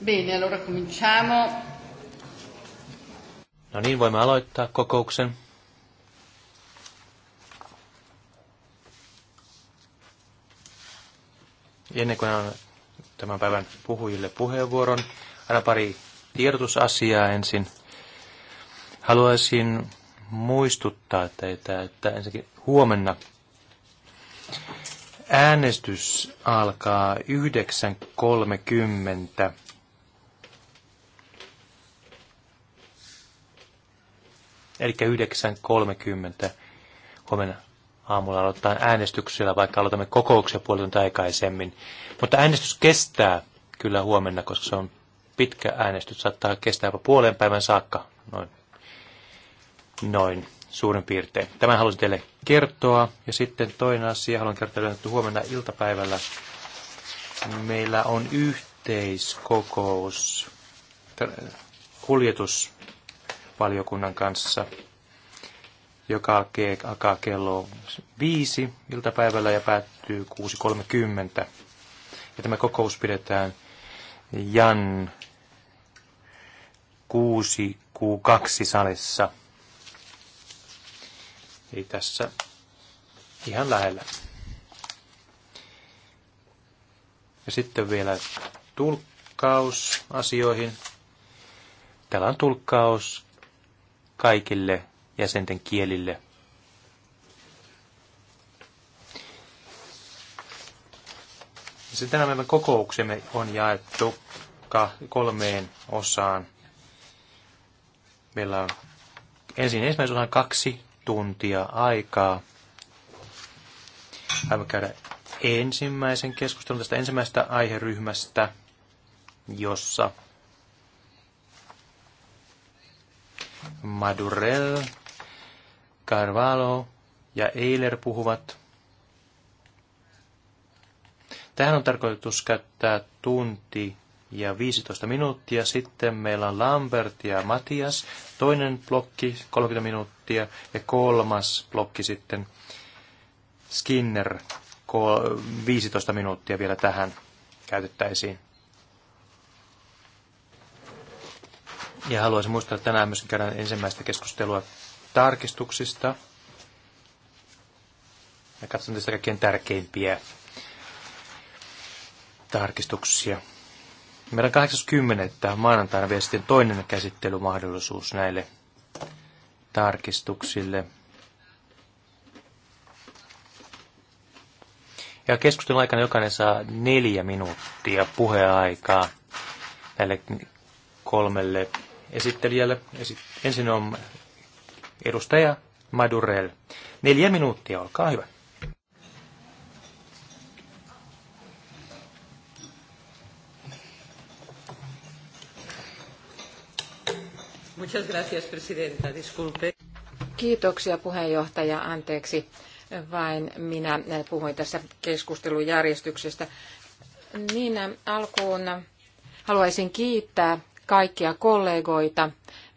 Bene, allora cominciamo. No niin, voimme aloittaa kokouksen. Ennen kuin on tämän päivän puhujille puheenvuoron, aina pari tiedotusasiaa ensin. Haluaisin muistuttaa teitä, että ensinnäkin huomenna Äänestys alkaa 9.30. Eli 9.30 huomenna aamulla aloittaa äänestyksellä, vaikka aloitamme kokouksia puoli aikaisemmin. Mutta äänestys kestää kyllä huomenna, koska se on pitkä äänestys. Saattaa kestää jopa puolen päivän saakka. Noin. Noin suurin piirtein. Tämän halusin teille kertoa. Ja sitten toinen asia, haluan kertoa, että huomenna iltapäivällä meillä on yhteiskokous kuljetusvaliokunnan kanssa, joka alkaa kello viisi iltapäivällä ja päättyy 6.30. Ja tämä kokous pidetään Jan 6Q2 salissa. Eli tässä ihan lähellä. Ja sitten vielä tulkkaus asioihin. Täällä on tulkkaus kaikille jäsenten kielille. Ja sitten nämä kokouksemme on jaettu kolmeen osaan. Meillä on ensin ensimmäisen osan kaksi tuntia aikaa. Aivan käydä ensimmäisen keskustelun tästä ensimmäisestä aiheryhmästä, jossa Madurell, Carvalho ja Eiler puhuvat. Tähän on tarkoitus käyttää tunti ja 15 minuuttia. Sitten meillä on Lambert ja Matias, toinen blokki 30 minuuttia ja kolmas blokki sitten Skinner 15 minuuttia vielä tähän käytettäisiin. Ja haluaisin muistaa, että tänään myös käydään ensimmäistä keskustelua tarkistuksista. Ja katson tästä kaikkein tärkeimpiä tarkistuksia. Meillä on 80. maanantaina vielä sitten toinen käsittelymahdollisuus näille tarkistuksille. Ja keskustelun aikana jokainen saa neljä minuuttia puheaikaa näille kolmelle esittelijälle. Ensin on edustaja Madurel. Neljä minuuttia, olkaa hyvä. Muchas gracias, presidenta. Disculpe. Kiitoksia puheenjohtaja. Anteeksi, vain minä puhuin tässä keskustelujärjestyksestä. Niin alkuun haluaisin kiittää kaikkia kollegoita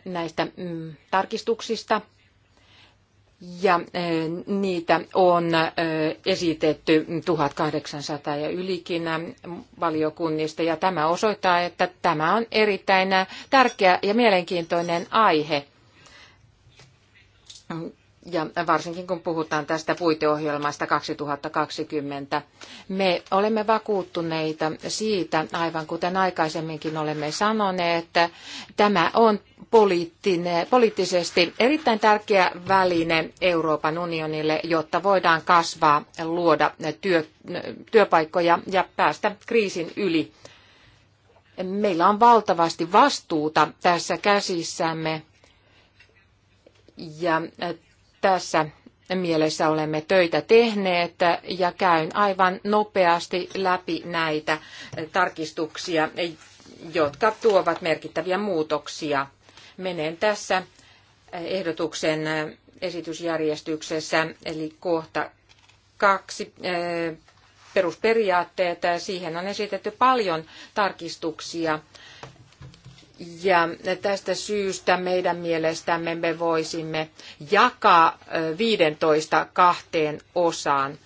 näistä mm, tarkistuksista ja eh, niitä on eh, esitetty 1800 ja ylikin eh, valiokunnista ja tämä osoittaa, että tämä on erittäin tärkeä ja mielenkiintoinen aihe ja varsinkin kun puhutaan tästä puiteohjelmasta 2020, me olemme vakuuttuneita siitä, aivan kuten aikaisemminkin olemme sanoneet, että tämä on poliittisesti erittäin tärkeä väline Euroopan unionille, jotta voidaan kasvaa, luoda työ, työpaikkoja ja päästä kriisin yli. Meillä on valtavasti vastuuta tässä käsissämme ja tässä mielessä olemme töitä tehneet ja käyn aivan nopeasti läpi näitä tarkistuksia, jotka tuovat merkittäviä muutoksia. Menen tässä ehdotuksen esitysjärjestyksessä, eli kohta kaksi eh, perusperiaatteet. Siihen on esitetty paljon tarkistuksia ja tästä syystä meidän mielestämme me voisimme jakaa 15 kahteen osaan.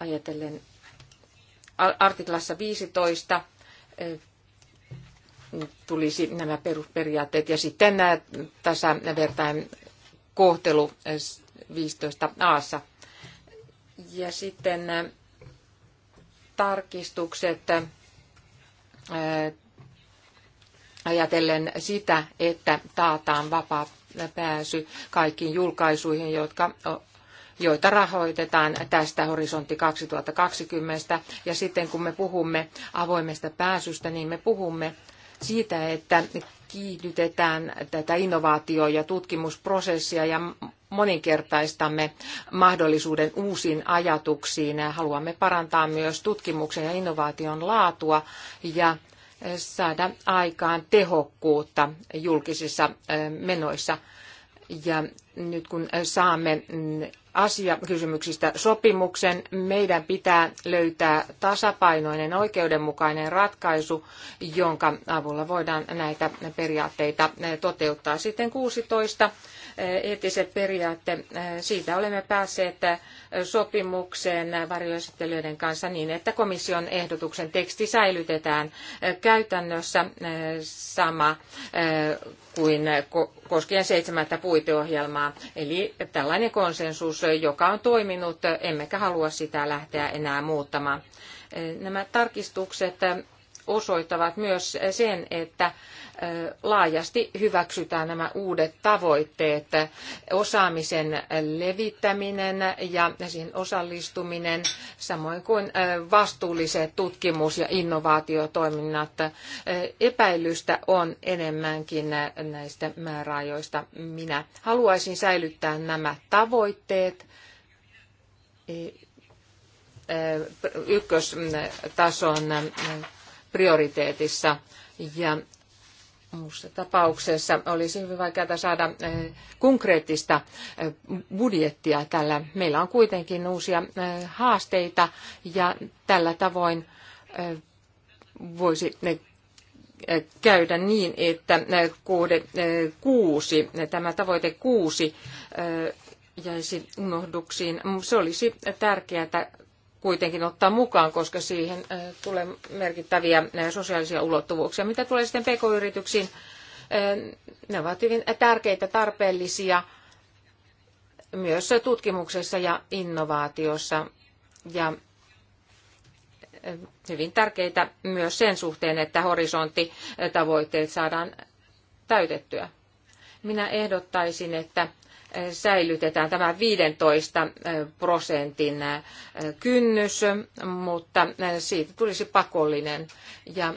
Ajatellen artiklassa 15 tulisi nämä perusperiaatteet ja sitten tässä vertain kohtelu 15 aassa. Ja sitten tarkistukset ajatellen sitä, että taataan vapaa pääsy kaikkiin julkaisuihin, jotka joita rahoitetaan tästä horisontti 2020. Ja sitten kun me puhumme avoimesta pääsystä, niin me puhumme siitä, että kiihdytetään tätä innovaatio- ja tutkimusprosessia ja moninkertaistamme mahdollisuuden uusiin ajatuksiin. Haluamme parantaa myös tutkimuksen ja innovaation laatua ja saada aikaan tehokkuutta julkisissa menoissa. Ja nyt kun saamme mm, asiakysymyksistä sopimuksen, meidän pitää löytää tasapainoinen oikeudenmukainen ratkaisu, jonka avulla voidaan näitä periaatteita toteuttaa. Sitten 16 eettiset periaatteet, siitä olemme päässeet sopimukseen varjoesittelijöiden kanssa niin, että komission ehdotuksen teksti säilytetään käytännössä sama kuin koskien seitsemättä puiteohjelmaa. Eli tällainen konsensus, joka on toiminut, emmekä halua sitä lähteä enää muuttamaan. Nämä tarkistukset osoittavat myös sen, että laajasti hyväksytään nämä uudet tavoitteet, osaamisen levittäminen ja siihen osallistuminen, samoin kuin vastuulliset tutkimus- ja innovaatiotoiminnat. Epäilystä on enemmänkin näistä määräajoista. Minä haluaisin säilyttää nämä tavoitteet e, ykköstason prioriteetissa. Ja muussa tapauksessa olisi hyvin vaikeaa saada eh, konkreettista eh, budjettia tällä. Meillä on kuitenkin uusia eh, haasteita ja tällä tavoin voisi käydä niin, että kohde kuusi, tämä tavoite kuusi jäisi unohduksiin. Se olisi tärkeää kuitenkin ottaa mukaan, koska siihen äh, tulee merkittäviä äh, sosiaalisia ulottuvuuksia. Mitä tulee sitten pk-yrityksiin, äh, ne ovat hyvin tärkeitä, tarpeellisia myös tutkimuksessa ja innovaatiossa ja hyvin tärkeitä myös sen suhteen, että horisonttitavoitteet saadaan täytettyä. Minä ehdottaisin, että säilytetään tämä 15 eh, prosentin eh, kynnys, mutta eh, siitä tulisi pakollinen. Ja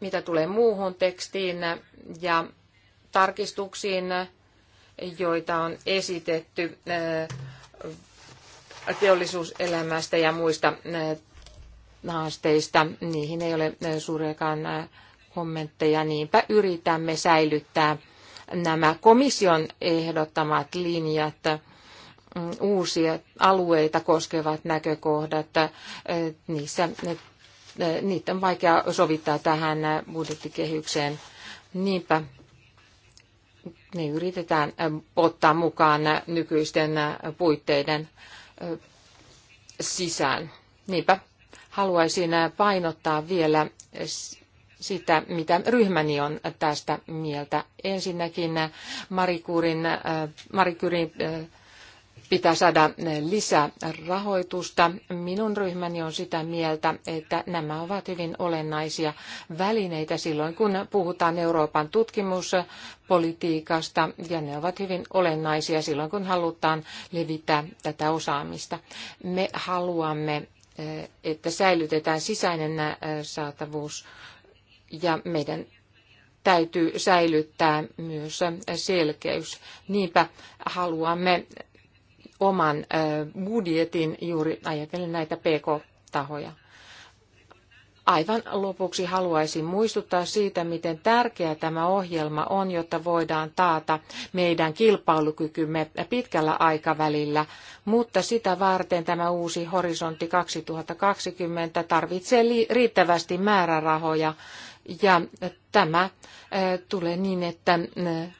mitä tulee muuhun tekstiin ja tarkistuksiin, joita on esitetty teollisuuselämästä ja muista haasteista, niihin ei ole suuriakaan kommentteja, niinpä yritämme säilyttää nämä komission ehdottamat linjat, mm, uusia alueita koskevat näkökohdat, äh, niissä äh, niitä on vaikea sovittaa tähän budjettikehykseen. Niinpä ne yritetään äh, ottaa mukaan nykyisten puitteiden sisään. Niinpä haluaisin painottaa vielä sitä, mitä ryhmäni on tästä mieltä. Ensinnäkin Marikurin, äh, Marikurin äh, äh, pitää saada lisää rahoitusta. Minun ryhmäni on sitä mieltä, että nämä ovat hyvin olennaisia välineitä silloin, kun puhutaan Euroopan tutkimuspolitiikasta, ja ne ovat hyvin olennaisia silloin, kun halutaan levittää tätä osaamista. Me haluamme että säilytetään sisäinen saatavuus ja meidän täytyy säilyttää myös selkeys. Niinpä haluamme oman budjetin juuri ajatellen näitä pk-tahoja. Aivan lopuksi haluaisin muistuttaa siitä, miten tärkeä tämä ohjelma on, jotta voidaan taata meidän kilpailukykymme pitkällä aikavälillä, mutta sitä varten tämä uusi horisontti 2020 tarvitsee riittävästi määrärahoja ja tämä tulee niin, että me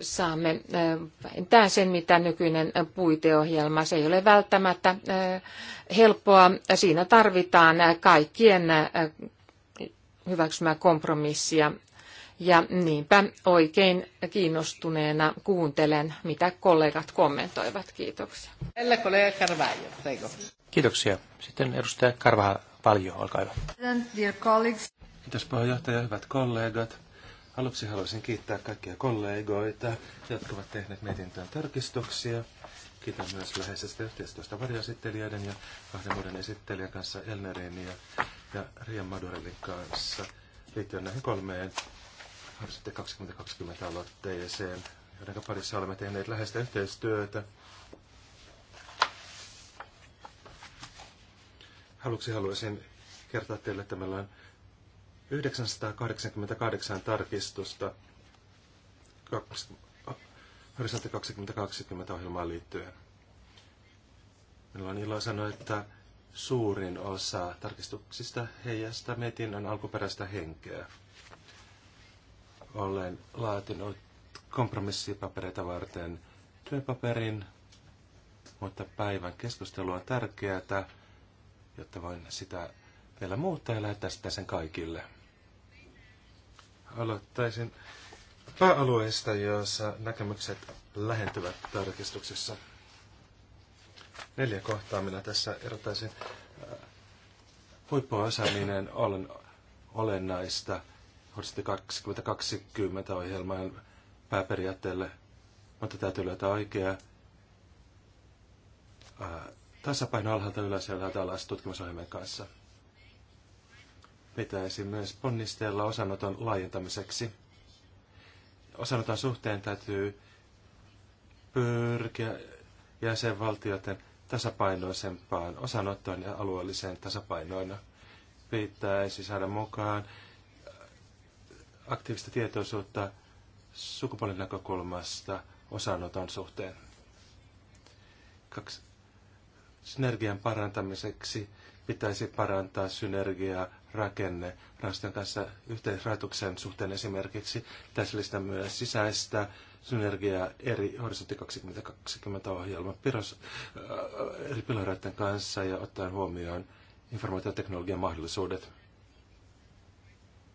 saamme vähintään sen, mitä nykyinen puiteohjelma. Se ei ole välttämättä helppoa. Siinä tarvitaan kaikkien hyväksymää kompromissia. Ja niinpä oikein kiinnostuneena kuuntelen, mitä kollegat kommentoivat. Kiitoksia. Kiitoksia. Sitten edustaja Karvaha Valjo, olkaa hyvä. Kiitos puheenjohtaja, hyvät kollegat. Aluksi haluaisin kiittää kaikkia kollegoita, jotka ovat tehneet mietintöön tarkistuksia. Kiitän myös läheisestä yhteistyöstä varjoesittelijöiden ja kahden muiden esittelijän kanssa Elnerin ja, ja Rian Madurelin kanssa liittyen näihin kolmeen Horisontti 2020 aloitteeseen, joiden parissa olemme tehneet läheistä yhteistyötä. Haluksi haluaisin kertoa teille, että meillä on 988 tarkistusta 2020 ohjelmaan liittyen. Minulla on ilo sanoa, että suurin osa tarkistuksista heijastaa mietinnön alkuperäistä henkeä. Olen laatinut kompromissipapereita varten työpaperin, mutta päivän keskustelu on tärkeää, jotta voin sitä vielä muuta ja lähettää sitä sen kaikille. Aloittaisin pääalueista, joissa näkemykset lähentyvät tarkistuksessa. Neljä kohtaa minä tässä erotaisin. Äh, huippuosaaminen on olennaista Horisontti 2020 ohjelman pääperiaatteelle, mutta täytyy löytää oikea äh, tasapaino alhaalta ylös ja alas tutkimusohjelmien kanssa pitäisi myös ponnistella osanoton laajentamiseksi. Osanoton suhteen täytyy pyrkiä jäsenvaltioiden tasapainoisempaan osanottoon ja alueelliseen tasapainoina. Pitäisi saada mukaan aktiivista tietoisuutta sukupuolen näkökulmasta osanoton suhteen. Kaksi. Synergian parantamiseksi pitäisi parantaa synergiaa rakenne Ranskan kanssa yhteisrahoituksen suhteen esimerkiksi. Tässä listaa myös sisäistä synergiaa eri Horisontti 2020 ohjelma piros, äh, eri pilareiden kanssa ja ottaen huomioon informaatioteknologian mahdollisuudet.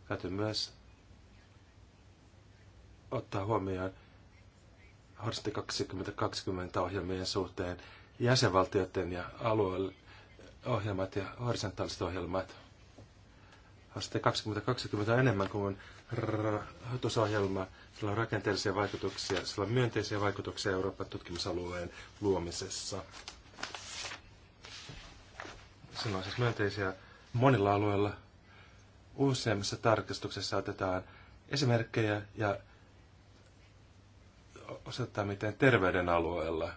Täytyy myös ottaa huomioon Horisontti 2020 ohjelmien suhteen jäsenvaltioiden ja alueen ohjelmat ja horisontaaliset ohjelmat – HST 2020 on enemmän kuin rahoitusohjelma. Sillä on rakenteellisia vaikutuksia, sillä on myönteisiä vaikutuksia Euroopan tutkimusalueen luomisessa. Sillä on siis myönteisiä monilla alueilla. Useimmissa tarkistuksissa otetaan esimerkkejä ja osoittaa, miten terveyden alueella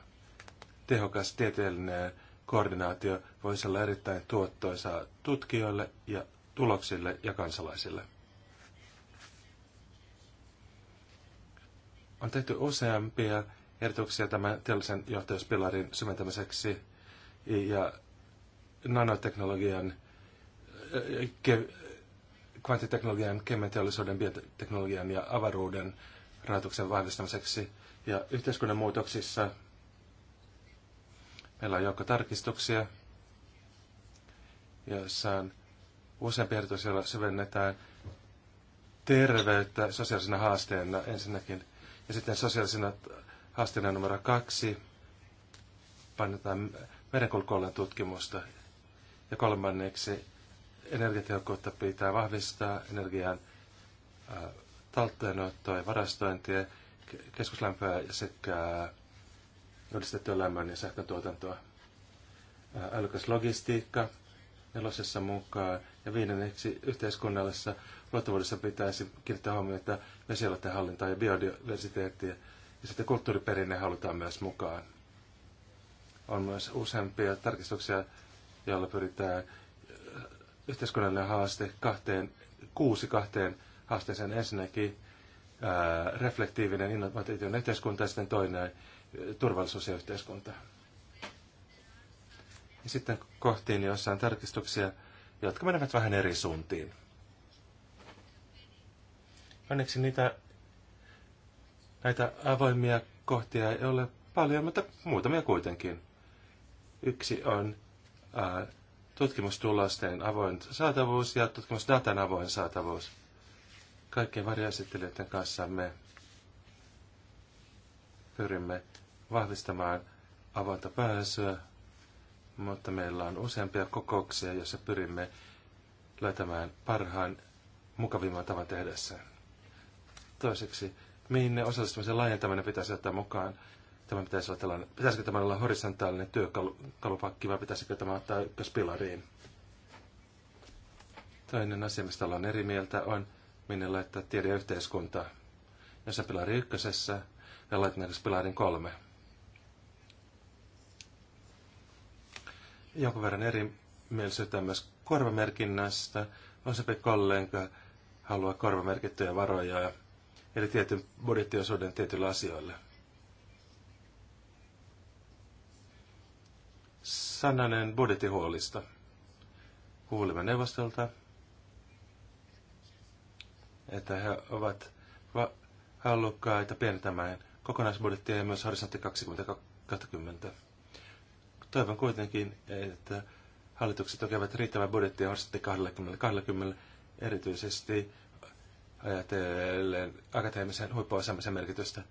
tehokas tieteellinen koordinaatio voisi olla erittäin tuottoisaa tutkijoille ja tuloksille ja kansalaisille. On tehty useampia ehdotuksia tämän teollisen johtajuuspilarin syventämiseksi ja nanoteknologian, eh, ke- kvanttiteknologian, kemianteollisuuden, bioteknologian ja avaruuden rahoituksen vahvistamiseksi. Ja yhteiskunnan muutoksissa meillä on joukko tarkistuksia, joissa on useampi ehdotus, jolla syvennetään terveyttä sosiaalisena haasteena ensinnäkin. Ja sitten sosiaalisena haasteena numero kaksi painetaan merenkulkualan tutkimusta. Ja kolmanneksi energiatehokkuutta pitää vahvistaa energian talteenottoa ja varastointia, keskuslämpöä sekä yhdistettyä lämmön ja sähkön tuotantoa. Älykäs logistiikka, nelosessa mukaan. Ja viidenneksi yhteiskunnallisessa luottavuudessa pitäisi kiinnittää että vesialueiden hallintaa ja biodiversiteettiä. Ja sitten kulttuuriperinne halutaan myös mukaan. On myös useampia tarkistuksia, joilla pyritään äh, yhteiskunnallinen haaste kahteen, kuusi kahteen haasteeseen. Ensinnäkin ää, äh, reflektiivinen innovatiivinen yhteiskunta ja sitten toinen äh, turvallisuus ja yhteiskunta. Ja sitten kohtiin joissain tarkistuksia, jotka menevät vähän eri suuntiin. Onneksi niitä, näitä avoimia kohtia ei ole paljon, mutta muutamia kuitenkin. Yksi on ää, tutkimustulosten avoin saatavuus ja tutkimusdatan avoin saatavuus. Kaikkien varjoesittelijöiden kanssa me pyrimme vahvistamaan avointa pääsyä mutta meillä on useampia kokouksia, joissa pyrimme löytämään parhaan, mukavimman tavan tehdä sen. Toiseksi, mihin ne osallistumisen laajentaminen pitäisi ottaa mukaan? Tämä pitäisi olla tällainen, pitäisikö tämä olla horisontaalinen työkalupakki vai pitäisikö tämä ottaa ykköspilariin? Toinen asia, mistä ollaan eri mieltä, on minne laittaa tiede ja yhteiskunta. Jos on pilari ykkösessä ja laitetaan pilarin kolme. jonkun verran eri mielisyyttä myös korvamerkinnästä. Osapi kollega haluaa korvamerkittyjä varoja, eli tietyn budjettiosuuden tietyille asioille. Sananen budjettihuolista. Kuulimme neuvostolta, että he ovat halukkaita pienentämään kokonaisbudjettia ja myös horisontti 2020. Toivon kuitenkin, että hallitukset tekevät riittävän budjettia Horsetti 20, 20 erityisesti ajatellen akateemisen huippuosaamisen merkitystä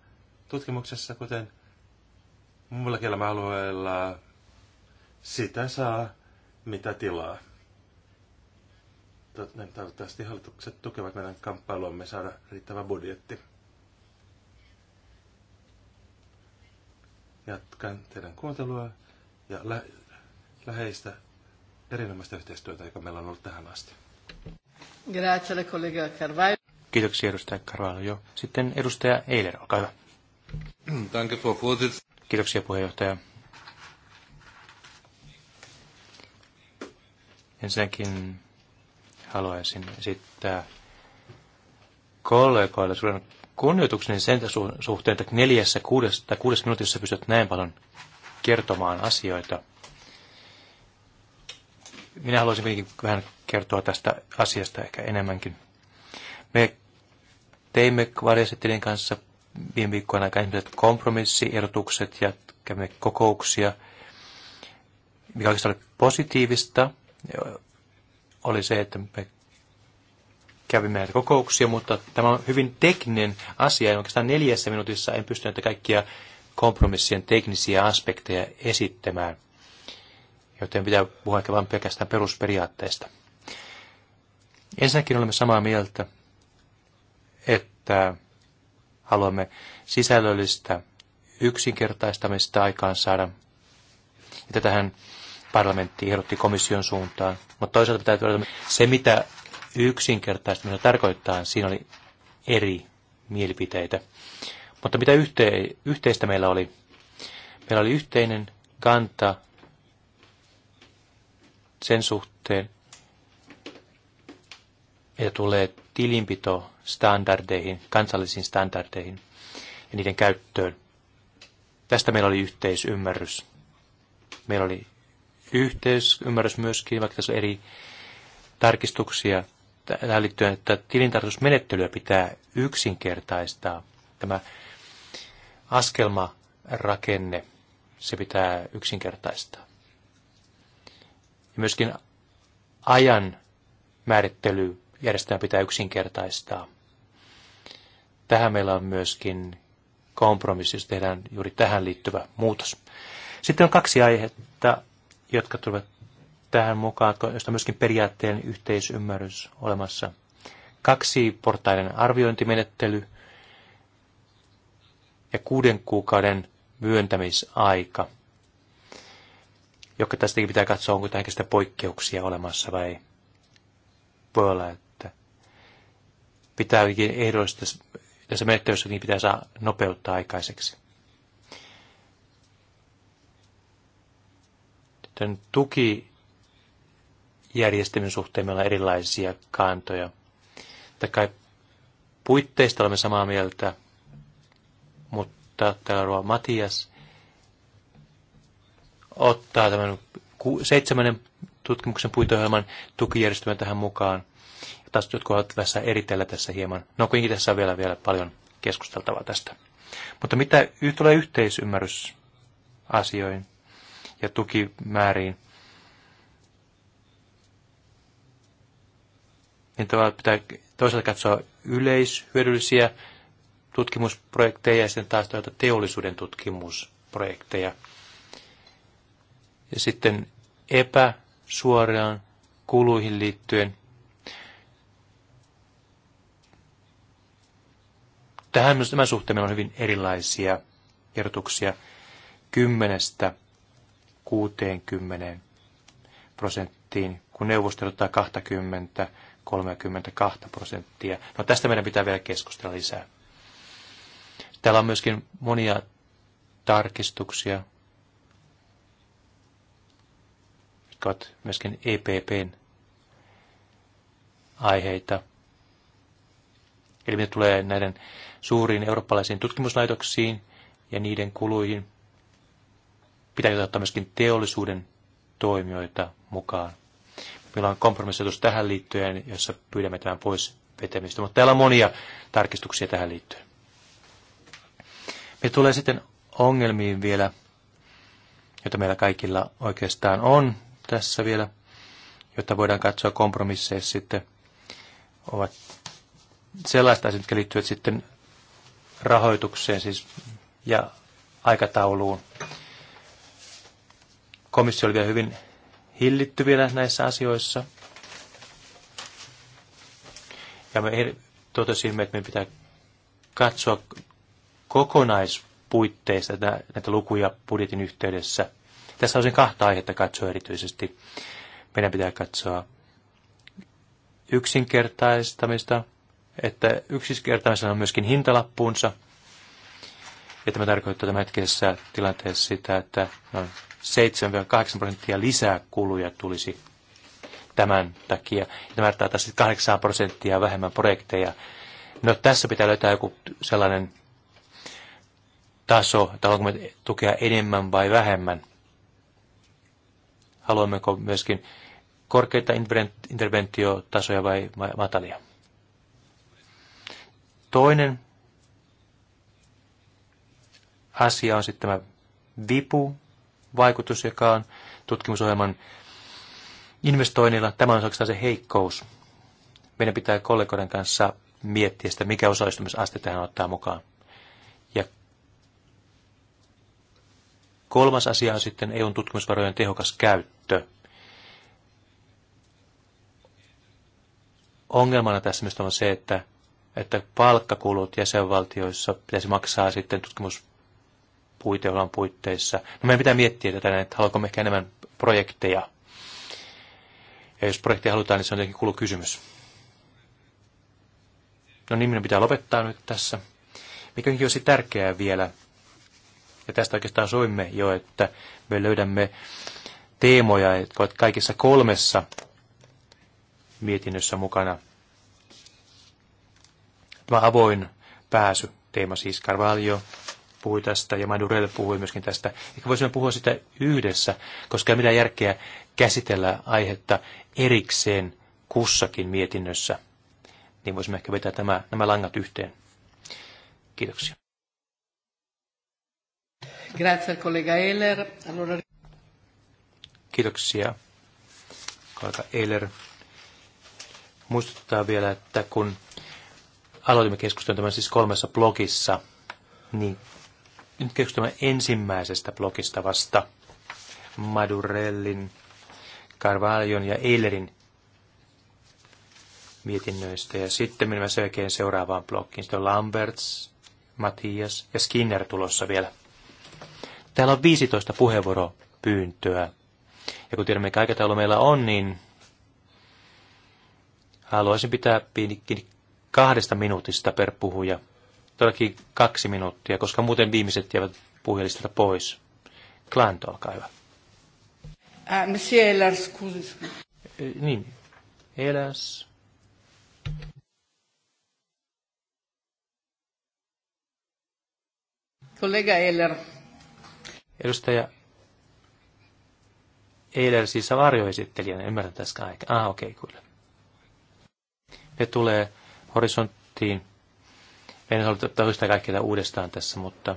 tutkimuksessa, kuten muillakin elämäalueilla sitä saa, mitä tilaa. Toivottavasti hallitukset tukevat meidän kamppailuamme saada riittävä budjetti. Jatkan teidän kuuntelua ja lä- läheistä erinomaista yhteistyötä, joka meillä on ollut tähän asti. kollega Kiitoksia, edustaja Carvalho. Sitten edustaja Eiler, olkaa hyvä. Kiitoksia, puheenjohtaja. Ensinnäkin haluaisin esittää kollegoille suuren kunnioitukseni sen suhteen, että neljässä tai kuudessa minuutissa pystyt näin paljon kertomaan asioita. Minä haluaisin kuitenkin vähän kertoa tästä asiasta ehkä enemmänkin. Me teimme varjasettelin kanssa viime viikkoina aika ensimmäiset kompromissiehdotukset ja kävimme kokouksia. Mikä oikeastaan oli positiivista, oli se, että me kävimme näitä kokouksia, mutta tämä on hyvin tekninen asia. Ja oikeastaan neljässä minuutissa en pystynyt kaikkia kompromissien teknisiä aspekteja esittämään, joten pitää puhua ehkä vain pelkästään perusperiaatteista. Ensinnäkin olemme samaa mieltä, että haluamme sisällöllistä yksinkertaistamista aikaan saada. Ja tähän parlamentti ehdotti komission suuntaan. Mutta toisaalta pitää todeta, se mitä yksinkertaistaminen tarkoittaa, siinä oli eri mielipiteitä. Mutta mitä yhte, yhteistä meillä oli? Meillä oli yhteinen kanta sen suhteen, että tulee tilinpito standardeihin, kansallisiin standardeihin ja niiden käyttöön. Tästä meillä oli yhteisymmärrys. Meillä oli yhteisymmärrys myöskin, vaikka tässä on eri tarkistuksia tähän liittyen, että tilintarkastusmenettelyä pitää yksinkertaistaa. Tämä askelma rakenne se pitää yksinkertaistaa. Ja myöskin ajan määrittely järjestelmä pitää yksinkertaistaa. Tähän meillä on myöskin kompromissi, jos tehdään juuri tähän liittyvä muutos. Sitten on kaksi aihetta, jotka tulevat tähän mukaan, josta myöskin periaatteen yhteisymmärrys olemassa. Kaksi portaiden arviointimenettely ja kuuden kuukauden myöntämisaika, joka tästäkin pitää katsoa, onko tähänkin sitä poikkeuksia olemassa vai ei. Voi olla, että pitää ehdollisesti tässä menettelyssä niin pitää saa nopeuttaa aikaiseksi. Tämän tukijärjestelmän suhteen meillä on erilaisia kantoja. Tai kai puitteista olemme samaa mieltä, mutta täällä on Matias ottaa tämän seitsemännen tutkimuksen puitohjelman tukijärjestelmän tähän mukaan. Ja taas jotkut ovat tässä eritellä tässä hieman. No kuitenkin tässä on vielä, vielä paljon keskusteltavaa tästä. Mutta mitä tulee yhteisymmärrys asioihin ja tukimääriin, niin pitää toisaalta katsoa yleishyödyllisiä tutkimusprojekteja ja sitten taas toisaalta teollisuuden tutkimusprojekteja. Ja sitten epäsuoraan kuluihin liittyen. Tähän myös tämän suhteen meillä on hyvin erilaisia kymmenestä 10 60 prosenttiin, kun neuvosto 20 32 prosenttia. No tästä meidän pitää vielä keskustella lisää. Täällä on myöskin monia tarkistuksia, jotka ovat myöskin EPPn aiheita. Eli mitä tulee näiden suuriin eurooppalaisiin tutkimuslaitoksiin ja niiden kuluihin, pitää ottaa myöskin teollisuuden toimijoita mukaan. Meillä on kompromissitus tähän liittyen, jossa pyydämme tämän pois vetämistä, mutta täällä on monia tarkistuksia tähän liittyen. Me tulee sitten ongelmiin vielä, joita meillä kaikilla oikeastaan on tässä vielä, jotta voidaan katsoa kompromisseja sitten, ovat sellaista asiat, jotka liittyvät sitten rahoitukseen siis, ja aikatauluun. Komissio oli vielä hyvin hillitty vielä näissä asioissa. Ja me er- totesimme, että meidän pitää katsoa kokonaispuitteista näitä lukuja budjetin yhteydessä. Tässä on kahta aihetta katsoa erityisesti. Meidän pitää katsoa yksinkertaistamista, että yksinkertaisena on myöskin hintalappuunsa. Ja tämä tarkoittaa tämänhetkisessä tilanteessa sitä, että noin 7-8 prosenttia lisää kuluja tulisi tämän takia. Ja tämä tarkoittaa 8 siis prosenttia vähemmän projekteja. No tässä pitää löytää joku sellainen taso, että haluammeko me tukea enemmän vai vähemmän. Haluammeko myöskin korkeita interventiotasoja vai matalia. Toinen asia on sitten tämä vipu-vaikutus, joka on tutkimusohjelman investoinnilla. Tämä on oikeastaan se heikkous. Meidän pitää kollegoiden kanssa miettiä sitä, mikä osallistumisaste tähän ottaa mukaan. Ja Kolmas asia on sitten EUn tutkimusvarojen tehokas käyttö. Ongelmana tässä myös on se, että, että palkkakulut jäsenvaltioissa pitäisi maksaa sitten tutkimuspuiteohjelman puitteissa. No meidän pitää miettiä tätä, että me ehkä enemmän projekteja. Ja jos projekteja halutaan, niin se on tietenkin kulukysymys. No niin, minun pitää lopettaa nyt tässä. Mikä on tärkeää vielä, ja tästä oikeastaan soimme jo, että me löydämme teemoja, jotka ovat kaikissa kolmessa mietinnössä mukana. Tämä avoin pääsy, teema siis Carvalho puhui tästä ja Madurelle puhui myöskin tästä. Ehkä voisimme puhua sitä yhdessä, koska ei mitään järkeä käsitellä aihetta erikseen kussakin mietinnössä. Niin voisimme ehkä vetää tämä, nämä langat yhteen. Kiitoksia. Grazie, kollega Eller. Allora... Kiitoksia, kollega Eller. Muistuttaa vielä, että kun aloitimme keskustelun tämän siis kolmessa blogissa, niin nyt keskustelemme ensimmäisestä blogista vasta. Madurellin, Carvalhon ja Eilerin mietinnöistä. Ja sitten menemme selkeän seuraavaan blokkiin. Sitten on Lamberts, Matias ja Skinner tulossa vielä. Täällä on 15 puheenvuoropyyntöä. Ja kun tiedämme, mikä aikataulu meillä on, niin haluaisin pitää kiinni kahdesta minuutista per puhuja. Todellakin kaksi minuuttia, koska muuten viimeiset jäävät puhujalistalta pois. Klant, olkaa hyvä. Ää, uh, monsieur Elas, eh, Niin, Elas. Kollega Eller, Edustaja Eiler siis varjoesittelijänä, ymmärrän tässä aika. Ah, okei, okay, kyllä. Ne tulee horisonttiin. En halua toistaa kaikkea uudestaan tässä, mutta,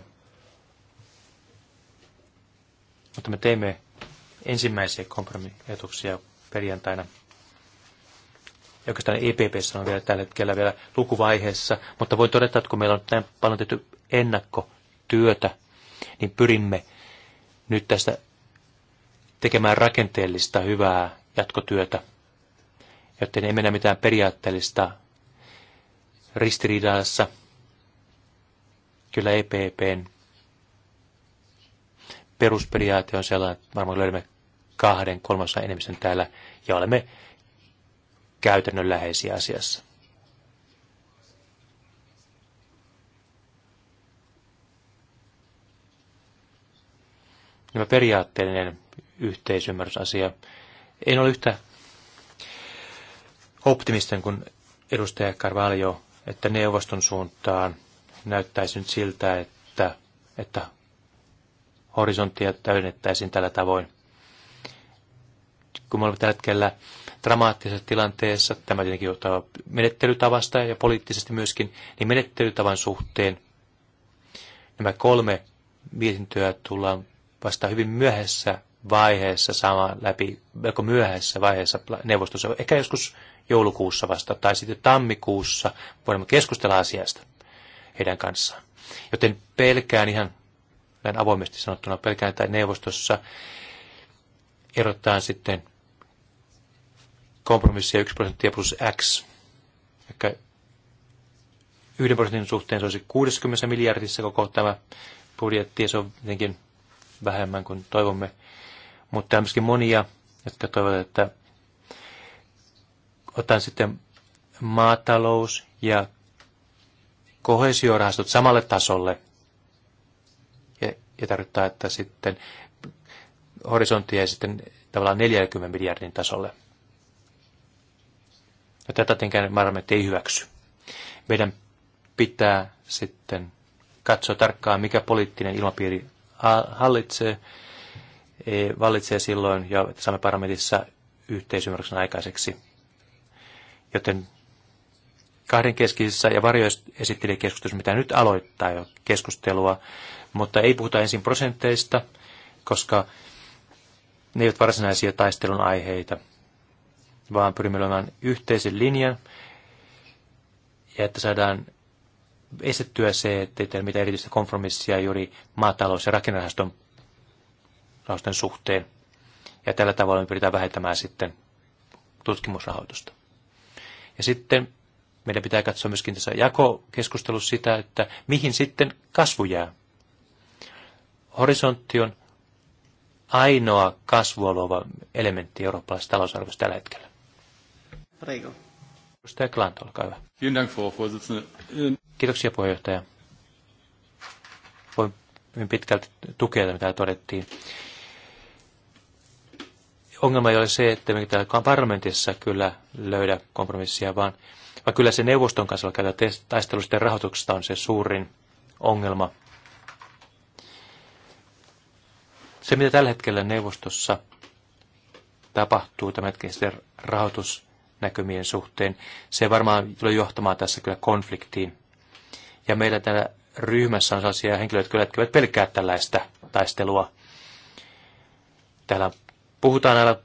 mutta me teemme ensimmäisiä kompromissia perjantaina. Ja oikeastaan EPP on vielä tällä hetkellä vielä lukuvaiheessa, mutta voin todeta, että kun meillä on näin paljon tehty ennakkotyötä, niin pyrimme nyt tästä tekemään rakenteellista hyvää jatkotyötä, joten ei mennä mitään periaatteellista ristiriidassa. Kyllä EPPn perusperiaate on sellainen, että varmaan löydämme kahden kolmasosan enemmistön täällä ja olemme käytännönläheisiä asiassa. tämä periaatteellinen yhteisymmärrysasia. En ole yhtä optimisten kuin edustaja Carvalho, että neuvoston suuntaan näyttäisi nyt siltä, että, että horisonttia täydennettäisiin tällä tavoin. Kun me olemme tällä hetkellä dramaattisessa tilanteessa, tämä tietenkin johtaa menettelytavasta ja poliittisesti myöskin, niin menettelytavan suhteen nämä kolme mietintöä tullaan vasta hyvin myöhässä vaiheessa saamaan läpi, melko myöhässä vaiheessa neuvostossa, ehkä joskus joulukuussa vasta tai sitten tammikuussa voimme keskustella asiasta heidän kanssaan. Joten pelkään ihan näin avoimesti sanottuna, pelkään, että neuvostossa erotetaan sitten kompromissia 1 prosenttia plus X. Ehkä 1 prosentin suhteen se olisi 60 miljardissa koko tämä budjetti, ja se on jotenkin vähemmän kuin toivomme. Mutta on myöskin monia, jotka toivovat, että otan sitten maatalous ja kohesiorahastot samalle tasolle. Ja, ja tarkoittaa, että sitten horisontti ja sitten tavallaan 40 miljardin tasolle. Ja tätä tietenkään parlamentti ei hyväksy. Meidän pitää sitten katsoa tarkkaan, mikä poliittinen ilmapiiri hallitsee, e, vallitsee silloin ja saamme parlamentissa yhteisymmärryksen aikaiseksi. Joten kahdenkeskisissä ja keskustelussa, mitä nyt aloittaa jo keskustelua, mutta ei puhuta ensin prosenteista, koska ne eivät varsinaisia taistelun aiheita, vaan pyrimme olemaan yhteisen linjan ja että saadaan estettyä se, ei tehdä mitään erityistä kompromissia juuri maatalous- ja rakennerahaston suhteen. Ja tällä tavalla me pyritään vähentämään sitten tutkimusrahoitusta. Ja sitten meidän pitää katsoa myöskin tässä jakokeskustelussa sitä, että mihin sitten kasvu jää. Horisontti on ainoa kasvua luova elementti eurooppalaisessa talousarviossa tällä hetkellä. Prego. Edustaja Klant, olkaa hyvä. Kiitoksia puheenjohtaja. Voin hyvin pitkälti tukea, mitä todettiin. Ongelma ei ole se, että me täällä parlamentissa kyllä löydä kompromissia, vaan, vaan kyllä se neuvoston kanssa käytä taistelusten rahoituksesta on se suurin ongelma. Se, mitä tällä hetkellä neuvostossa tapahtuu tämä hetkisen rahoitus näkymien suhteen. Se varmaan tulee johtamaan tässä kyllä konfliktiin. Ja meillä täällä ryhmässä on sellaisia henkilöitä, jotka eivät pelkää tällaista taistelua. Täällä puhutaan näillä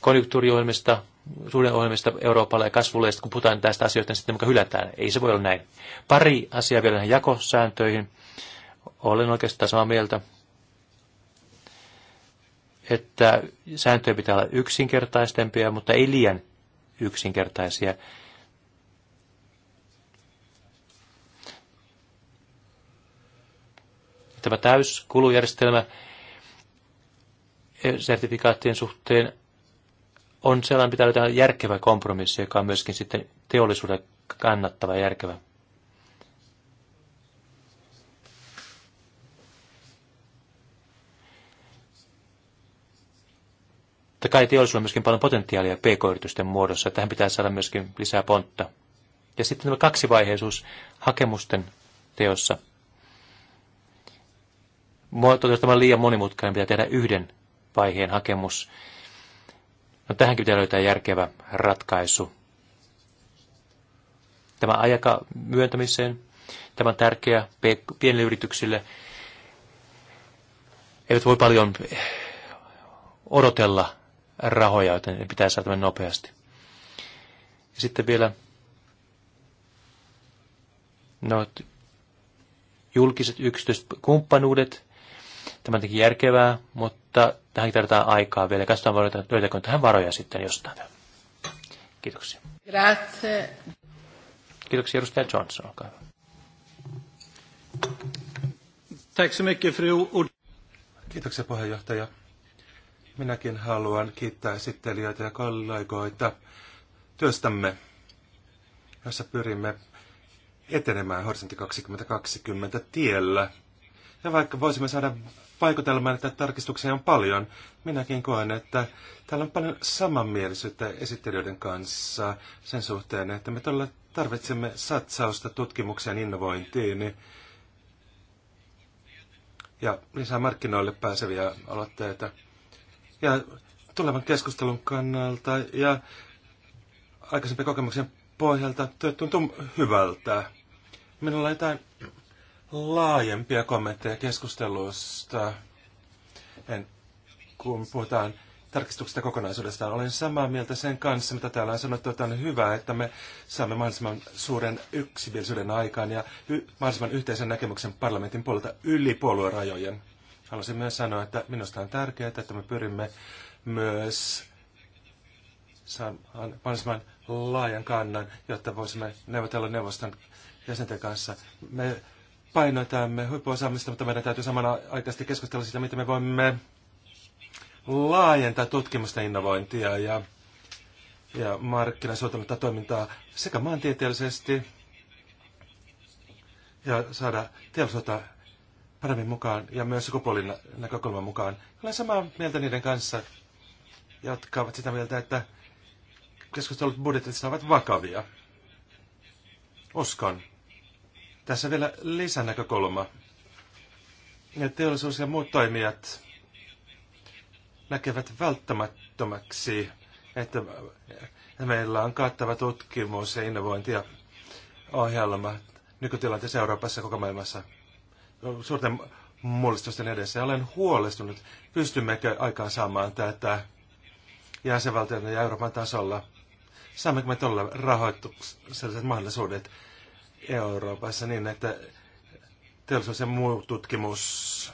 konjunktuuriohjelmista, suhdeohjelmista Euroopalle ja kasvulle, ja sitten kun puhutaan tästä asioista, niin sitten mikä hylätään. Ei se voi olla näin. Pari asiaa vielä näihin jakosääntöihin. Olen oikeastaan samaa mieltä että sääntöjä pitää olla yksinkertaistempia, mutta ei liian yksinkertaisia. Tämä täyskulujärjestelmä sertifikaattien suhteen on sellainen, pitää löytää järkevä kompromissi, joka on myöskin sitten teollisuuden kannattava ja järkevä. Totta kai teollisuudella on myöskin paljon potentiaalia pk-yritysten muodossa. Tähän pitää saada myöskin lisää pontta. Ja sitten tämä kaksivaiheisuus hakemusten teossa. tämä liian monimutkainen pitää tehdä yhden vaiheen hakemus. No, tähänkin pitää löytää järkevä ratkaisu. Tämä ajaka myöntämiseen, tämä on tärkeä pienille yrityksille. Eivät voi paljon odotella rahoja, joten ne pitää saada nopeasti. Ja sitten vielä no, julkiset yksityiset kumppanuudet. Tämä on järkevää, mutta tähän tarvitaan aikaa vielä. Katsotaan, löytääkö tähän varoja sitten jostain. Kiitoksia. Grazie. Kiitoksia edustaja Johnson, olkaa hyvä. Tack så mycket, fru Kiitoksia puheenjohtaja. Minäkin haluan kiittää esittelijöitä ja kollegoita työstämme, jossa pyrimme etenemään Horisontti 2020 tiellä. Ja vaikka voisimme saada vaikutelman, että tarkistuksia on paljon, minäkin koen, että täällä on paljon samanmielisyyttä esittelijöiden kanssa sen suhteen, että me todella tarvitsemme satsausta tutkimukseen innovointiin ja lisää markkinoille pääseviä aloitteita ja tulevan keskustelun kannalta ja aikaisempien kokemuksen pohjalta tuntuu hyvältä. Minulla on jotain laajempia kommentteja keskustelusta, en, kun puhutaan tarkistuksesta kokonaisuudestaan. Olen samaa mieltä sen kanssa, mitä täällä on sanottu, että on hyvä, että me saamme mahdollisimman suuren yksimielisyyden aikaan ja y- mahdollisimman yhteisen näkemyksen parlamentin puolelta yli puoluerajojen. Haluaisin myös sanoa, että minusta on tärkeää, että me pyrimme myös saamaan laajan kannan, jotta voisimme neuvotella neuvoston jäsenten kanssa. Me painotamme huippuosaamista, mutta meidän täytyy samanaikaisesti keskustella siitä, miten me voimme laajentaa tutkimusta innovointia ja, ja markkinasuotamista toimintaa sekä maantieteellisesti ja saada teollisuutta paremmin mukaan ja myös sukupuolin näkökulman mukaan. Olen samaa mieltä niiden kanssa, jotka ovat sitä mieltä, että keskustelut budjetit ovat vakavia. Uskon. Tässä vielä lisänäkökulma. Ja teollisuus ja muut toimijat näkevät välttämättömäksi, että meillä on kattava tutkimus ja innovointi ja ohjelma nykytilanteessa Euroopassa ja koko maailmassa suurten mullistusten edessä. Olen huolestunut, pystymmekö aikaan saamaan tätä jäsenvaltioiden ja Euroopan tasolla. Saammeko me tuolla rahoitukselliset mahdollisuudet Euroopassa niin, että teollisuus ja muu tutkimus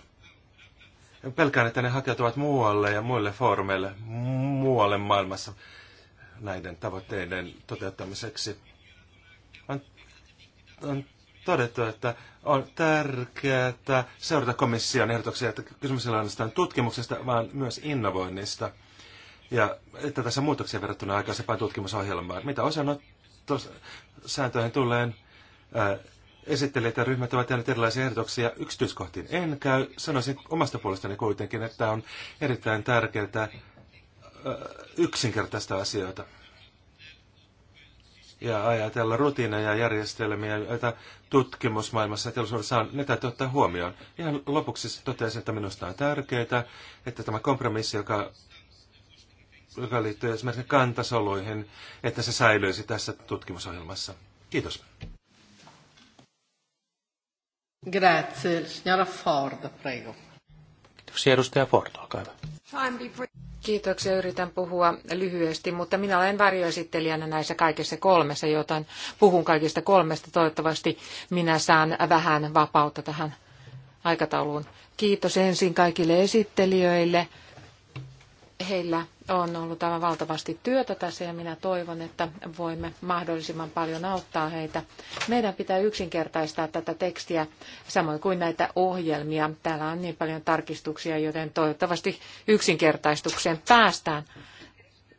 pelkään, että ne hakeutuvat muualle ja muille foorumeille, muualle maailmassa näiden tavoitteiden toteuttamiseksi. On, on todettu, että on tärkeää seurata komission ehdotuksia, että kysymys ei ole tutkimuksesta, vaan myös innovoinnista. Ja että tässä muutoksia verrattuna aikaisempaan tutkimusohjelmaan. Mitä osa sääntöihin tulleen äh, esittelijät ja ryhmät ovat tehneet erilaisia ehdotuksia yksityiskohtiin. En käy, sanoisin omasta puolestani kuitenkin, että on erittäin tärkeää äh, yksinkertaista asioita ja ajatella rutiineja ja järjestelmiä, joita tutkimusmaailmassa ja teollisuudessa on, ne täytyy ottaa huomioon. Ihan lopuksi siis totesin, että minusta on tärkeää, että tämä kompromissi, joka, joka liittyy esimerkiksi kantasoluihin, että se säilyisi tässä tutkimusohjelmassa. Kiitos. Grazie. Signora Ford, prego. Kiitoksia edustaja Ford, olkaa hyvä. Kiitoksia, yritän puhua lyhyesti, mutta minä olen varjoesittelijänä näissä kaikissa kolmessa, joten puhun kaikista kolmesta. Toivottavasti minä saan vähän vapautta tähän aikatauluun. Kiitos ensin kaikille esittelijöille heillä on ollut aivan valtavasti työtä tässä ja minä toivon, että voimme mahdollisimman paljon auttaa heitä. Meidän pitää yksinkertaistaa tätä tekstiä samoin kuin näitä ohjelmia. Täällä on niin paljon tarkistuksia, joten toivottavasti yksinkertaistukseen päästään.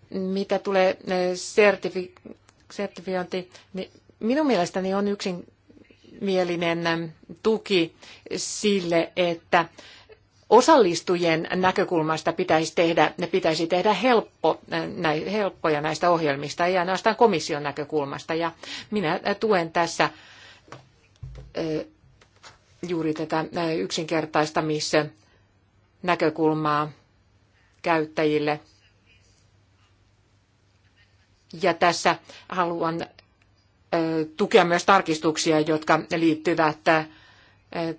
Mitä tulee eh, sertifi- sertifiointi, niin minun mielestäni on yksimielinen eh, tuki sille, että osallistujien näkökulmasta pitäisi tehdä, ne pitäisi tehdä helppo, äh, näin, helppoja näistä ohjelmista, ei ainoastaan komission näkökulmasta. Ja minä tuen tässä äh, juuri tätä äh, yksinkertaistamisen näkökulmaa käyttäjille. Ja tässä haluan tukea myös tarkistuksia, jotka liittyvät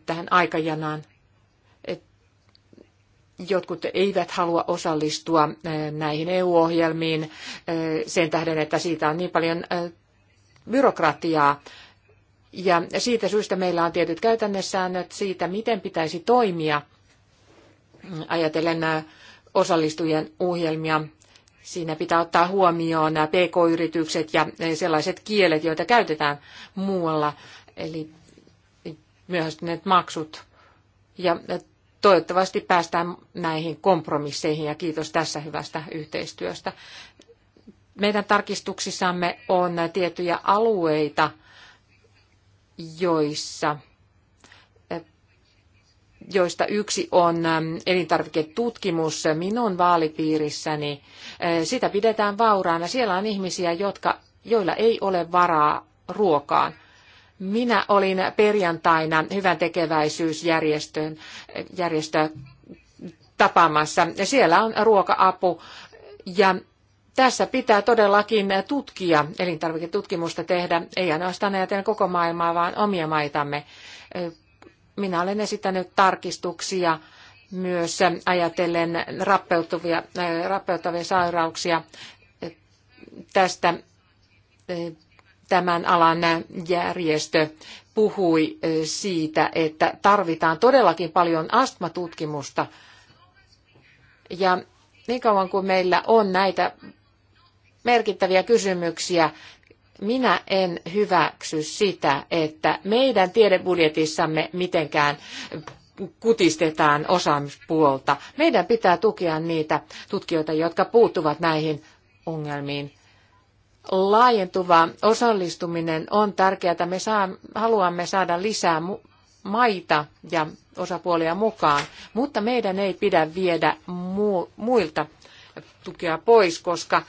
tähän aikajanaan jotkut eivät halua osallistua näihin EU-ohjelmiin sen tähden, että siitä on niin paljon byrokratiaa. Ja siitä syystä meillä on tietyt käytännössäännöt siitä, miten pitäisi toimia ajatellen osallistujien ohjelmia. Siinä pitää ottaa huomioon nämä pk-yritykset ja sellaiset kielet, joita käytetään muualla, eli myöhästyneet maksut. Ja toivottavasti päästään näihin kompromisseihin ja kiitos tässä hyvästä yhteistyöstä. Meidän tarkistuksissamme on tiettyjä alueita, joissa joista yksi on elintarviketutkimus minun vaalipiirissäni. Sitä pidetään vauraana. Siellä on ihmisiä, jotka, joilla ei ole varaa ruokaan. Minä olin perjantaina hyvän tekeväisyysjärjestön järjestö tapaamassa. Siellä on ruoka-apu ja tässä pitää todellakin tutkia, elintarviketutkimusta tehdä, ei ainoastaan ajatella koko maailmaa, vaan omia maitamme. Minä olen esittänyt tarkistuksia myös ajatellen rappeuttavia, rappeuttavia sairauksia tästä tämän alan järjestö puhui siitä, että tarvitaan todellakin paljon astmatutkimusta. Ja niin kauan kuin meillä on näitä merkittäviä kysymyksiä, minä en hyväksy sitä, että meidän tiedebudjetissamme mitenkään kutistetaan osaamispuolta. Meidän pitää tukea niitä tutkijoita, jotka puuttuvat näihin ongelmiin laajentuva osallistuminen on tärkeää. Me saa, haluamme saada lisää maita ja osapuolia mukaan, mutta meidän ei pidä viedä muilta tukea pois, koska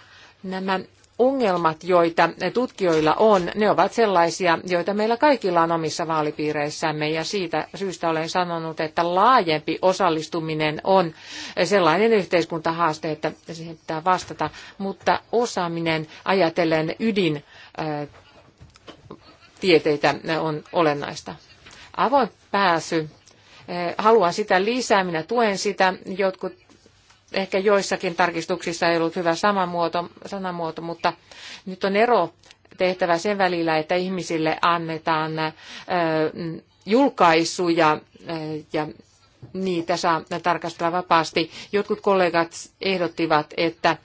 nämä ongelmat, joita tutkijoilla on, ne ovat sellaisia, joita meillä kaikilla on omissa vaalipiireissämme ja siitä syystä olen sanonut, että laajempi osallistuminen on sellainen yhteiskuntahaaste, että siihen pitää vastata, mutta osaaminen ajatellen ydin äh, tieteitä on olennaista. Avoin pääsy, äh, haluan sitä lisää, minä tuen sitä. Jotkut Ehkä joissakin tarkistuksissa ei ollut hyvä sanamuoto, sanamuoto, mutta nyt on ero tehtävä sen välillä, että ihmisille annetaan julkaisuja ja niitä saa tarkastella vapaasti. Jotkut kollegat ehdottivat, että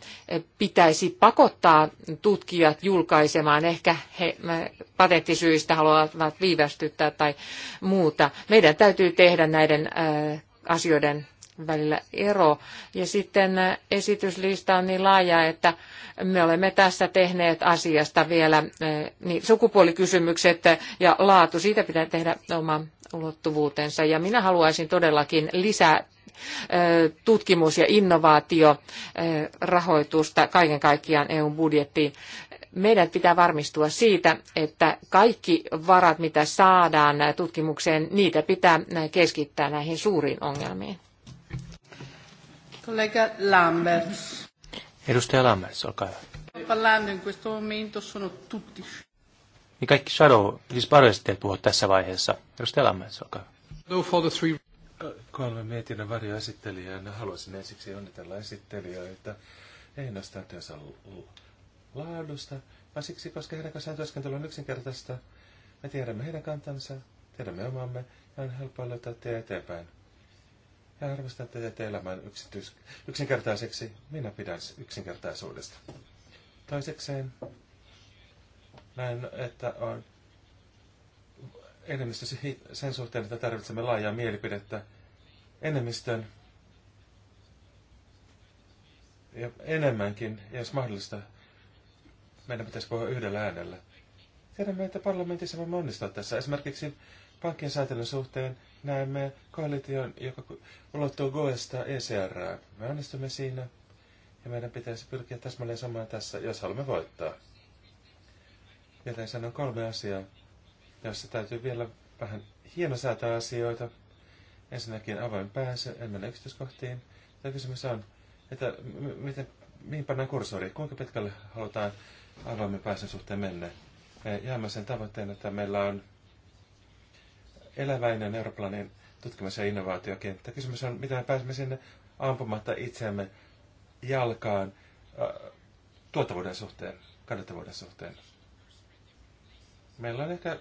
pitäisi pakottaa tutkijat julkaisemaan. Ehkä he patenttisyistä haluavat viivästyttää tai muuta. Meidän täytyy tehdä näiden asioiden välillä ero. Ja sitten esityslista on niin laaja, että me olemme tässä tehneet asiasta vielä eh, niin sukupuolikysymykset ja laatu. Siitä pitää tehdä oma ulottuvuutensa. Ja minä haluaisin todellakin lisää eh, tutkimus- ja innovaatiorahoitusta eh, kaiken kaikkiaan EU budjettiin. Meidän pitää varmistua siitä, että kaikki varat, mitä saadaan tutkimukseen, niitä pitää keskittää näihin suuriin ongelmiin. Kollega Lamberts. Edustaja Lamberts, olkaa hyvä. Parlando in questo momento sono tutti. Niin kaikki shadow, siis parvesteet tässä vaiheessa. Edustaja olkaa hyvä. Kolme mietinnän haluaisin ensiksi onnitella esittelijöitä. Ei ainoastaan työnsä laadusta, vaan siksi, koska heidän kanssaan työskentely on yksinkertaista. Me tiedämme heidän kantansa, tiedämme omamme ja on helppoa löytää tie eteenpäin. Ja arvostan, että teette elämän yksityis- yksinkertaiseksi. Minä pidän yksinkertaisuudesta. Toisekseen näen, että on enemmistö sen suhteen, että tarvitsemme laajaa mielipidettä enemmistön ja enemmänkin, jos mahdollista, meidän pitäisi puhua yhdellä äänellä. Tiedämme, että parlamentissa voimme onnistua tässä. Esimerkiksi pankkien säätelyn suhteen – näemme koalition, joka ulottuu Goesta ECR. Me onnistumme siinä ja meidän pitäisi pyrkiä täsmälleen samaan tässä, jos haluamme voittaa. Joten sanon kolme asiaa, joissa täytyy vielä vähän hieno säätää asioita. Ensinnäkin avoin pääsy, en mene yksityiskohtiin. Tämä kysymys on, että miten, mihin pannaan kursori, kuinka pitkälle halutaan avoimen pääsyn suhteen mennä. Me jäämme sen tavoitteen, että meillä on eläväinen eurooppalainen tutkimus- ja innovaatiokenttä. Kysymys on, miten me pääsemme sinne ampumatta itseämme jalkaan äh, tuottavuuden suhteen, kannattavuuden suhteen. Meillä on ehkä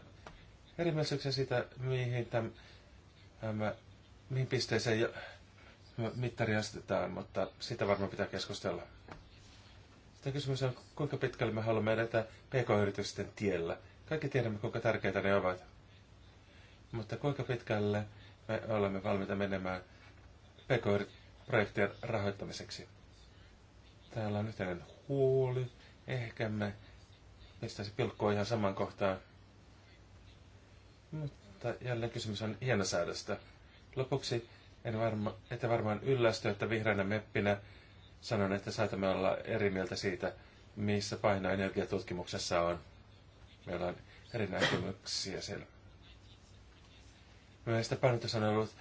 erimielisyyksiä siitä, mihin, tämän, mihin pisteeseen jo, mittari astetaan, mutta sitä varmaan pitää keskustella. Sitten kysymys on, kuinka pitkälle me haluamme edetä pk-yritysten tiellä. Kaikki tiedämme, kuinka tärkeitä ne ovat. Mutta kuinka pitkälle me olemme valmiita menemään PK-projektien rahoittamiseksi? Täällä on yhteinen huoli. Ehkä me pistäisi pilkkua ihan saman kohtaan. Mutta jälleen kysymys on hienosäädöstä. Lopuksi en varma, ette varmaan yllästy, että vihreänä meppinä sanon, että saatamme olla eri mieltä siitä, missä paino energiatutkimuksessa on. Meillä on eri näkemyksiä siellä. Meistä painotus on ollut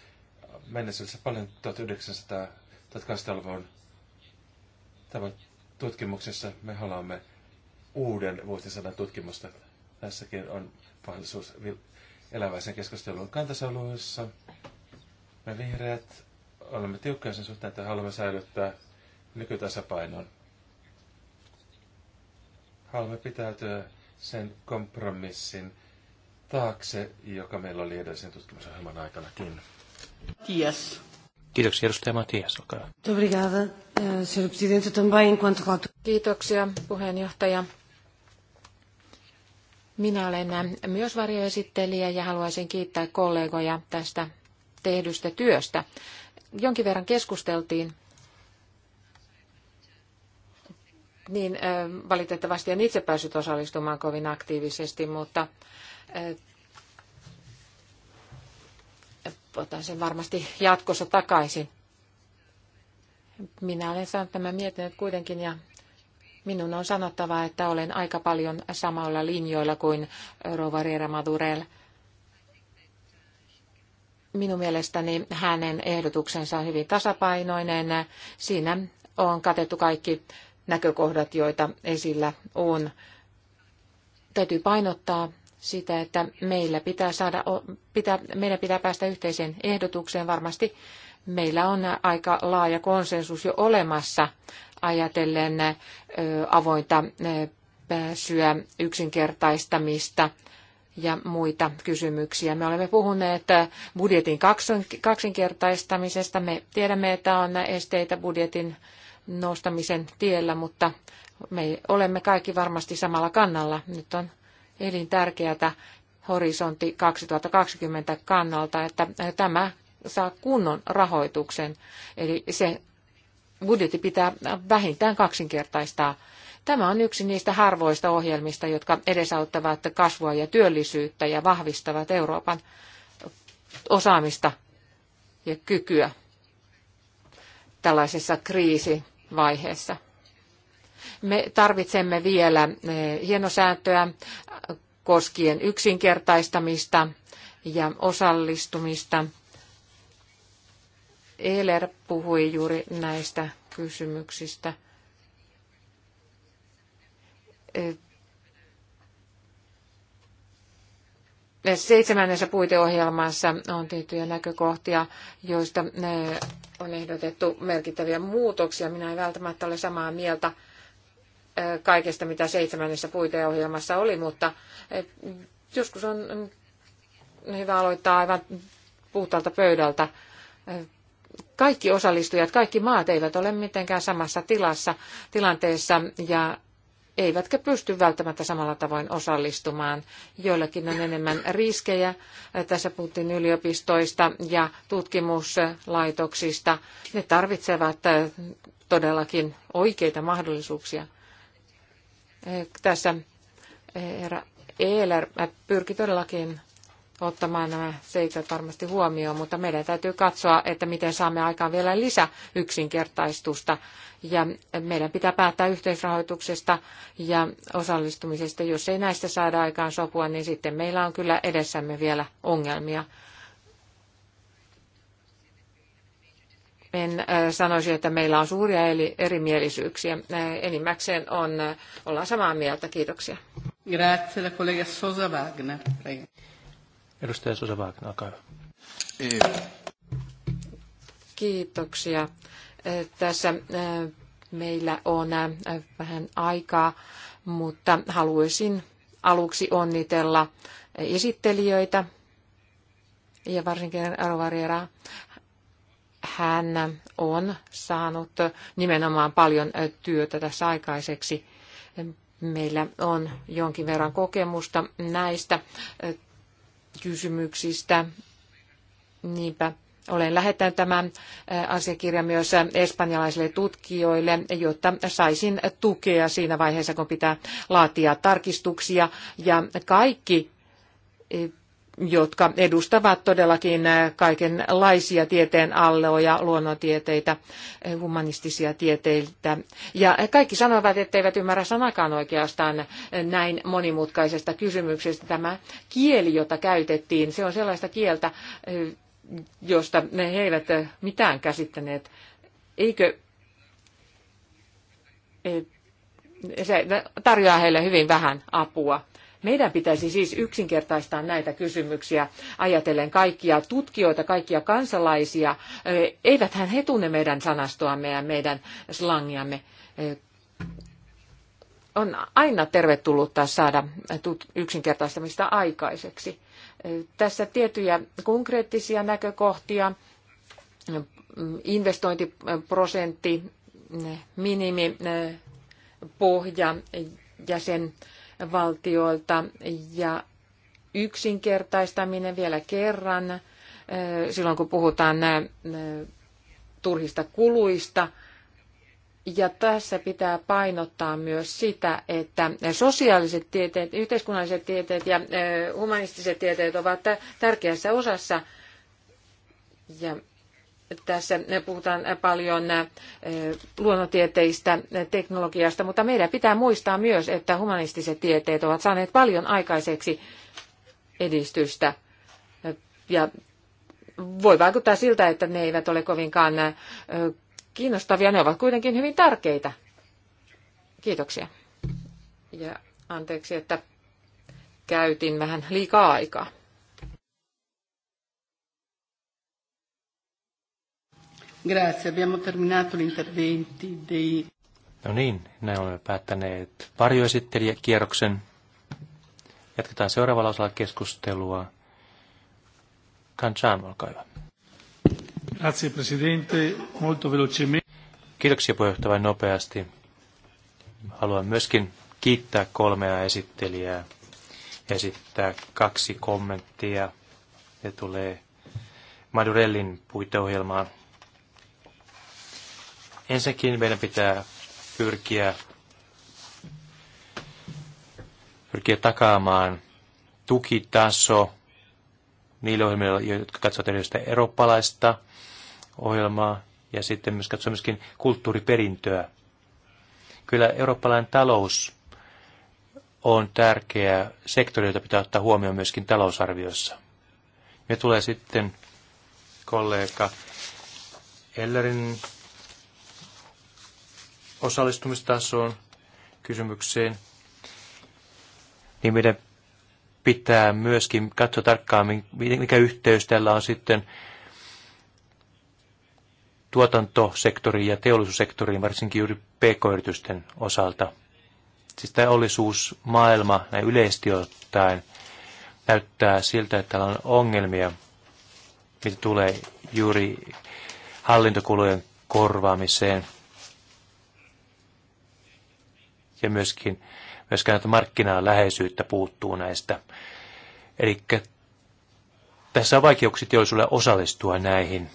mennessä paljon 1900-1800-luvun tutkimuksessa. Me haluamme uuden vuosisadan tutkimusta. Tässäkin on mahdollisuus eläväisen keskustelun kantasoluissa. Me vihreät olemme tiukkoja sen suhteen, että haluamme säilyttää nykytasapainon. Haluamme pitäytyä sen kompromissin taakse, joka meillä oli edellisen tutkimusohjelman aikanakin. Yes. Kiitoksia, edustaja Matias, olkaa Obrigada, eh, senhor presidente, também enquanto relator. Kiitoksia, puheenjohtaja. Minä olen eh, myös varjoesittelijä ja haluaisin kiittää kollegoja tästä tehdystä työstä. Jonkin verran keskusteltiin niin eh, valitettavasti en itse päässyt osallistumaan kovin aktiivisesti, mutta otan sen varmasti jatkossa takaisin. Minä olen saanut tämän mietinnöt kuitenkin ja minun on sanottava, että olen aika paljon samalla linjoilla kuin Rovariera Madurel. Minun mielestäni hänen ehdotuksensa on hyvin tasapainoinen. Siinä on katettu kaikki näkökohdat, joita esillä on. Täytyy painottaa sitä, että meillä pitää saada, pitää, meidän pitää päästä yhteiseen ehdotukseen. Varmasti meillä on aika laaja konsensus jo olemassa ajatellen avointa pääsyä, yksinkertaistamista ja muita kysymyksiä. Me olemme puhuneet budjetin kaksinkertaistamisesta. Me tiedämme, että on esteitä budjetin nostamisen tiellä, mutta me olemme kaikki varmasti samalla kannalla. Nyt on elintärkeätä horisontti 2020 kannalta, että tämä saa kunnon rahoituksen. Eli se budjetti pitää vähintään kaksinkertaistaa. Tämä on yksi niistä harvoista ohjelmista, jotka edesauttavat kasvua ja työllisyyttä ja vahvistavat Euroopan osaamista ja kykyä tällaisessa kriisivaiheessa. Me tarvitsemme vielä eh, hienosääntöä koskien yksinkertaistamista ja osallistumista. Eler puhui juuri näistä kysymyksistä. Eh, seitsemännessä puiteohjelmassa on tiettyjä näkökohtia, joista eh, on ehdotettu merkittäviä muutoksia. Minä en välttämättä ole samaa mieltä kaikesta, mitä seitsemännessä puiteohjelmassa oli, mutta joskus on hyvä aloittaa aivan puhtaalta pöydältä. Kaikki osallistujat, kaikki maat eivät ole mitenkään samassa tilassa, tilanteessa ja eivätkä pysty välttämättä samalla tavoin osallistumaan. Joillakin on enemmän riskejä. Tässä puhuttiin yliopistoista ja tutkimuslaitoksista. Ne tarvitsevat todellakin oikeita mahdollisuuksia. Eh, tässä eh, herra Eeler pyrki todellakin ottamaan nämä seikat varmasti huomioon, mutta meidän täytyy katsoa, että miten saamme aikaan vielä lisä yksinkertaistusta. Ja meidän pitää päättää yhteisrahoituksesta ja osallistumisesta. Jos ei näistä saada aikaan sopua, niin sitten meillä on kyllä edessämme vielä ongelmia. en sanoisi, että meillä on suuria erimielisyyksiä. Enimmäkseen on, ollaan samaa mieltä. Kiitoksia. Grazie, la collega Sosa Wagner. Prego. Edustaja Sosa Wagner, olkaa hyvä. Kiitoksia. Tässä meillä on vähän aikaa, mutta haluaisin aluksi onnitella esittelijöitä ja varsinkin Arovariera hän on saanut nimenomaan paljon työtä tässä aikaiseksi. Meillä on jonkin verran kokemusta näistä kysymyksistä. Niinpä olen lähettänyt tämän asiakirjan myös espanjalaisille tutkijoille, jotta saisin tukea siinä vaiheessa, kun pitää laatia tarkistuksia. Ja kaikki jotka edustavat todellakin kaikenlaisia tieteen alleoja, luonnontieteitä, humanistisia tieteitä. Ja kaikki sanovat, etteivät ymmärrä sanakaan oikeastaan näin monimutkaisesta kysymyksestä. Tämä kieli, jota käytettiin, se on sellaista kieltä, josta ne he eivät mitään käsittäneet. Eikö e, se tarjoaa heille hyvin vähän apua meidän pitäisi siis yksinkertaistaa näitä kysymyksiä ajatellen kaikkia tutkijoita, kaikkia kansalaisia. Eiväthän he tunne meidän sanastoamme ja meidän slangiamme. On aina tervetullutta saada yksinkertaistamista aikaiseksi. Tässä tiettyjä konkreettisia näkökohtia, investointiprosentti, minimipohja ja sen valtioilta ja yksinkertaistaminen vielä kerran, silloin kun puhutaan nämä turhista kuluista. Ja tässä pitää painottaa myös sitä, että sosiaaliset tieteet, yhteiskunnalliset tieteet ja humanistiset tieteet ovat tärkeässä osassa. Ja tässä puhutaan paljon luonnontieteistä, teknologiasta, mutta meidän pitää muistaa myös, että humanistiset tieteet ovat saaneet paljon aikaiseksi edistystä. Ja voi vaikuttaa siltä, että ne eivät ole kovinkaan kiinnostavia. Ne ovat kuitenkin hyvin tärkeitä. Kiitoksia. Ja anteeksi, että käytin vähän liikaa aikaa. Grazie, abbiamo terminato gli interventi dei... No niin, näin olemme päättäneet varjoesittelijäkierroksen. Jatketaan seuraavalla osalla keskustelua. Kanchan, olkaa hyvä. Grazie, Presidente. Molto velocemente. Kiitoksia puheenjohtaja nopeasti. Haluan myöskin kiittää kolmea esittelijää. Esittää kaksi kommenttia. Ne tulee Madurellin puiteohjelmaan Ensinnäkin meidän pitää pyrkiä, pyrkiä takaamaan tukitaso niille ohjelmille, jotka katsovat erityisesti eurooppalaista ohjelmaa ja sitten myös katsoa myöskin kulttuuriperintöä. Kyllä eurooppalainen talous on tärkeä sektori, jota pitää ottaa huomioon myöskin talousarviossa. Me tulee sitten kollega Ellerin osallistumistasoon kysymykseen, niin meidän pitää myöskin katsoa tarkkaan, mikä yhteys tällä on sitten tuotantosektoriin ja teollisuussektoriin, varsinkin juuri pk-yritysten osalta. Siis tämä maailma näin yleisesti ottaen näyttää siltä, että täällä on ongelmia, mitä tulee juuri hallintokulujen korvaamiseen – ja myöskin, myöskin näitä markkinaan läheisyyttä puuttuu näistä. Eli tässä on vaikeuksia teollisuudelle osallistua näihin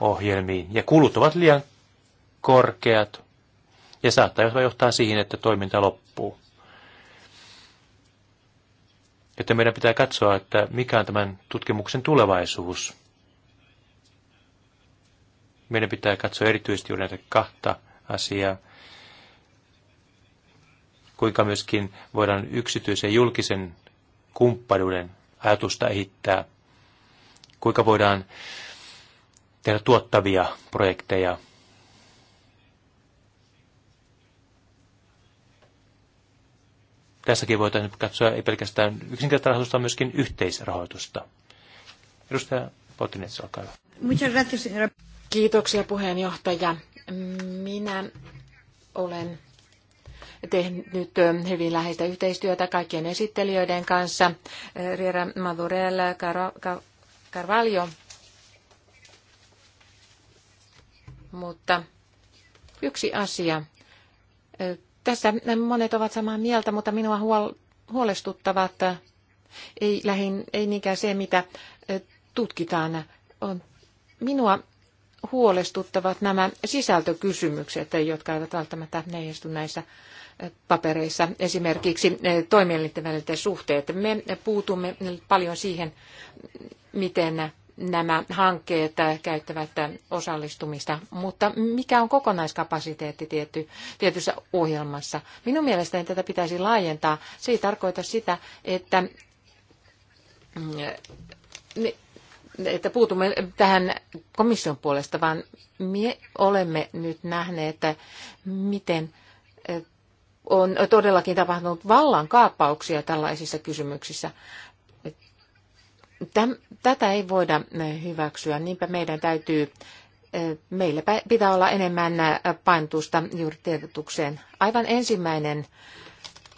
ohjelmiin, ja kulut ovat liian korkeat, ja saattaa jopa johtaa siihen, että toiminta loppuu. Joten meidän pitää katsoa, että mikä on tämän tutkimuksen tulevaisuus. Meidän pitää katsoa erityisesti juuri näitä kahta asiaa, kuinka myöskin voidaan yksityisen ja julkisen kumppanuuden ajatusta ehittää, kuinka voidaan tehdä tuottavia projekteja. Tässäkin voitaisiin katsoa ei pelkästään yksinkertaista rahoitusta, vaan myöskin yhteisrahoitusta. Edustaja Potinets, olkaa hyvä. Kiitoksia puheenjohtaja. Minä olen tehnyt hyvin läheistä yhteistyötä kaikkien esittelijöiden kanssa. Riera Madurell, Carvalho, mutta yksi asia. Tässä monet ovat samaa mieltä, mutta minua huolestuttavat ei, lähin, ei niinkään se, mitä tutkitaan. On, minua huolestuttavat nämä sisältökysymykset, jotka eivät välttämättä heijastu näissä papereissa esimerkiksi eh, toimielinten väliset suhteet. Me puutumme paljon siihen, miten nämä hankkeet käyttävät osallistumista, mutta mikä on kokonaiskapasiteetti tietty, tietyssä ohjelmassa? Minun mielestäni tätä pitäisi laajentaa. Se ei tarkoita sitä, että, mm, että puutumme tähän komission puolesta, vaan me olemme nyt nähneet, että miten on todellakin tapahtunut vallankaappauksia tällaisissa kysymyksissä. Tätä ei voida eh, hyväksyä, niinpä meidän täytyy, eh, meillä pitää olla enemmän eh, painotusta juuri tiedotukseen. Aivan ensimmäinen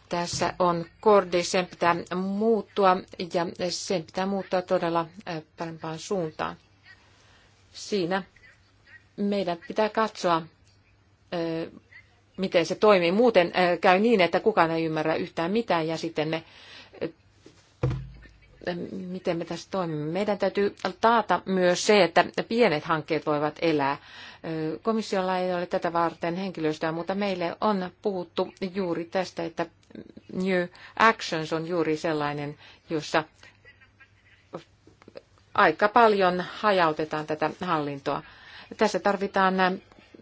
tässä on kordi, sen pitää muuttua ja sen pitää muuttua todella parempaan suuntaan. Siinä meidän pitää katsoa miten se toimii. Muuten äh, käy niin, että kukaan ei ymmärrä yhtään mitään ja sitten me, äh, äh, miten me tässä toimimme. Meidän täytyy taata myös se, että pienet hankkeet voivat elää. Komissiolla ei ole tätä varten henkilöstöä, mutta meille on puhuttu juuri tästä, että New Actions on juuri sellainen, jossa aika paljon hajautetaan tätä hallintoa. Tässä tarvitaan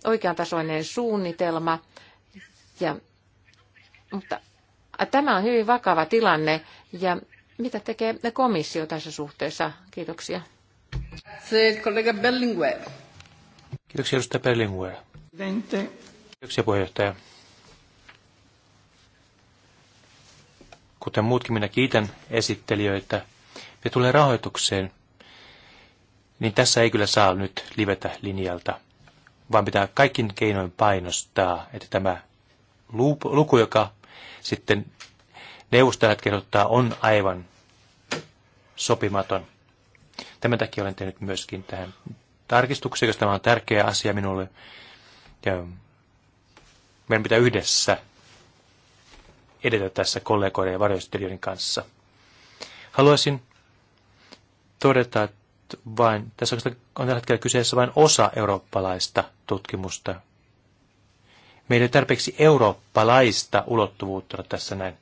oikean tasoinen suunnitelma ja, mutta tämä on hyvin vakava tilanne ja mitä tekee komissio tässä suhteessa? Kiitoksia. Se kollega Bellinguer. Kiitoksia edustaja Bellinguer. Vente. Kiitoksia puheenjohtaja. Kuten muutkin minä kiitän esittelijöitä. Me tulee rahoitukseen, niin tässä ei kyllä saa nyt livetä linjalta, vaan pitää kaikin keinoin painostaa, että tämä luku, joka sitten neuvostajat kirjoittaa, on aivan sopimaton. Tämän takia olen tehnyt myöskin tähän tarkistuksia, koska tämä on tärkeä asia minulle. Ja meidän pitää yhdessä edetä tässä kollegoiden ja varjoistelijoiden kanssa. Haluaisin todeta, että vain, tässä on tällä hetkellä kyseessä vain osa eurooppalaista tutkimusta Meillä ei ole tarpeeksi eurooppalaista ulottuvuutta tässä näin.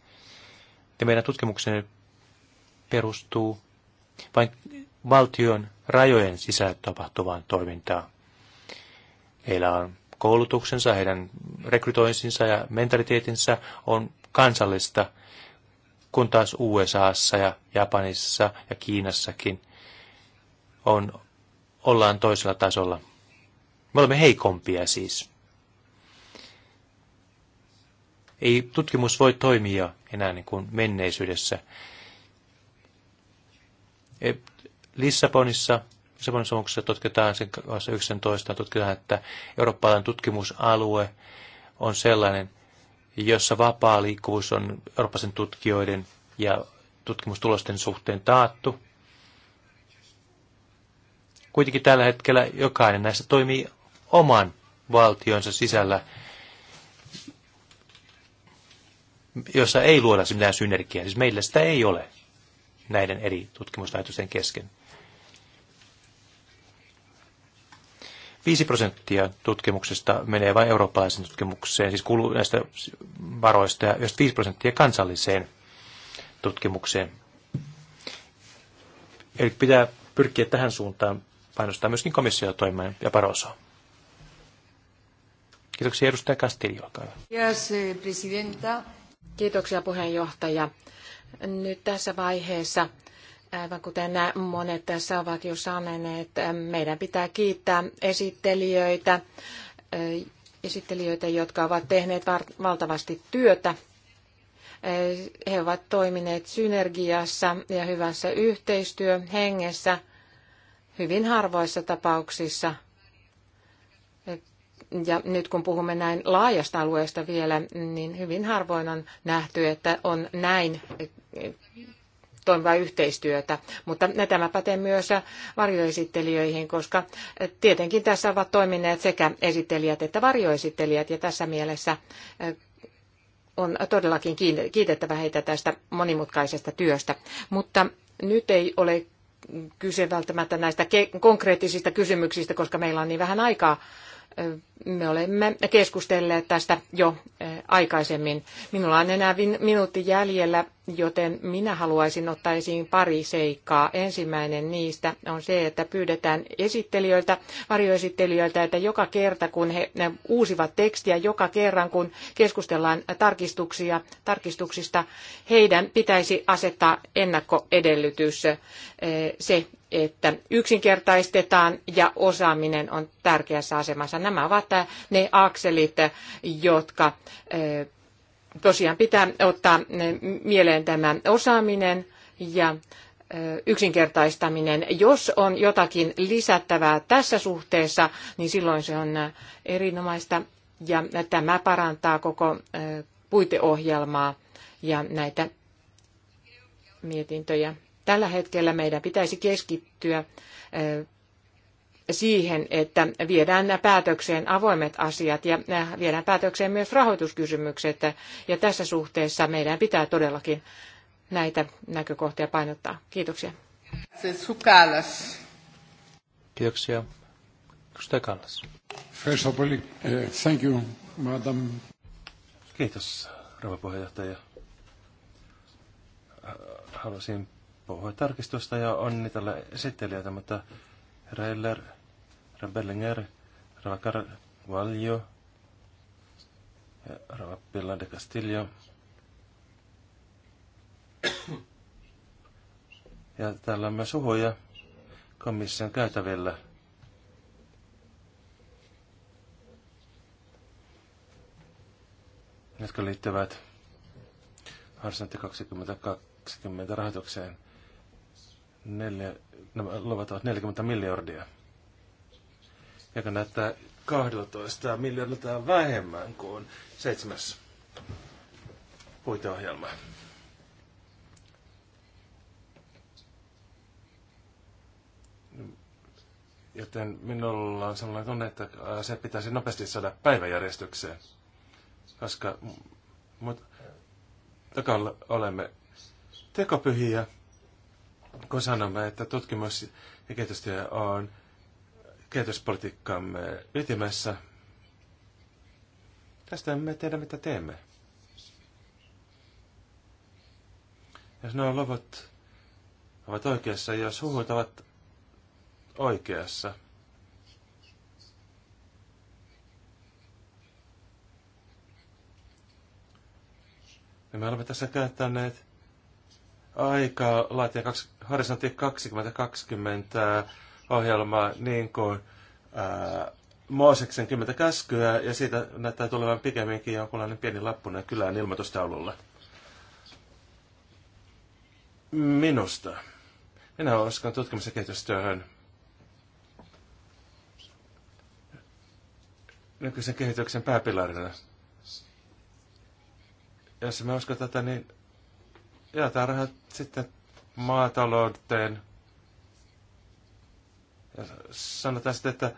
Ja meidän tutkimuksemme perustuu vain valtion rajojen sisällä tapahtuvaan toimintaan. Heillä on koulutuksensa, heidän rekrytoinsinsa ja mentaliteetinsa on kansallista, kun taas USAssa ja Japanissa ja Kiinassakin on, ollaan toisella tasolla. Me olemme heikompia siis. ei tutkimus voi toimia enää niin kuin menneisyydessä. E, Lissabonissa, Lissabonin sopimuksessa tutkitaan sen 2019, tutkitaan, että eurooppalainen tutkimusalue on sellainen, jossa vapaa liikkuvuus on eurooppalaisen tutkijoiden ja tutkimustulosten suhteen taattu. Kuitenkin tällä hetkellä jokainen näistä toimii oman valtionsa sisällä jossa ei luoda siis mitään synergiaa. Siis meillä sitä ei ole näiden eri tutkimuslaitosten kesken. 5 prosenttia tutkimuksesta menee vain eurooppalaisen tutkimukseen, siis kuluu näistä varoista, ja 5 prosenttia kansalliseen tutkimukseen. Eli pitää pyrkiä tähän suuntaan painostaa myöskin komissiota toimimaan ja parosoa. Kiitoksia edustaja Castillo, olkaa hyvä. presidenta. Kiitoksia puheenjohtaja. Nyt tässä vaiheessa, aivan kuten monet tässä ovat jo sanoneet, meidän pitää kiittää esittelijöitä, esittelijöitä jotka ovat tehneet valtavasti työtä. He ovat toimineet synergiassa ja hyvässä yhteistyöhengessä hyvin harvoissa tapauksissa – ja nyt kun puhumme näin laajasta alueesta vielä, niin hyvin harvoin on nähty, että on näin eh, toimivaa yhteistyötä, mutta tämä pätee myös varjoesittelijöihin, koska eh, tietenkin tässä ovat toimineet sekä esittelijät että varjoesittelijät, ja tässä mielessä eh, on todellakin kiitettävä heitä tästä monimutkaisesta työstä. Mutta nyt ei ole kyse välttämättä näistä konkreettisista kysymyksistä, koska meillä on niin vähän aikaa me olemme keskustelleet tästä jo eh, aikaisemmin. Minulla on enää minuutti jäljellä joten minä haluaisin ottaa esiin pari seikkaa. Ensimmäinen niistä on se, että pyydetään esittelijöiltä, varjoesittelijöiltä, että joka kerta kun he uusivat tekstiä, joka kerran kun keskustellaan tarkistuksia, tarkistuksista, heidän pitäisi asettaa ennakkoedellytys eh, se, että yksinkertaistetaan ja osaaminen on tärkeässä asemassa. Nämä ovat eh, ne akselit, jotka eh, tosiaan pitää ottaa mieleen tämä osaaminen ja yksinkertaistaminen. Jos on jotakin lisättävää tässä suhteessa, niin silloin se on erinomaista ja tämä parantaa koko puiteohjelmaa ja näitä mietintöjä. Tällä hetkellä meidän pitäisi keskittyä siihen, että viedään päätökseen avoimet asiat ja äh, viedään päätökseen myös rahoituskysymykset. Ja tässä suhteessa meidän pitää todellakin näitä näkökohtia painottaa. Kiitoksia. Kiitoksia. Edustaja Kallas. Uh, thank you, madam. Kiitos, rouva puheenjohtaja. Äh, haluaisin puhua tarkistusta ja onnitella esittelijöitä, mutta herra Eller, ravakar valjo, herra de Castillo. Ja täällä on myös uhoja komission käytävillä. jotka liittyvät Horisontti 2020 rahoitukseen. Neljä, nämä luvat ovat 40 miljardia, joka näyttää 12 miljardilta vähemmän kuin seitsemäs puiteohjelma. Joten minulla on sellainen tunne, että se pitäisi nopeasti saada päiväjärjestykseen, koska mut, olemme tekopyhiä kun sanomme, että tutkimus ja kehitystyö on kehityspolitiikkamme ytimessä, tästä emme tiedä, mitä teemme. Jos nuo luvut ovat oikeassa, jos huhut ovat oikeassa, niin me olemme tässä käyttäneet Aika laatia kaksi, horisontti 2020 ohjelmaa niin kuin ää, Mooseksen kymmentä käskyä, ja siitä näyttää tulevan pikemminkin jonkunlainen pieni lappunen kylään ilmoitustaululla. Minusta. Minä uskon tutkimus- ja kehitystyöhön. Nykyisen kehityksen pääpilarina. Jos me uskon tätä, niin ja rahat sitten maatalouteen. Ja sanotaan sitten, että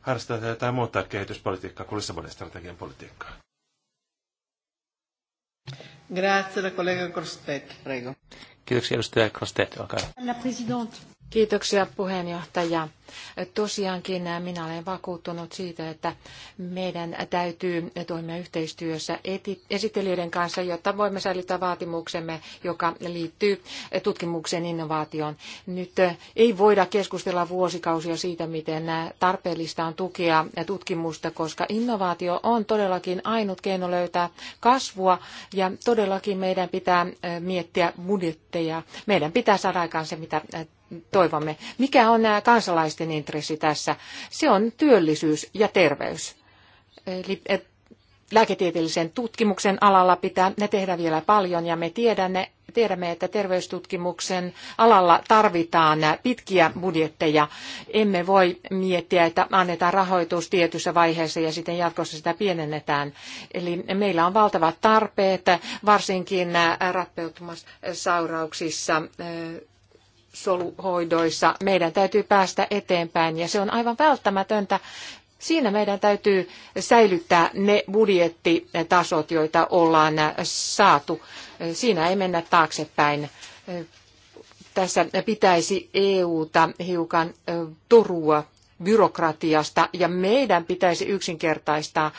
harrastaa jotain muuta kehityspolitiikkaa kuin Lissabonin strategian politiikkaa. Grazie, la collega Crostet, prego. Kiitoksia, edustaja Crostet, olkaa hyvä. La presidente. Kiitoksia puheenjohtaja. Tosiaankin minä olen vakuuttunut siitä, että meidän täytyy toimia yhteistyössä esittelijöiden kanssa, jotta voimme säilyttää vaatimuksemme, joka liittyy tutkimuksen innovaatioon. Nyt ei voida keskustella vuosikausia siitä, miten tarpeellista on tukea tutkimusta, koska innovaatio on todellakin ainut keino löytää kasvua ja todellakin meidän pitää miettiä budjetteja. Meidän pitää saada aikaan se, mitä toivomme. Mikä on kansalaisten intressi tässä? Se on työllisyys ja terveys. Eli lääketieteellisen tutkimuksen alalla pitää ne tehdä vielä paljon ja me tiedämme, tiedämme, että terveystutkimuksen alalla tarvitaan pitkiä budjetteja. Emme voi miettiä, että annetaan rahoitus tietyssä vaiheessa ja sitten jatkossa sitä pienennetään. Eli meillä on valtavat tarpeet, varsinkin sairauksissa soluhoidoissa. Meidän täytyy päästä eteenpäin ja se on aivan välttämätöntä. Siinä meidän täytyy säilyttää ne budjettitasot, joita ollaan saatu. Siinä ei mennä taaksepäin. Tässä pitäisi EUta hiukan torua byrokratiasta ja meidän pitäisi yksinkertaistaa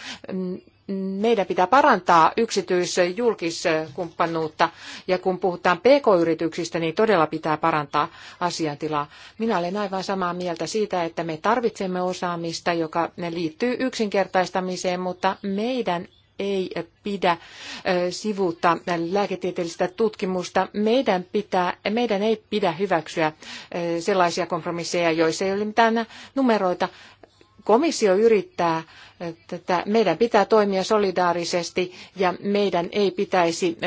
meidän pitää parantaa yksityis-julkiskumppanuutta ja kun puhutaan pk-yrityksistä, niin todella pitää parantaa asiantilaa. Minä olen aivan samaa mieltä siitä, että me tarvitsemme osaamista, joka liittyy yksinkertaistamiseen, mutta meidän ei pidä sivuuttaa lääketieteellistä tutkimusta. Meidän, pitää, meidän ei pidä hyväksyä sellaisia kompromisseja, joissa ei ole mitään numeroita komissio yrittää että meidän pitää toimia solidaarisesti ja meidän ei pitäisi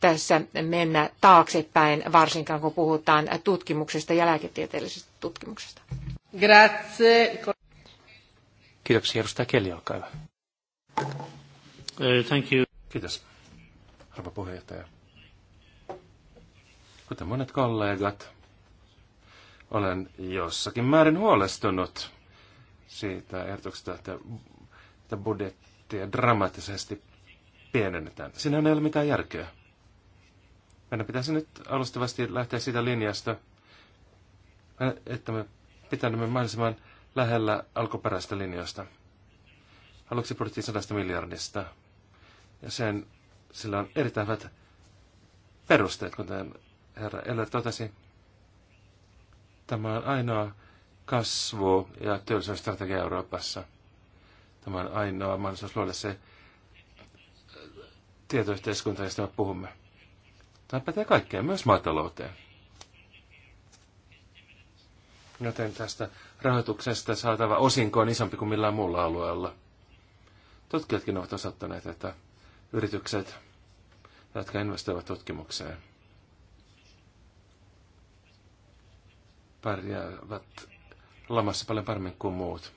tässä mennä taaksepäin, varsinkaan kun puhutaan tutkimuksesta ja lääketieteellisestä tutkimuksesta. Grazie. Kiitoksia. Edustaja olkaa hyvä. Eh, thank you. Kiitos, arvo puheenjohtaja. Kuten monet kollegat, olen jossakin määrin huolestunut siitä ehdotuksesta, että, että budjettia dramaattisesti pienennetään. Siinä ei ole mitään järkeä. Meidän pitäisi nyt alustavasti lähteä siitä linjasta, että me pitäisimme mahdollisimman lähellä alkuperäistä linjasta. Aluksi puhuttiin sadasta miljardista, ja sen, sillä on erittäin hyvät perusteet, kuten herra Eller totesi. Tämä on ainoa kasvu- ja työllisyysstrategia Euroopassa. Tämä on ainoa mahdollisuus luoda se tietoyhteiskunta, josta me puhumme. Tämä pätee kaikkeen, myös maatalouteen. Joten tästä rahoituksesta saatava osinko on isompi kuin millään muulla alueella. Tutkijatkin ovat osoittaneet, että yritykset, jotka investoivat tutkimukseen, pärjäävät lamassa paljon paremmin kuin muut.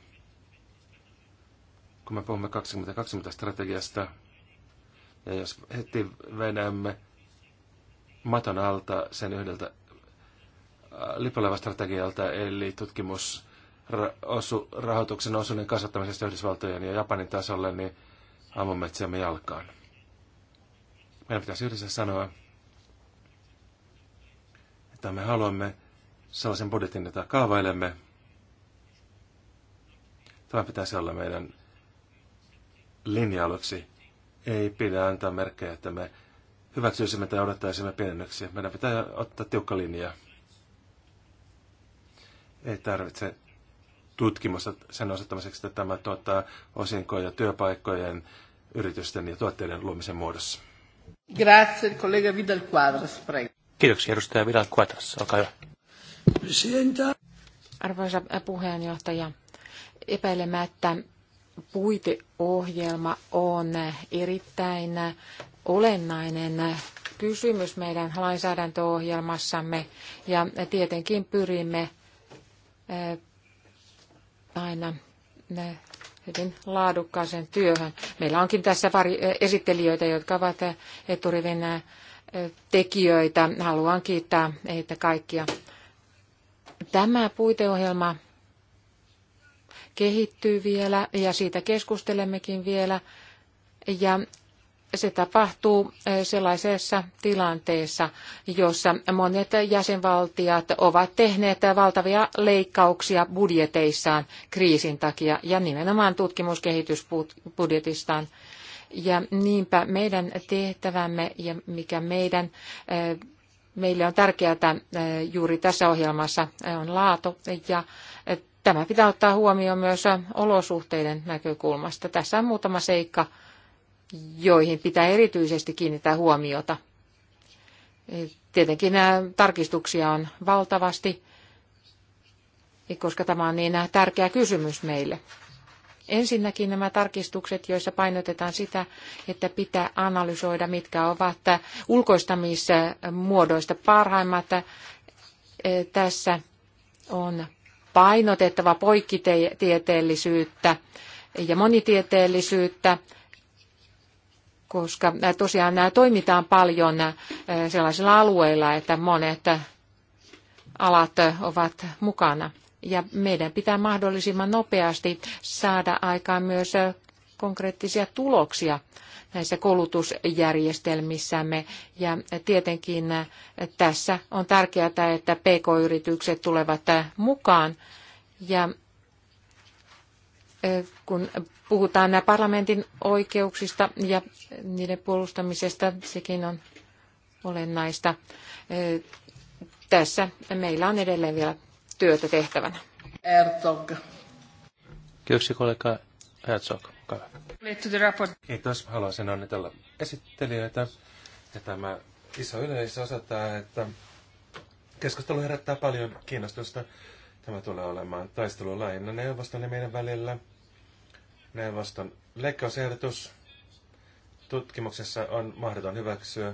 Kun me puhumme 2020 strategiasta, ja jos heti vedämme maton alta sen yhdeltä äh, strategialta, eli tutkimus osu, rahoituksen osuuden kasvattamisesta Yhdysvaltojen ja Japanin tasolle, niin ammumme itseämme jalkaan. Meidän pitäisi yhdessä sanoa, että me haluamme sellaisen budjetin, jota kaavailemme, Tämä pitäisi olla meidän linjaloksi. Ei pidä antaa merkkejä, että me hyväksyisimme tai odottaisimme pienennyksiä. Meidän pitää ottaa tiukka linja. Ei tarvitse tutkimusta sen osoittamiseksi, että tämä tuottaa osinkoja työpaikkojen, yritysten ja tuotteiden luomisen muodossa. Grazie, collega Vidal Quadras, prego. Kiitoksia, edustaja Vidal Quadras. Olkaa hyvä. Arvoisa puheenjohtaja, epäilemättä puiteohjelma on erittäin olennainen kysymys meidän lainsäädäntöohjelmassamme ja tietenkin pyrimme eh, aina eh, hyvin laadukkaaseen työhön. Meillä onkin tässä pari eh, esittelijöitä, jotka ovat eturivin tekijöitä. Haluan kiittää heitä kaikkia. Tämä puiteohjelma kehittyy vielä ja siitä keskustelemmekin vielä. Ja se tapahtuu eh, sellaisessa tilanteessa, jossa monet jäsenvaltiot ovat tehneet valtavia leikkauksia budjeteissaan kriisin takia ja nimenomaan tutkimuskehitysbudjetistaan. Ja niinpä meidän tehtävämme ja mikä meidän, eh, meille on tärkeää eh, juuri tässä ohjelmassa on laatu ja Tämä pitää ottaa huomioon myös olosuhteiden näkökulmasta. Tässä on muutama seikka, joihin pitää erityisesti kiinnittää huomiota. Tietenkin nämä tarkistuksia on valtavasti, koska tämä on niin tärkeä kysymys meille. Ensinnäkin nämä tarkistukset, joissa painotetaan sitä, että pitää analysoida, mitkä ovat ulkoistamismuodoista parhaimmat. Tässä on painotettava poikkitieteellisyyttä ja monitieteellisyyttä, koska äh, tosiaan nämä äh, toimitaan paljon äh, sellaisilla alueilla, että monet alat ovat mukana. Ja meidän pitää mahdollisimman nopeasti saada aikaan myös konkreettisia tuloksia näissä koulutusjärjestelmissämme. Ja tietenkin tässä on tärkeää, että PK-yritykset tulevat mukaan. Ja kun puhutaan nämä parlamentin oikeuksista ja niiden puolustamisesta, sekin on olennaista. Tässä meillä on edelleen vielä työtä tehtävänä. Ertog. Kiitoksia kollega Herzog olkaa hyvä. Kiitos. Haluaisin onnitella esittelijöitä. Ja tämä iso yleisö osoittaa, että keskustelu herättää paljon kiinnostusta. Tämä tulee olemaan taistelu lähinnä neuvoston ja meidän välillä. Neuvoston leikkausehdotus tutkimuksessa on mahdoton hyväksyä,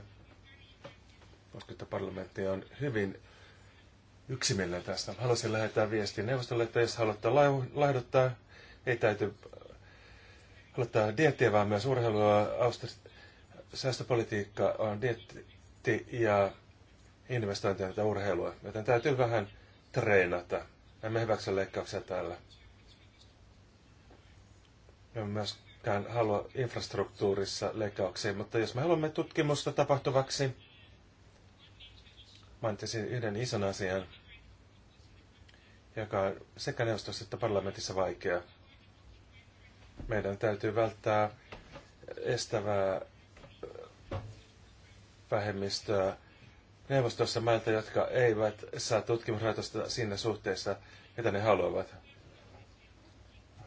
koska parlamentti on hyvin yksimielinen tästä. Haluaisin lähettää viestiä neuvostolle, että jos haluatte laihduttaa, ei täytyy haluttaa diettiä, vaan myös urheilua. Austri- säästöpolitiikka on dietti ja investointeja ja urheilua, joten täytyy vähän treenata. Emme hyväksy leikkauksia täällä. Emme myöskään halua infrastruktuurissa leikkauksia, mutta jos me haluamme tutkimusta tapahtuvaksi, mainitsin yhden ison asian, joka on sekä neuvostossa että parlamentissa vaikea meidän täytyy välttää estävää vähemmistöä neuvostossa mailta, jotka eivät saa tutkimusrahoitusta siinä suhteessa, mitä ne haluavat.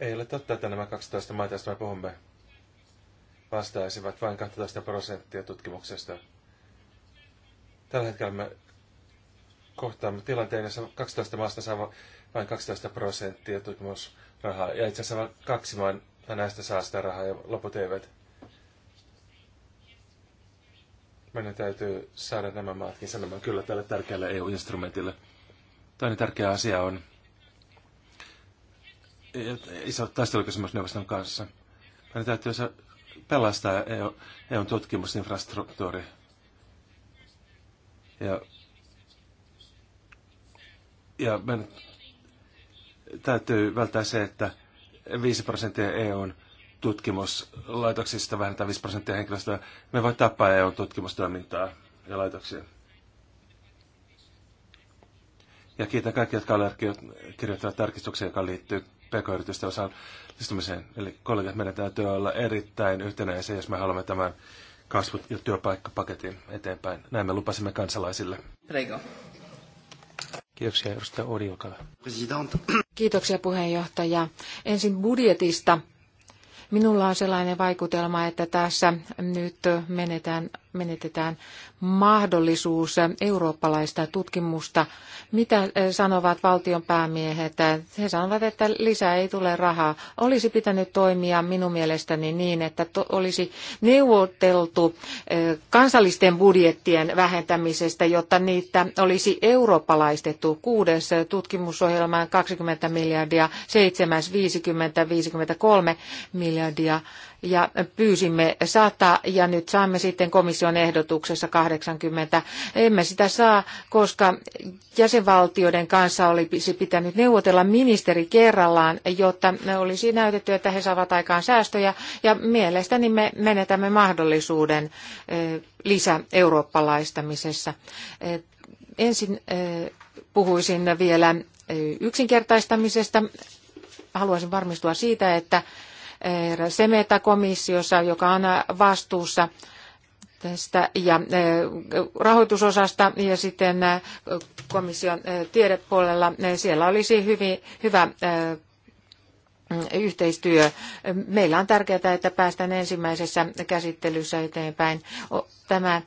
Ei ole totta, että nämä 12 maita, joista me puhumme, vastaisivat vain 12 prosenttia tutkimuksesta. Tällä hetkellä me kohtaamme tilanteen, jossa 12 maasta saa vain 12 prosenttia tutkimusrahaa, ja itse asiassa vain kaksi maan ja näistä saa sitä rahaa ja loput eivät. Meidän täytyy saada nämä maatkin sanomaan kyllä tälle tärkeälle EU-instrumentille. Toinen tärkeä asia on iso taistelukysymysneuvoston kanssa. Meidän täytyy pelastaa EU, e tutkimusinfrastruktuuri. Ja, ja meidän täytyy välttää se, että 5 prosenttia EUn tutkimuslaitoksista vähentää 5 prosenttia henkilöstöä. Me voi tappaa EUn tutkimustoimintaa ja laitoksia. Ja kiitän kaikki, jotka kirjoittavat tarkistuksia, joka liittyy pk-yritysten osallistumiseen. Eli kollegat, meidän täytyy olla erittäin yhtenäisiä, jos me haluamme tämän kasvu- ja työpaikkapaketin eteenpäin. Näin me lupasimme kansalaisille. Prego. Kiitoksia, edustaja Ori, olkaa Kiitoksia, puheenjohtaja. Ensin budjetista. Minulla on sellainen vaikutelma, että tässä nyt menetään menetetään mahdollisuus eurooppalaista tutkimusta. Mitä eh, sanovat valtion päämiehet? He sanovat, että lisää ei tule rahaa. Olisi pitänyt toimia minun mielestäni niin, että olisi neuvoteltu eh, kansallisten budjettien vähentämisestä, jotta niitä olisi eurooppalaistettu. Kuudes tutkimusohjelmaan 20 miljardia, seitsemäs 50, 53 miljardia ja pyysimme 100 ja nyt saamme sitten komission ehdotuksessa 80. Emme sitä saa, koska jäsenvaltioiden kanssa olisi pitänyt neuvotella ministeri kerrallaan, jotta ne olisi näytetty, että he saavat aikaan säästöjä ja mielestäni me menetämme mahdollisuuden eh, lisäeurooppalaistamisessa. Eh, ensin eh, puhuisin vielä yksinkertaistamisesta. Haluaisin varmistua siitä, että Semeta-komissiossa, joka on vastuussa tästä ja e, rahoitusosasta ja sitten e, komission e, tiedepuolella. Siellä olisi hyvin, hyvä yhteistyö. Meillä on tärkeää, että päästään ensimmäisessä käsittelyssä eteenpäin. Tämä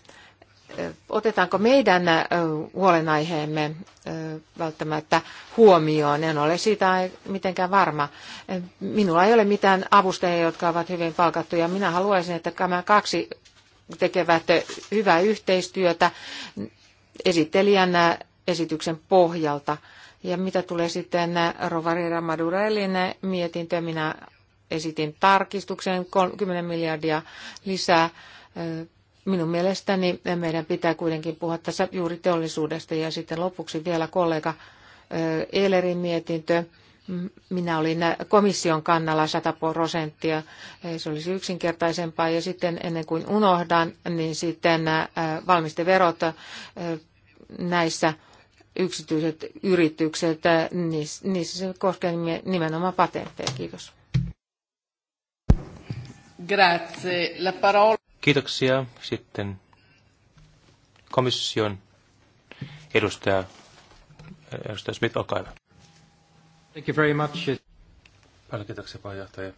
otetaanko meidän huolenaiheemme välttämättä huomioon. En ole siitä mitenkään varma. Minulla ei ole mitään avustajia, jotka ovat hyvin palkattuja. Minä haluaisin, että nämä kaksi tekevät hyvää yhteistyötä esittelijän esityksen pohjalta. Ja mitä tulee sitten Rovari Ramadurellin mietintö, minä esitin tarkistuksen 10 miljardia lisää Minun mielestäni meidän pitää kuitenkin puhua tässä juuri teollisuudesta ja sitten lopuksi vielä kollega Eelerin mietintö. Minä olin komission kannalla 100 prosenttia. Se olisi yksinkertaisempaa. Ja sitten ennen kuin unohdan, niin sitten valmisteverot näissä yksityiset yritykset, niissä se koskee nimenomaan patentteja. Kiitos. Grazie. La parola. Kiitoksia. Sitten komission edustaja, edustaja Smith, olkaa hyvä. Thank you very much. Paljon kiitoksia puheenjohtaja.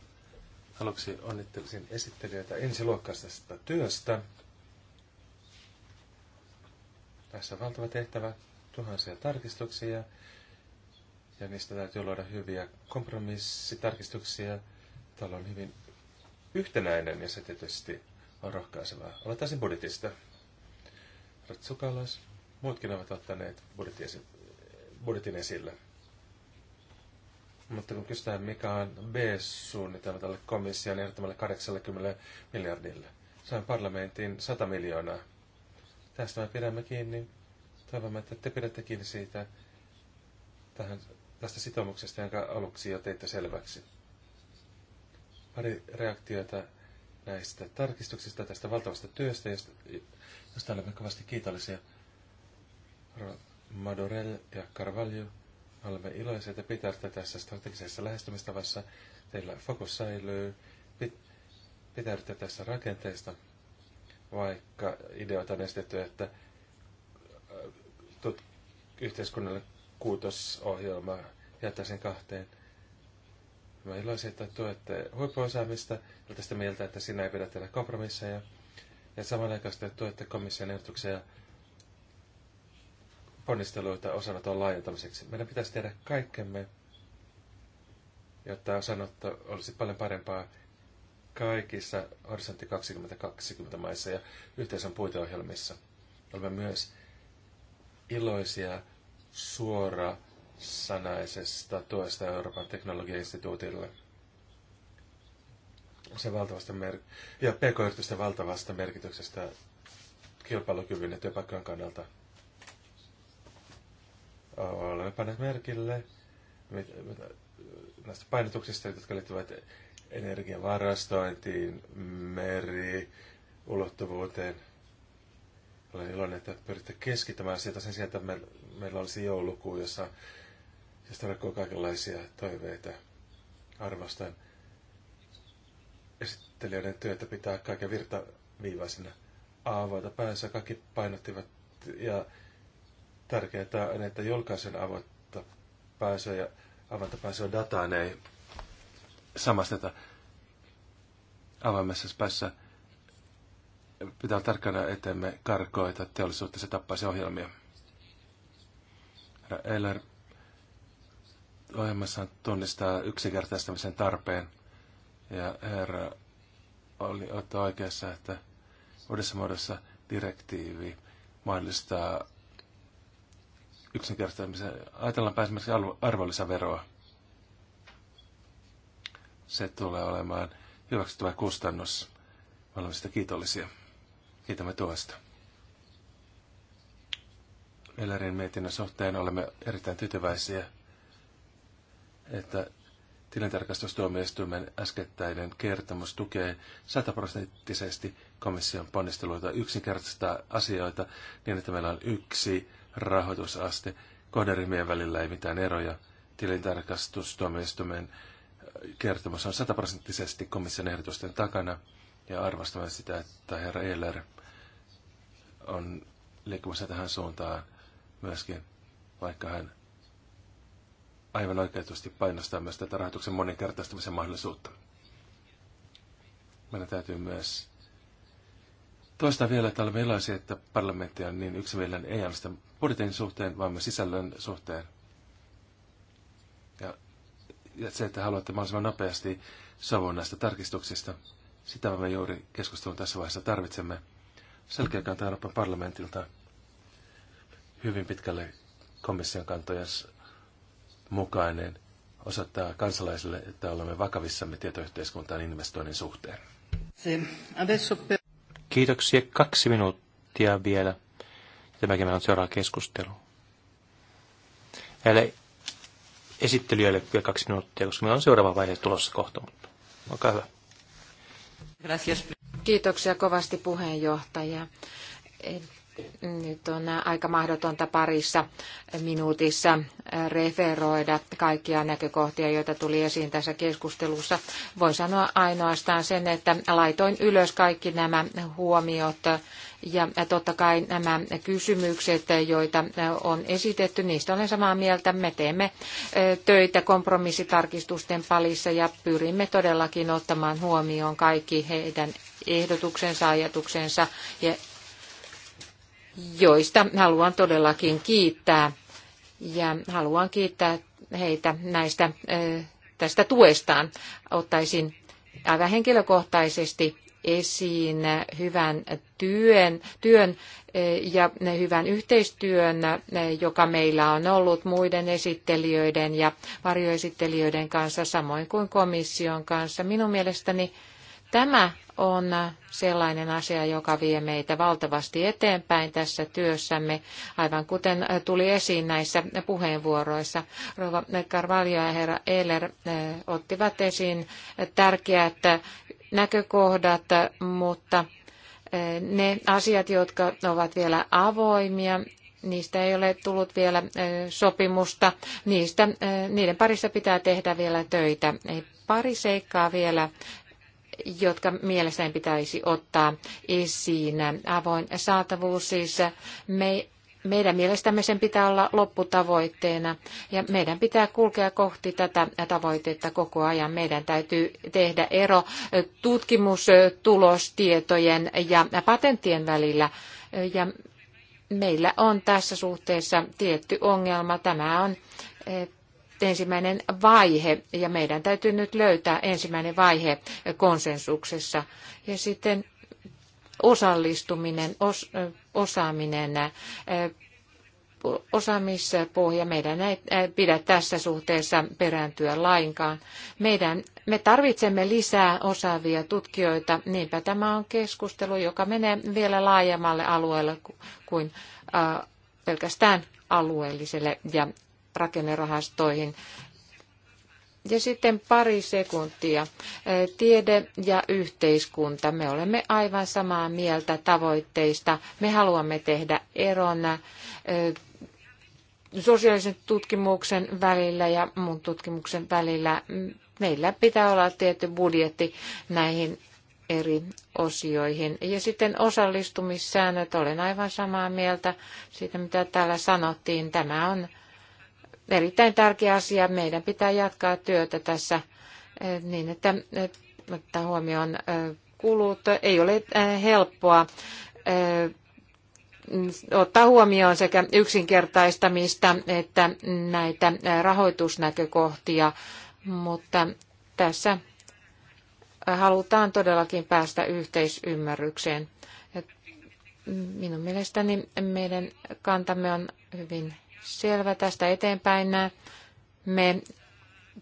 Aluksi onnittelisin esittelijöitä ensiluokkaisesta työstä. Tässä on valtava tehtävä, tuhansia tarkistuksia ja niistä täytyy luoda hyviä kompromissitarkistuksia. Täällä on hyvin yhtenäinen ja se tietysti on rohkaisevaa. Aloittaisin budjetista. Ratsukalas, muutkin ovat ottaneet budjetin esille. Mutta kun kysytään, mikä on B-suunnitelma tälle komission ehdottamalle 80 miljardille, sain parlamentin 100 miljoonaa. Tästä me pidämme kiinni. Toivomme, että te pidätte kiinni siitä tähän, tästä sitoumuksesta, jonka aluksi jo teitte selväksi. Pari reaktiota näistä tarkistuksista, tästä valtavasta työstä, josta, josta olemme kovasti kiitollisia. Madorel ja Carvalho, olemme iloisia, että pitää tässä strategisessa lähestymistavassa. Teillä fokus säilyy, pitää tässä rakenteesta, vaikka ideoita on estetty, että äh, tut, kuutosohjelma jättäisiin kahteen Mä iloisin, että tuette huippuosaamista, ja tästä mieltä, että sinä ei pidä tehdä kompromisseja. Ja samanaikaisesti tuette komission ehdotuksia ponnisteluita osanoton laajentamiseksi. Meidän pitäisi tehdä kaikkemme, jotta osanotto olisi paljon parempaa kaikissa Horisontti 2020 maissa ja yhteisön puiteohjelmissa. Olemme myös iloisia suora sanaisesta tuesta Euroopan teknologiainstituutille. Se valtavasta mer- ja pk-yritysten valtavasta merkityksestä kilpailukyvyn ja työpaikkojen kannalta. Olemme panneet merkille näistä painotuksista, jotka liittyvät varastointiin, meri, ulottuvuuteen. Olen iloinen, että pyritte keskittämään sitä sen sijaan, että meillä olisi joulukuu, jossa josta rakoo kaikenlaisia toiveita. Arvostan esittelijöiden työtä pitää kaiken virtaviivaisena. Aavoita päänsä kaikki painottivat ja tärkeää on, että julkaisen avoitta pääsyä ja avainta pääsyä dataan ei samasteta avaimessa päässä pitää olla tarkkana, ettemme karkoita teollisuutta, se tappaisi ohjelmia. Herra Eller ohjelmassa tunnistaa yksinkertaistamisen tarpeen. Ja herra oli ottaa oikeassa, että uudessa muodossa direktiivi mahdollistaa yksinkertaistamisen. Ajatellaanpa esimerkiksi arvonlisäveroa. Se tulee olemaan hyväksyttävä kustannus. Me olemme sitä kiitollisia. Kiitämme tuosta. Ellerin mietinnön suhteen olemme erittäin tyytyväisiä että tilintarkastustuomioistuimen äskettäinen kertomus tukee sataprosenttisesti komission ponnisteluita yksinkertaistaa asioita niin, että meillä on yksi rahoitusaste. Kohderyhmien välillä ei mitään eroja. Tilintarkastustuomioistuimen äh, kertomus on sataprosenttisesti komission ehdotusten takana ja arvostamme sitä, että herra Eller on liikkumassa tähän suuntaan myöskin, vaikka hän aivan oikeutusti painostaa myös tätä rahoituksen moninkertaistamisen mahdollisuutta. Meidän täytyy myös toistaa vielä, että olemme iloisia, että parlamentti on niin yksimielinen ei ainoastaan budjetin suhteen, vaan myös sisällön suhteen. Ja, ja se, että haluatte mahdollisimman nopeasti sovun näistä tarkistuksista, sitä me juuri keskustelun tässä vaiheessa tarvitsemme. Selkeä kanta Euroopan parlamentilta hyvin pitkälle komission kantojen mukainen osoittaa kansalaisille, että olemme vakavissamme tietoyhteiskuntaan investoinnin suhteen. Kiitoksia. Kaksi minuuttia vielä. Tämäkin on seuraava keskustelu. Näille esittelijöille vielä kaksi minuuttia, koska meillä on seuraava vaihe tulossa kohta, mutta olkaa hyvä. Kiitoksia kovasti puheenjohtaja nyt on aika mahdotonta parissa minuutissa referoida kaikkia näkökohtia, joita tuli esiin tässä keskustelussa. Voin sanoa ainoastaan sen, että laitoin ylös kaikki nämä huomiot ja totta kai nämä kysymykset, joita on esitetty, niistä olen samaa mieltä. Me teemme töitä kompromissitarkistusten palissa ja pyrimme todellakin ottamaan huomioon kaikki heidän ehdotuksensa, ajatuksensa ja joista haluan todellakin kiittää. Ja haluan kiittää heitä näistä, tästä tuestaan. Ottaisin aivan henkilökohtaisesti esiin hyvän työn, työn ja hyvän yhteistyön, joka meillä on ollut muiden esittelijöiden ja varjoesittelijöiden kanssa, samoin kuin komission kanssa. Minun mielestäni Tämä on sellainen asia, joka vie meitä valtavasti eteenpäin tässä työssämme, aivan kuten tuli esiin näissä puheenvuoroissa. Rova Carvalho ja herra Eiler eh, ottivat esiin tärkeät näkökohdat, mutta eh, ne asiat, jotka ovat vielä avoimia, niistä ei ole tullut vielä eh, sopimusta. Niistä, niiden parissa pitää tehdä vielä töitä. Pari seikkaa vielä, jotka mielestäni pitäisi ottaa esiin. Avoin saatavuus siis me, meidän mielestämme sen pitää olla lopputavoitteena ja meidän pitää kulkea kohti tätä tavoitetta koko ajan. Meidän täytyy tehdä ero tutkimustulostietojen ja patenttien välillä ja meillä on tässä suhteessa tietty ongelma. Tämä on ensimmäinen vaihe, ja meidän täytyy nyt löytää ensimmäinen vaihe konsensuksessa. Ja sitten osallistuminen, os, osaaminen, osaamispohja. Meidän ei pidä tässä suhteessa perääntyä lainkaan. Meidän, me tarvitsemme lisää osaavia tutkijoita, niinpä tämä on keskustelu, joka menee vielä laajemmalle alueelle kuin pelkästään alueelliselle ja rakennerahastoihin. Ja sitten pari sekuntia. Tiede ja yhteiskunta. Me olemme aivan samaa mieltä tavoitteista. Me haluamme tehdä eron sosiaalisen tutkimuksen välillä ja mun tutkimuksen välillä. Meillä pitää olla tietty budjetti näihin eri osioihin. Ja sitten osallistumissäännöt, olen aivan samaa mieltä siitä, mitä täällä sanottiin. Tämä on erittäin tärkeä asia. Meidän pitää jatkaa työtä tässä eh, niin, että eh, ottaa huomioon eh, kulut. Ei ole helppoa ottaa huomioon sekä yksinkertaistamista että näitä rahoitusnäkökohtia, mutta tässä halutaan todellakin päästä yhteisymmärrykseen. Minun mielestäni meidän kantamme on hyvin selvä tästä eteenpäin. Me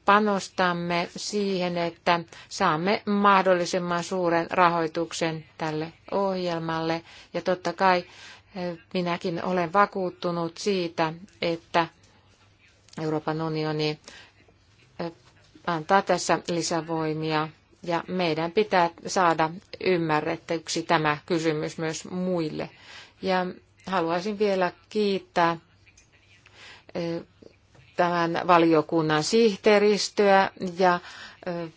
panostamme siihen, että saamme mahdollisimman suuren rahoituksen tälle ohjelmalle. Ja totta kai eh, minäkin olen vakuuttunut siitä, että Euroopan unioni eh, antaa tässä lisävoimia ja meidän pitää saada ymmärrettyksi tämä kysymys myös muille. Ja haluaisin vielä kiittää tämän valiokunnan sihteeristöä ja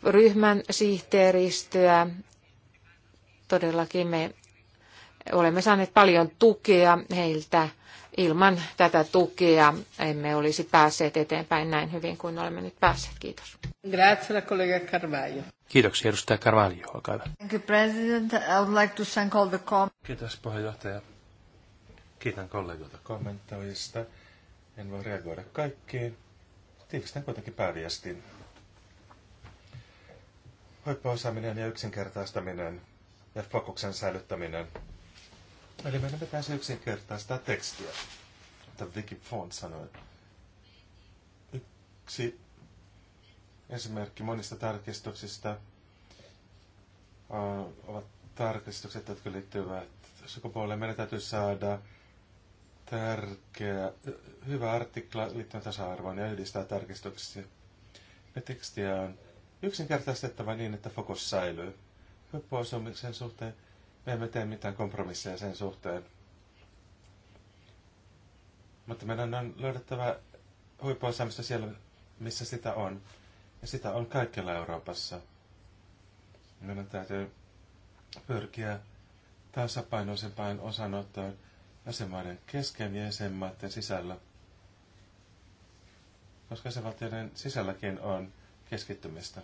ryhmän sihteeristöä. Todellakin me olemme saaneet paljon tukea heiltä. Ilman tätä tukea emme olisi päässeet eteenpäin näin hyvin kuin olemme nyt päässeet. Kiitos. Grazie, kollega Carvalho. Kiitoksia, edustaja Carvalho. Olkaa hyvä. President. I would like to thank all the com- Kiitos, puheenjohtaja. Kiitän kollegoita kommentoista. En voi reagoida kaikkiin. Tiivistän kuitenkin pääviestin. Hoippaosaaminen ja yksinkertaistaminen ja fokuksen säilyttäminen. Eli meidän pitäisi yksinkertaistaa tekstiä, mitä Vicky Font sanoi. Yksi esimerkki monista tarkistuksista äh, ovat tarkistukset, jotka liittyvät sukupuoleen. Meidän täytyy saada tärkeä, hyvä artikla liittyen tasa-arvoon ja yhdistää tarkistuksesi. Ja tekstiä on yksinkertaistettava niin, että fokus säilyy. Hyppuosumisen suhteen me emme tee mitään kompromisseja sen suhteen. Mutta meidän on löydettävä huippuosaamista siellä, missä sitä on. Ja sitä on kaikkialla Euroopassa. Meidän täytyy pyrkiä tasapainoisempaan osanottoon jäsenmaiden kesken ja jäsenmaiden sisällä, koska jäsenvaltioiden sisälläkin on keskittymistä.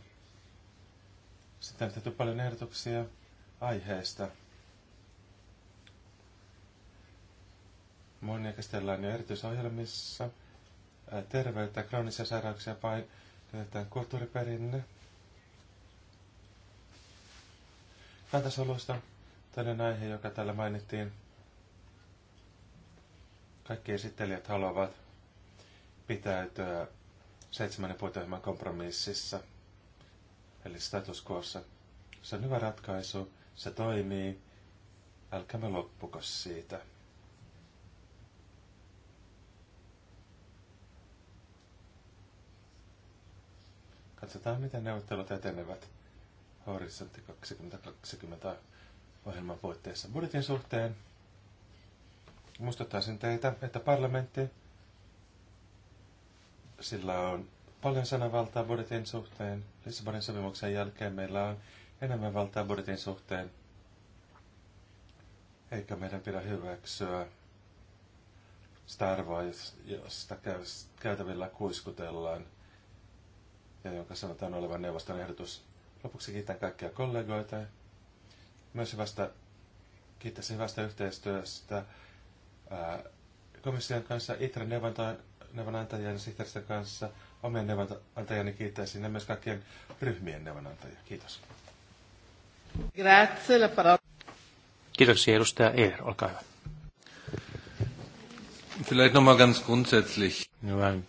Sitten on tehty paljon ehdotuksia aiheesta. Monia käsitellään jo erityisohjelmissa. Terveyttä, kroonisia sairauksia, painotetaan kulttuuriperinne. Kantasolusta toinen aihe, joka täällä mainittiin, kaikki esittelijät haluavat pitäytyä seitsemän ja kompromississa, eli status quoissa. Se on hyvä ratkaisu, se toimii, älkäämme loppuko siitä. Katsotaan, miten neuvottelut etenevät Horisontti 2020 ohjelman puitteissa budjetin suhteen. Muistuttaisin teitä, että parlamentti, sillä on paljon sanavaltaa budjetin suhteen. Lissabonin sopimuksen jälkeen meillä on enemmän valtaa budjetin suhteen. Eikä meidän pidä hyväksyä sitä arvoa, josta käytävillä kuiskutellaan ja jonka sanotaan olevan neuvoston ehdotus. Lopuksi kiitän kaikkia kollegoita. Myös hyvästä, kiittäisin hyvästä yhteistyöstä komission kanssa, ITRA neuvonantajien sihteeristön kanssa, omien neuvonantajani kiittäisin ja myös kaikkien ryhmien neuvonantajia. Kiitos. Kiitoksia edustaja Eer, olkaa hyvä. Vielleicht nochmal ganz grundsätzlich. Hyvän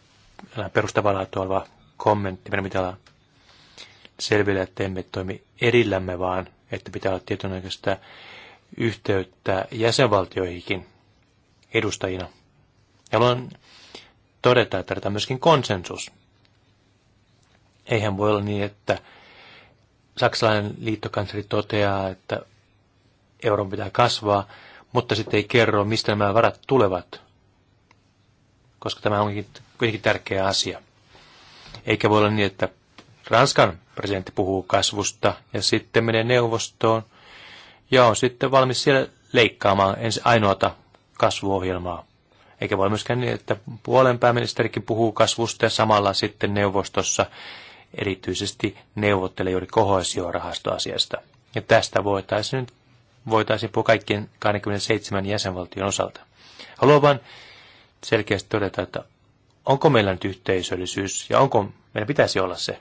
perustavaa laatua oleva kommentti. Meidän pitää olla selville, että emme toimi erillämme, vaan että pitää olla tietynlaista yhteyttä jäsenvaltioihinkin edustajina. Ja haluan todeta, että tarvitaan myöskin konsensus. Eihän voi olla niin, että saksalainen liittokansleri toteaa, että euron pitää kasvaa, mutta sitten ei kerro, mistä nämä varat tulevat, koska tämä onkin kuitenkin tärkeä asia. Eikä voi olla niin, että Ranskan presidentti puhuu kasvusta ja sitten menee neuvostoon ja on sitten valmis siellä leikkaamaan ensi ainoata kasvuohjelmaa. Eikä voi myöskään niin, että puolen pääministerikin puhuu kasvusta ja samalla sitten neuvostossa erityisesti neuvottelee juuri kohoisiorahastoasiasta. Ja tästä voitaisiin nyt voitaisiin puhua kaikkien 27 jäsenvaltion osalta. Haluan vain selkeästi todeta, että onko meillä nyt yhteisöllisyys ja onko meidän pitäisi olla se.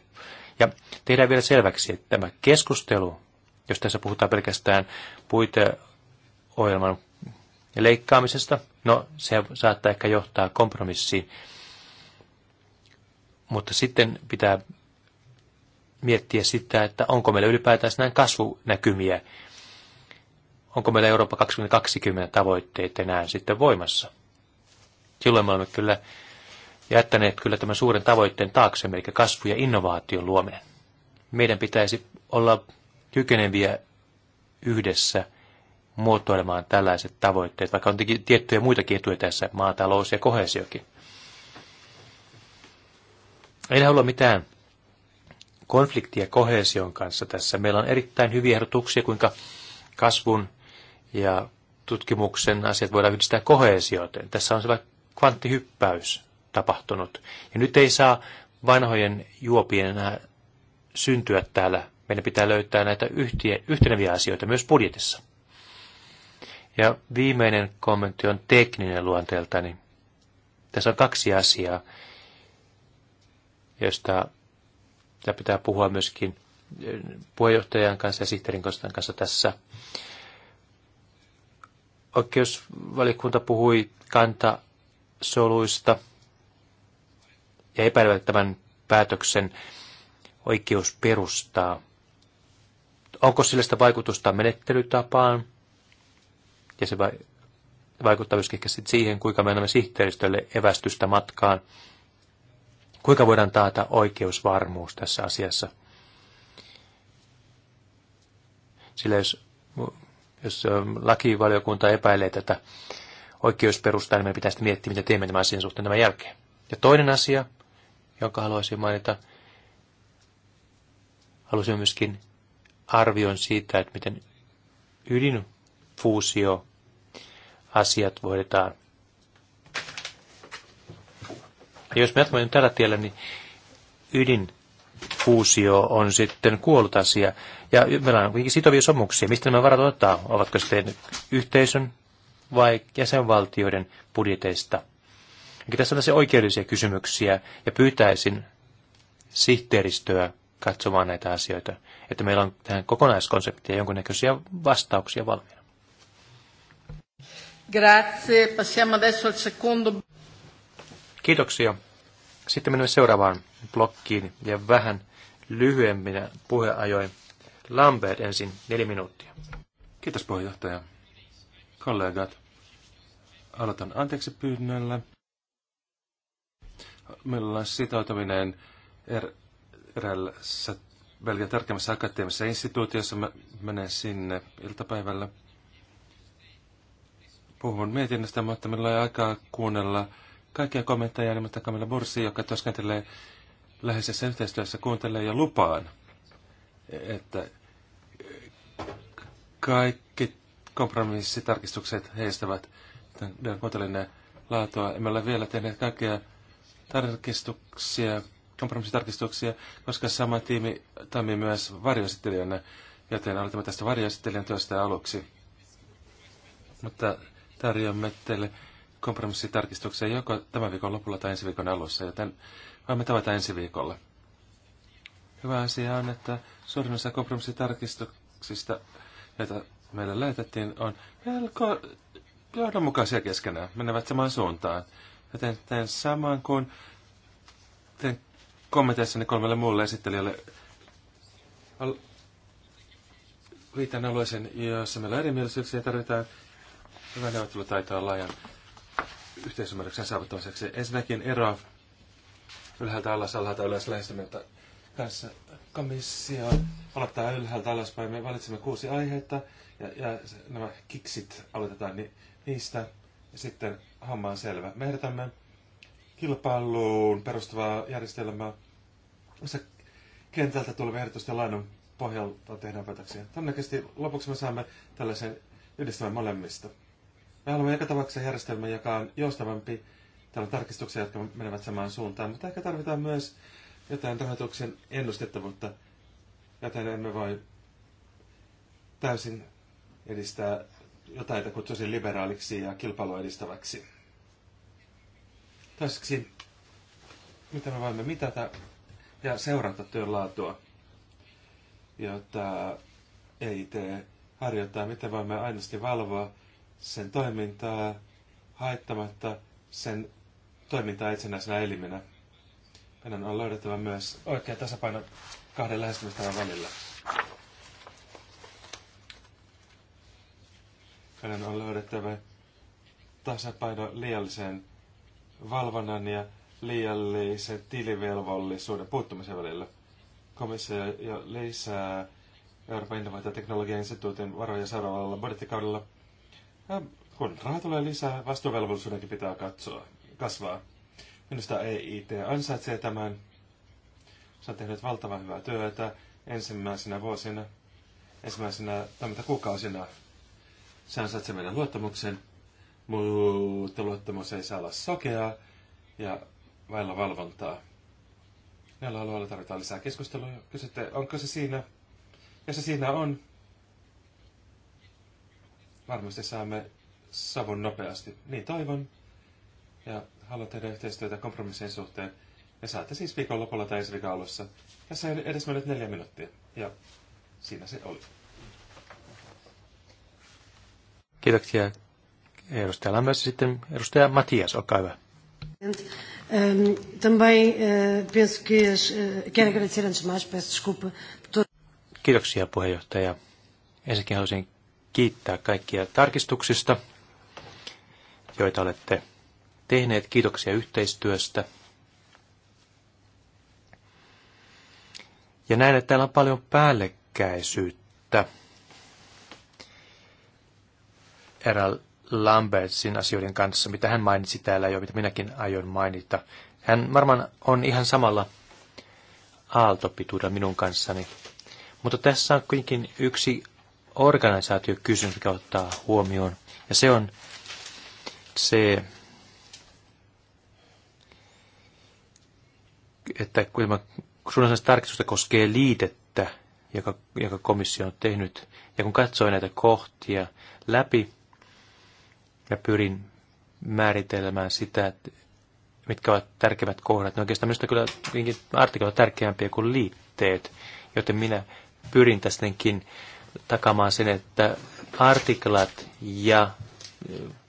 Ja tehdään vielä selväksi, että tämä keskustelu, jos tässä puhutaan pelkästään puiteohjelman ja leikkaamisesta. No, se saattaa ehkä johtaa kompromissiin. Mutta sitten pitää miettiä sitä, että onko meillä ylipäätään näin kasvunäkymiä. Onko meillä Eurooppa 2020 tavoitteet enää sitten voimassa. Silloin me olemme kyllä jättäneet kyllä tämän suuren tavoitteen taakse, eli kasvu- ja innovaation luominen. Meidän pitäisi olla kykeneviä yhdessä – muotoilemaan tällaiset tavoitteet, vaikka on tiettyjä muitakin etuja tässä, maatalous ja kohesiokin. En halua mitään konfliktia kohesion kanssa tässä. Meillä on erittäin hyviä ehdotuksia, kuinka kasvun ja tutkimuksen asiat voidaan yhdistää kohesioteen. Tässä on sellainen kvanttihyppäys tapahtunut. Ja nyt ei saa vanhojen juopien enää syntyä täällä. Meidän pitää löytää näitä yhtiä, yhteneviä asioita myös budjetissa. Ja viimeinen kommentti on tekninen luonteeltani. Tässä on kaksi asiaa, josta pitää puhua myöskin eh, puheenjohtajan kanssa ja sihteerin kanssa tässä. Oikeusvalikunta puhui kantasoluista ja epäilevät tämän päätöksen oikeusperustaa. Onko sillä sitä vaikutusta menettelytapaan ja se vaikuttaa myöskin siihen, kuinka me annamme sihteeristölle evästystä matkaan, kuinka voidaan taata oikeusvarmuus tässä asiassa. Sillä jos, jos ähm, lakivaliokunta epäilee tätä oikeusperustaa, niin meidän pitäisi miettiä, mitä teemme tämän asian suhteen tämän jälkeen. Ja toinen asia, jonka haluaisin mainita, haluaisin myöskin arvion siitä, että miten ydin fuusio asiat voidaan. Ja jos me jatkamme tällä tiellä, niin fuusio on sitten kuollut asia. Ja meillä on kuitenkin sitovia sopimuksia. Mistä nämä varat otetaan? Ovatko sitten yhteisön vai jäsenvaltioiden budjeteista? Eli tässä on tässä oikeudellisia kysymyksiä ja pyytäisin sihteeristöä katsomaan näitä asioita, että meillä on tähän kokonaiskonseptiin jonkinnäköisiä vastauksia valmiina. Grazie. Passiamo adesso al secondo... Kiitoksia. Sitten menemme seuraavaan blokkiin ja vähän lyhyemmin puheajoin. Lambert ensin, neljä minuuttia. Kiitos puheenjohtaja. Kollegat, aloitan anteeksi pyynnöllä. Meillä on sitoutuminen er, eräässä Belgian tärkeimmässä akateemisessa instituutiossa. Mä menen sinne iltapäivällä puhun mietinnöstä, mutta meillä on aikaa kuunnella kaikkia kommentteja, mutta Kamilla Bursi, joka työskentelee läheisessä yhteistyössä, kuuntelee ja lupaan, että kaikki kompromissitarkistukset heistävät tämän kuuntelinen laatua. Emme ole vielä tehneet kaikkia tarkistuksia, kompromissitarkistuksia, koska sama tiimi toimii myös varjoesittelijänä, joten aloitamme tästä varjoesittelijän työstä aluksi. Mutta tarjoamme teille kompromissitarkistuksia joko tämän viikon lopulla tai ensi viikon alussa, joten voimme tavata ensi viikolla. Hyvä asia on, että suurin osa kompromissitarkistuksista, joita meillä lähetettiin, on melko johdonmukaisia keskenään, menevät samaan suuntaan. Joten teen saman kuin teen kommenteissani kolmelle muulle esittelijälle al- viitan alueeseen, jossa meillä on erimielisyyksiä tarvitaan hyvää taitaa laajan yhteisymmärryksen saavuttamiseksi. Ensinnäkin ero ylhäältä alas, alhaalta ylös lähestymiltä kanssa komissio aloittaa ylhäältä alaspäin. Me valitsemme kuusi aihetta ja, ja nämä kiksit aloitetaan ni, niistä ja sitten homma on selvä. Me ehdotamme kilpailuun perustuvaa järjestelmää, missä kentältä tulee ehdotusten lainan pohjalta tehdään päätöksiä. Todennäköisesti lopuksi me saamme tällaisen yhdistämään molemmista. Me haluamme joka tapauksessa järjestelmän, joka on joustavampi. Täällä on tarkistuksia, jotka menevät samaan suuntaan, mutta ehkä tarvitaan myös jotain rahoituksen ennustettavuutta, joten emme voi täysin edistää jotain, että kutsuisin liberaaliksi ja kilpailua edistäväksi. Toiseksi, mitä me voimme mitata ja seurata työn laatua, jota ei tee harjoittaa, miten voimme ainoasti valvoa, sen toimintaa haittamatta sen toimintaa itsenäisenä eliminä. Meidän on löydettävä myös oikea tasapaino kahden lähestymistavan välillä. Meidän on löydettävä tasapaino liiallisen valvonnan ja liiallisen tilivelvollisuuden puuttumisen välillä. Komissio jo lisää Euroopan innovaatioteknologian instituutin varoja seuraavalla budjettikaudella Ähm, kun raha tulee lisää, vastuuvelvollisuudenkin pitää katsoa, kasvaa. Minusta EIT ansaitsee tämän. Se on tehnyt valtavan hyvää työtä ensimmäisenä vuosina, ensimmäisenä tämmöitä kuukausina. Se ansaitsee meidän luottamuksen, mutta luottamus ei saa olla sokea ja vailla valvontaa. Näillä alueilla tarvitaan lisää keskustelua. Kysytte, onko se siinä? Jos se siinä on, varmasti saamme savun nopeasti. Niin toivon. Ja haluan tehdä yhteistyötä kompromissien suhteen. Ja saatte siis viikon lopulla tai ensi viikon alussa. Tässä ei edes mennyt neljä minuuttia. Ja siinä se oli. Kiitoksia edustaja Lammers. Sitten edustaja Matias, olkaa hyvä. Ehm, eh, eh, Kiitoksia puheenjohtaja. Ensinnäkin haluaisin kiittää kaikkia tarkistuksista, joita olette tehneet. Kiitoksia yhteistyöstä. Ja näin, että täällä on paljon päällekkäisyyttä. Erään Lambertsin asioiden kanssa, mitä hän mainitsi täällä jo, mitä minäkin aion mainita. Hän varmaan on ihan samalla aaltopituudella minun kanssani. Mutta tässä on kuitenkin yksi organisaatiokysymys, mikä ottaa huomioon. Ja se on se, että kun suunnallisesta tarkistusta koskee liitettä, joka, joka komissio on tehnyt, ja kun katsoin näitä kohtia läpi, ja pyrin määritelmään sitä, että mitkä ovat tärkeimmät kohdat. Ne no oikeastaan minusta kyllä artikkelit ovat tärkeämpiä kuin liitteet, joten minä pyrin tästäkin takamaan sen, että artiklat ja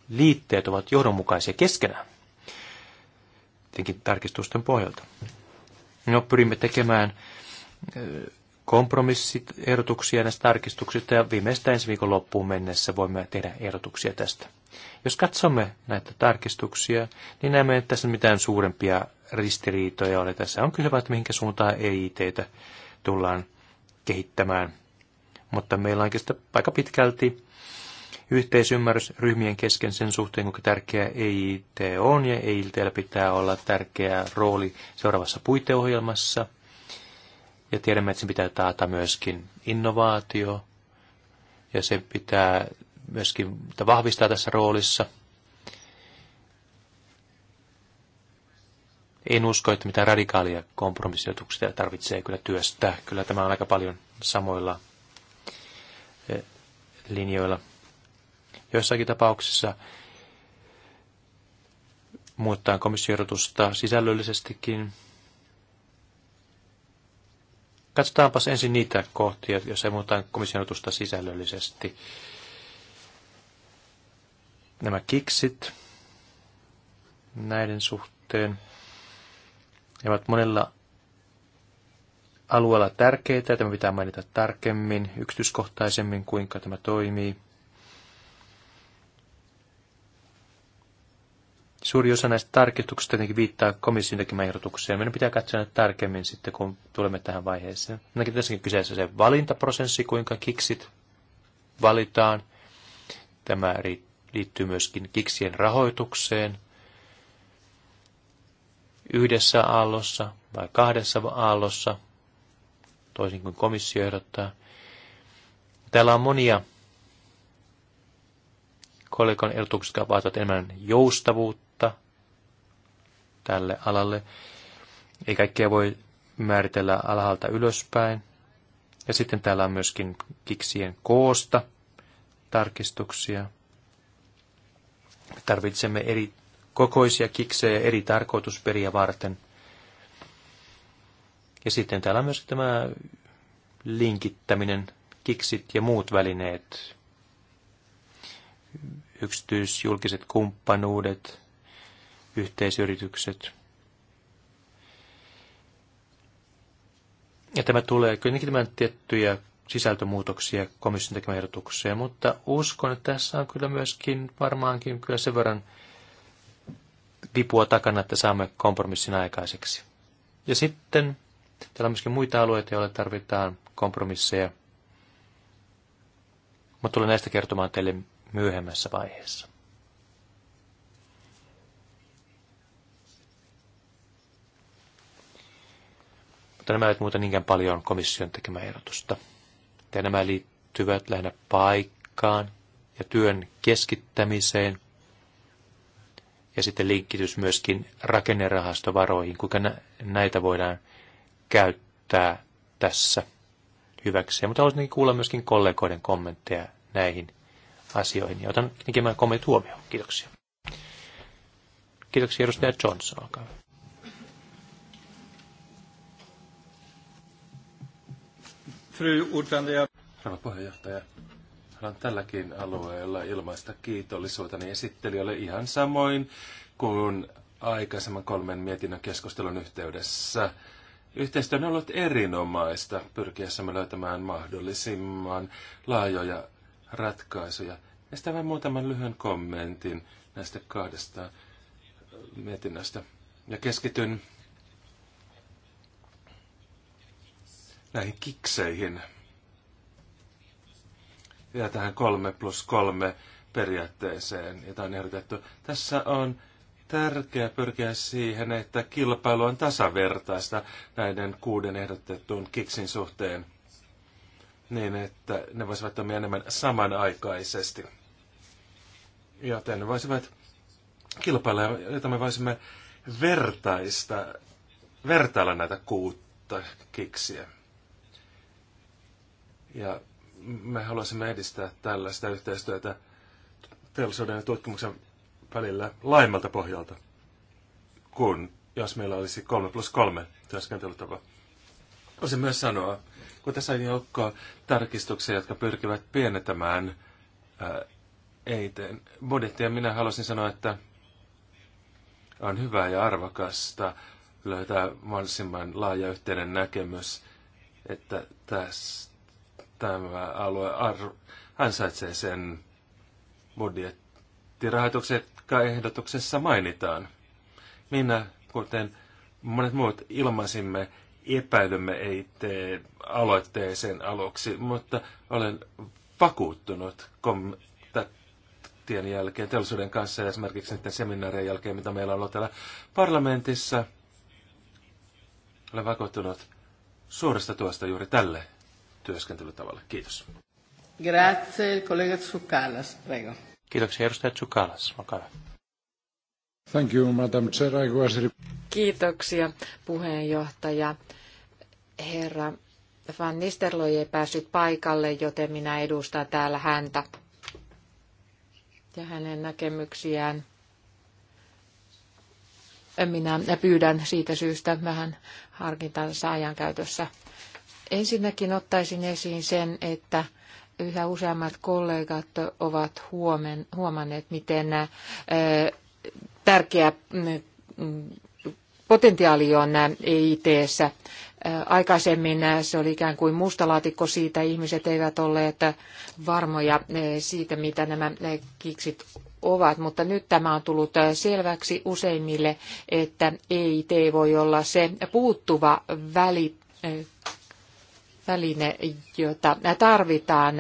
liitteet ovat johdonmukaisia keskenään, tietenkin tarkistusten pohjalta. No, pyrimme tekemään kompromissit, ehdotuksia näistä tarkistuksista ja viimeistään ensi viikon loppuun mennessä voimme tehdä ehdotuksia tästä. Jos katsomme näitä tarkistuksia, niin näemme, että tässä mitään suurempia ristiriitoja ole. Tässä on kyllä vain, että mihinkä suuntaan EITtä tullaan kehittämään mutta meillä onkin sitä aika pitkälti yhteisymmärrys ryhmien kesken sen suhteen, kuinka tärkeä EIT on, ja EITllä pitää olla tärkeä rooli seuraavassa puiteohjelmassa. Ja tiedämme, että sen pitää taata myöskin innovaatio, ja se pitää myöskin vahvistaa tässä roolissa. En usko, että mitään radikaalia kompromissijoituksia tarvitsee kyllä työstää. Kyllä tämä on aika paljon samoilla linjoilla. Joissakin tapauksissa muuttaa komissiorotusta sisällöllisestikin. Katsotaanpas ensin niitä kohtia, jos ei muuta komissiorotusta sisällöllisesti. Nämä kiksit näiden suhteen. Ne ovat monella alueella tärkeitä, tämä pitää mainita tarkemmin, yksityiskohtaisemmin, kuinka tämä toimii. Suuri osa näistä tarkistuksista tietenkin viittaa komission tekemään ehdotukseen. Meidän pitää katsoa näitä tarkemmin sitten, kun tulemme tähän vaiheeseen. Näkin tässäkin kyseessä se valintaprosessi, kuinka kiksit valitaan. Tämä liittyy myöskin kiksien rahoitukseen yhdessä aallossa vai kahdessa aallossa toisin kuin komissio ehdottaa. Täällä on monia kollegan ehdotuksia, jotka vaativat enemmän joustavuutta tälle alalle. Ei kaikkea voi määritellä alhaalta ylöspäin. Ja sitten täällä on myöskin kiksien koosta tarkistuksia. Me tarvitsemme eri kokoisia kiksejä eri tarkoitusperiä varten – ja sitten täällä on myös tämä linkittäminen, kiksit ja muut välineet, yksityisjulkiset kumppanuudet, yhteisyritykset. Ja tämä tulee kuitenkin tämän tiettyjä sisältömuutoksia komission tekemään ehdotukseen, mutta uskon, että tässä on kyllä myöskin varmaankin kyllä sen verran vipua takana, että saamme kompromissin aikaiseksi. Ja sitten Täällä on myöskin muita alueita, joille tarvitaan kompromisseja. Mutta tulen näistä kertomaan teille myöhemmässä vaiheessa. Mutta nämä eivät muuta niinkään paljon komission tekemää ehdotusta. Ja nämä liittyvät lähinnä paikkaan ja työn keskittämiseen. Ja sitten linkitys myöskin rakennerahastovaroihin, kuinka näitä voidaan – käyttää tässä hyväkseen. Mutta haluaisin kuulla myöskin kollegoiden kommentteja näihin asioihin. Ja otan tekemään kommentit huomioon. Kiitoksia. Kiitoksia edustaja Johnson, olkaa hyvä. Fru ordförande. puheenjohtaja, haluan tälläkin alueella ilmaista niin esittelijöille ihan samoin kuin aikaisemman kolmen mietinnön keskustelun yhteydessä. Yhteistyö on ollut erinomaista pyrkiessämme löytämään mahdollisimman laajoja ratkaisuja. Ja vain muutaman lyhyen kommentin näistä kahdesta mietinnöstä. Ja keskityn näihin kikseihin ja tähän 3 plus 3 periaatteeseen, jota on ehdotettu. Tässä on tärkeää pyrkiä siihen, että kilpailu on tasavertaista näiden kuuden ehdotettuun kiksin suhteen niin, että ne voisivat toimia enemmän samanaikaisesti. Joten ne voisivat kilpailla, jota me voisimme vertaista, vertailla näitä kuutta kiksiä. Ja me haluaisimme edistää tällaista yhteistyötä teollisuuden ja tutkimuksen välillä laajemmalta pohjalta, kun jos meillä olisi 3 plus 3 työskentelytapa. Voisin myös sanoa, kun tässä on joukko tarkistuksia, jotka pyrkivät pienetämään EITen budjettia, minä haluaisin sanoa, että on hyvää ja arvokasta löytää mahdollisimman laaja yhteinen näkemys, että tässä, tämä alue ar- ansaitsee sen budjettirahoitukset jotka ehdotuksessa mainitaan. Minä, kuten monet muut, ilmaisimme epäilymme ei tee aloitteeseen aluksi, mutta olen vakuuttunut kontaktien jälkeen teollisuuden kanssa ja esimerkiksi näiden seminaarien jälkeen, mitä meillä on ollut täällä parlamentissa. Olen vakuuttunut suuresta tuosta juuri tälle työskentelytavalle. Kiitos. Grazie, kollega Tsukalas, prego. Kiitoksia edustaja Tsukalas, olkaa hyvä. Thank you, Madam Chair. I was... Kiitoksia puheenjohtaja. Herra Van Nistelrooy ei päässyt paikalle, joten minä edustan täällä häntä ja hänen näkemyksiään. Minä pyydän siitä syystä vähän harkintansa ajankäytössä. Ensinnäkin ottaisin esiin sen, että yhä useammat kollegat ovat huomen, huomanneet, miten tärkeä mm, potentiaali on ITssä. Aikaisemmin se oli ikään kuin musta laatikko siitä, ihmiset eivät olleet varmoja siitä, mitä nämä kiksit ovat, mutta nyt tämä on tullut selväksi useimmille, että EIT voi olla se puuttuva väli väline, jota tarvitaan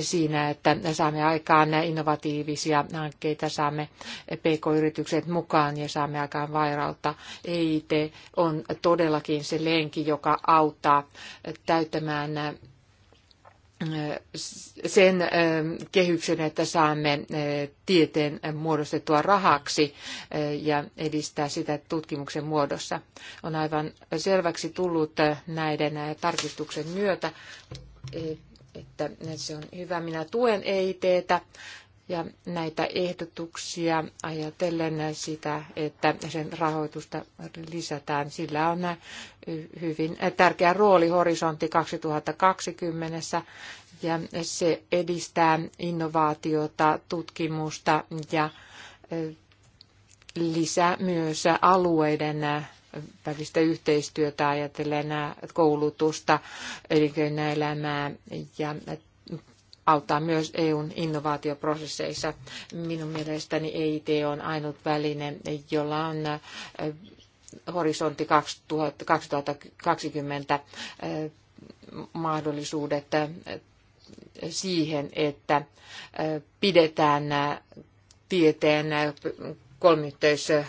siinä, että saamme aikaan innovatiivisia hankkeita, saamme pk-yritykset mukaan ja saamme aikaan vairautta. EIT on todellakin se lenki, joka auttaa täyttämään sen kehyksen, että saamme tieteen muodostettua rahaksi ja edistää sitä tutkimuksen muodossa. On aivan selväksi tullut näiden tarkistuksen myötä, e, että se on hyvä. Minä tuen EITtä ja näitä ehdotuksia ajatellen sitä, että sen rahoitusta lisätään, sillä on hyvin tärkeä rooli horisontti 2020 ja se edistää innovaatiota, tutkimusta ja lisää myös alueiden välistä yhteistyötä ajatellen koulutusta, elinkeinoelämää ja auttaa myös EUn innovaatioprosesseissa. Minun mielestäni EIT on ainut väline, jolla on horisontti 2020 mahdollisuudet siihen, että pidetään tieteen kolmittöissä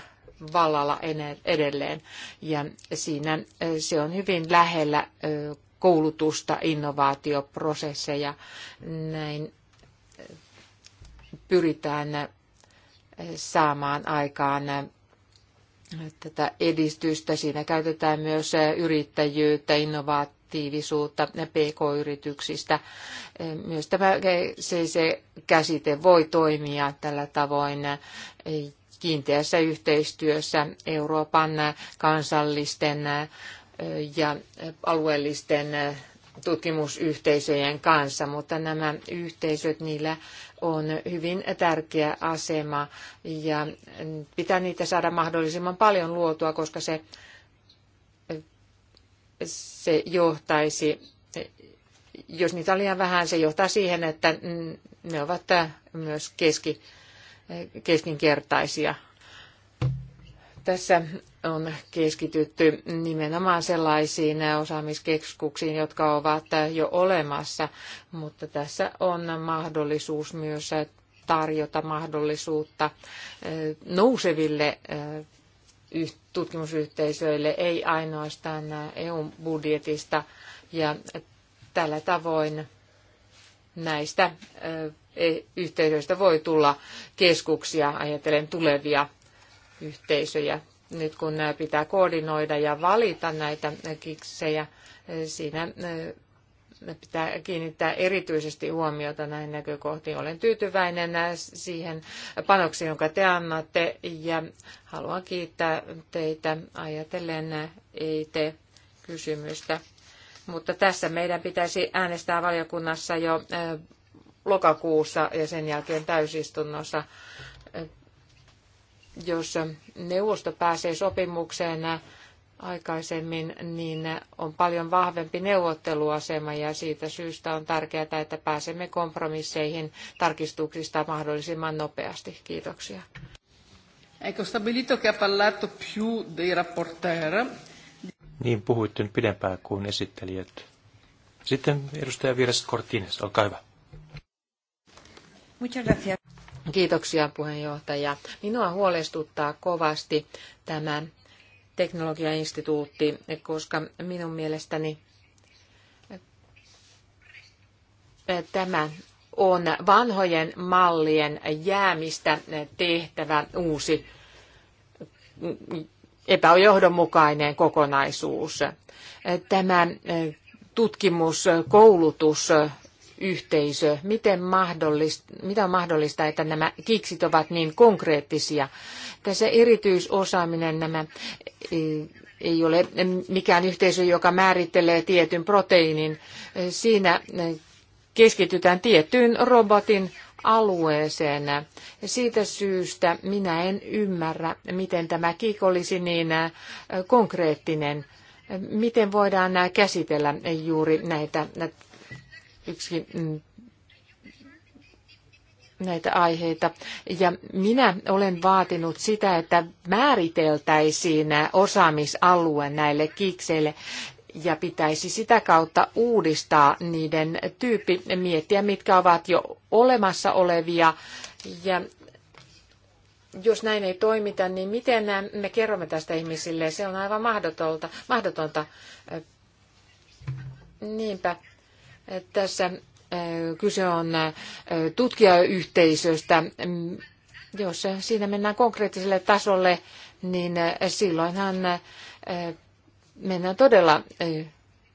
vallalla edelleen. Ja siinä se on hyvin lähellä koulutusta, innovaatioprosesseja. Näin pyritään saamaan aikaan tätä edistystä. Siinä käytetään myös yrittäjyyttä, innovatiivisuutta PK-yrityksistä. Myös tämä se käsite voi toimia tällä tavoin kiinteässä yhteistyössä Euroopan kansallisten ja alueellisten tutkimusyhteisöjen kanssa, mutta nämä yhteisöt, niillä on hyvin tärkeä asema ja pitää niitä saada mahdollisimman paljon luotua, koska se, se johtaisi, jos niitä on liian vähän, se johtaa siihen, että ne ovat myös keski, keskinkertaisia tässä on keskitytty nimenomaan sellaisiin osaamiskeskuksiin, jotka ovat jo olemassa, mutta tässä on mahdollisuus myös tarjota mahdollisuutta nouseville tutkimusyhteisöille, ei ainoastaan EU-budjetista. Ja tällä tavoin näistä e-, yhteisöistä voi tulla keskuksia, ajatellen tulevia yhteisöjä. Nyt kun pitää koordinoida ja valita näitä kiksejä, siinä eh, pitää kiinnittää erityisesti huomiota näihin näkökohtiin. Olen tyytyväinen eh, siihen panoksiin, jonka te annatte ja haluan kiittää teitä ajatellen eh, EIT-kysymystä. Mutta tässä meidän pitäisi äänestää valiokunnassa jo lokakuussa ja sen jälkeen täysistunnossa jos neuvosto pääsee sopimukseen aikaisemmin, niin on paljon vahvempi neuvotteluasema ja siitä syystä on tärkeää, että pääsemme kompromisseihin tarkistuksista mahdollisimman nopeasti. Kiitoksia. Ecco, stabilito che ha parlato più dei rapporteur. Niin, puhuitte nyt pidempään kuin esittelijät. Sitten edustaja Vieres Cortines, olkaa hyvä. Muchas gracias. Kiitoksia puheenjohtaja. Minua huolestuttaa kovasti tämä teknologiainstituutti, koska minun mielestäni tämä on vanhojen mallien jäämistä tehtävä uusi epäjohdonmukainen kokonaisuus. Tämä tutkimus, koulutus yhteisö. Miten mahdollista, mitä on mahdollista, että nämä kiksit ovat niin konkreettisia? Tässä erityisosaaminen nämä e, ei ole mikään yhteisö, joka määrittelee tietyn proteiinin. Siinä keskitytään tiettyyn robotin alueeseen. Siitä syystä minä en ymmärrä, miten tämä kiik olisi niin konkreettinen. Miten voidaan käsitellä juuri näitä yksi mm, näitä aiheita. Ja minä olen vaatinut sitä, että määriteltäisiin osaamisalue näille kikseille ja pitäisi sitä kautta uudistaa niiden tyyppi, miettiä mitkä ovat jo olemassa olevia ja jos näin ei toimita, niin miten me kerromme tästä ihmisille? Se on aivan mahdotonta. mahdotonta. Niinpä tässä äh, kyse on äh, tutkijayhteisöstä. Mm, jos siinä mennään konkreettiselle tasolle, niin äh, silloinhan mennään todella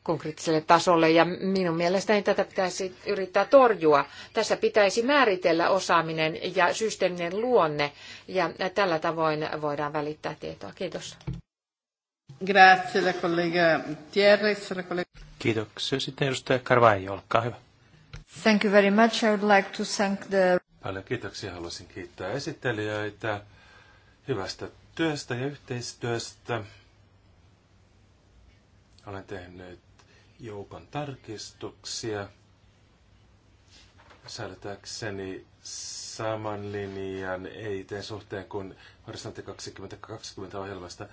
konkreettiselle tasolle ja minun mielestäni tätä pitäisi yrittää torjua. Tässä pitäisi määritellä osaaminen ja systeeminen luonne ja tällä tavoin voidaan välittää tietoa. Kiitos. Grazie, la collega Tierres, la collega... Kiitoksia. Sitten edustaja Carvalho, olkaa hyvä. Thank you very much. I would like to thank the... Paljon kiitoksia. Haluaisin kiittää esittelijöitä hyvästä työstä ja yhteistyöstä. Olen tehnyt joukon tarkistuksia säilytäkseni saman linjan EITn suhteen kuin Horisontti 2020 ohjelmasta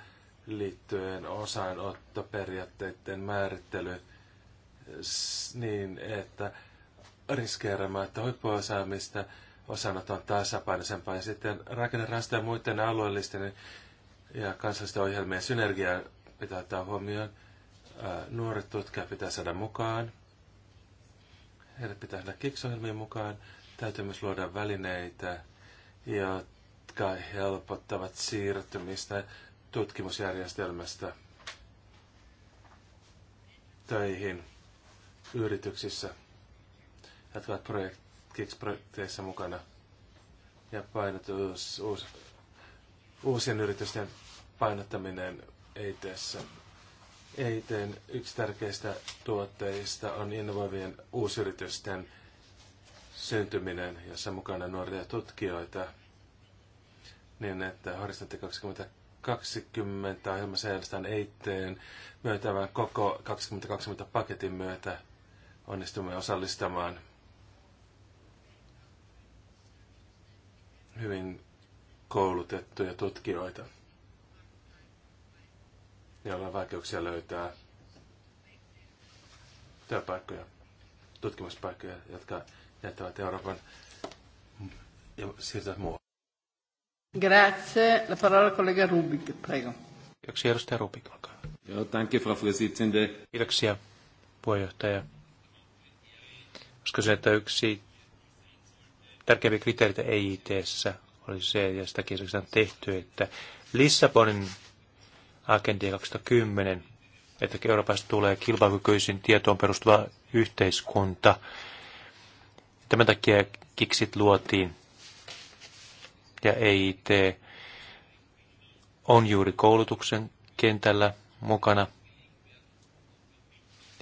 liittyen osanotto määrittelyyn niin, että riskeeramättä huippuosaamista osanot tasapainoisempaa. Ja sitten rakennetaan ja muiden alueellisten ja kansallisten ohjelmien synergiaa pitää ottaa huomioon. Nuoret tutkijat pitää saada mukaan. Heidät pitää saada kiksohjelmiin mukaan. Täytyy myös luoda välineitä, jotka helpottavat siirtymistä tutkimusjärjestelmästä töihin yrityksissä, jotka ovat projekteissa, mukana. Ja painotus, uus, uusien yritysten painottaminen EITssä. EITn yksi tärkeistä tuotteista on innovoivien uusyritysten syntyminen, jossa mukana nuoria tutkijoita, niin että Horisontti 2020 ohjelmassa järjestetään EITn myöntävän koko 2020 paketin myötä – onnistumme osallistamaan hyvin koulutettuja tutkijoita, joilla on vaikeuksia löytää työpaikkoja, tutkimuspaikkoja, jotka jättävät Euroopan ja siirtyvät muualle. Grazie. La parola collega Rubik, prego. Kiitoksia edustaja Rubik, olkaa hyvä. Joo, danke, Frau Vorsitzende. Kiitoksia puheenjohtaja koska se, että yksi tärkeimpiä kriteereitä eit oli se, ja sitä se on tehty, että Lissabonin agendia 2010, että Euroopasta tulee kilpailukykyisin tietoon perustuva yhteiskunta. Tämän takia kiksit luotiin ja EIT on juuri koulutuksen kentällä mukana.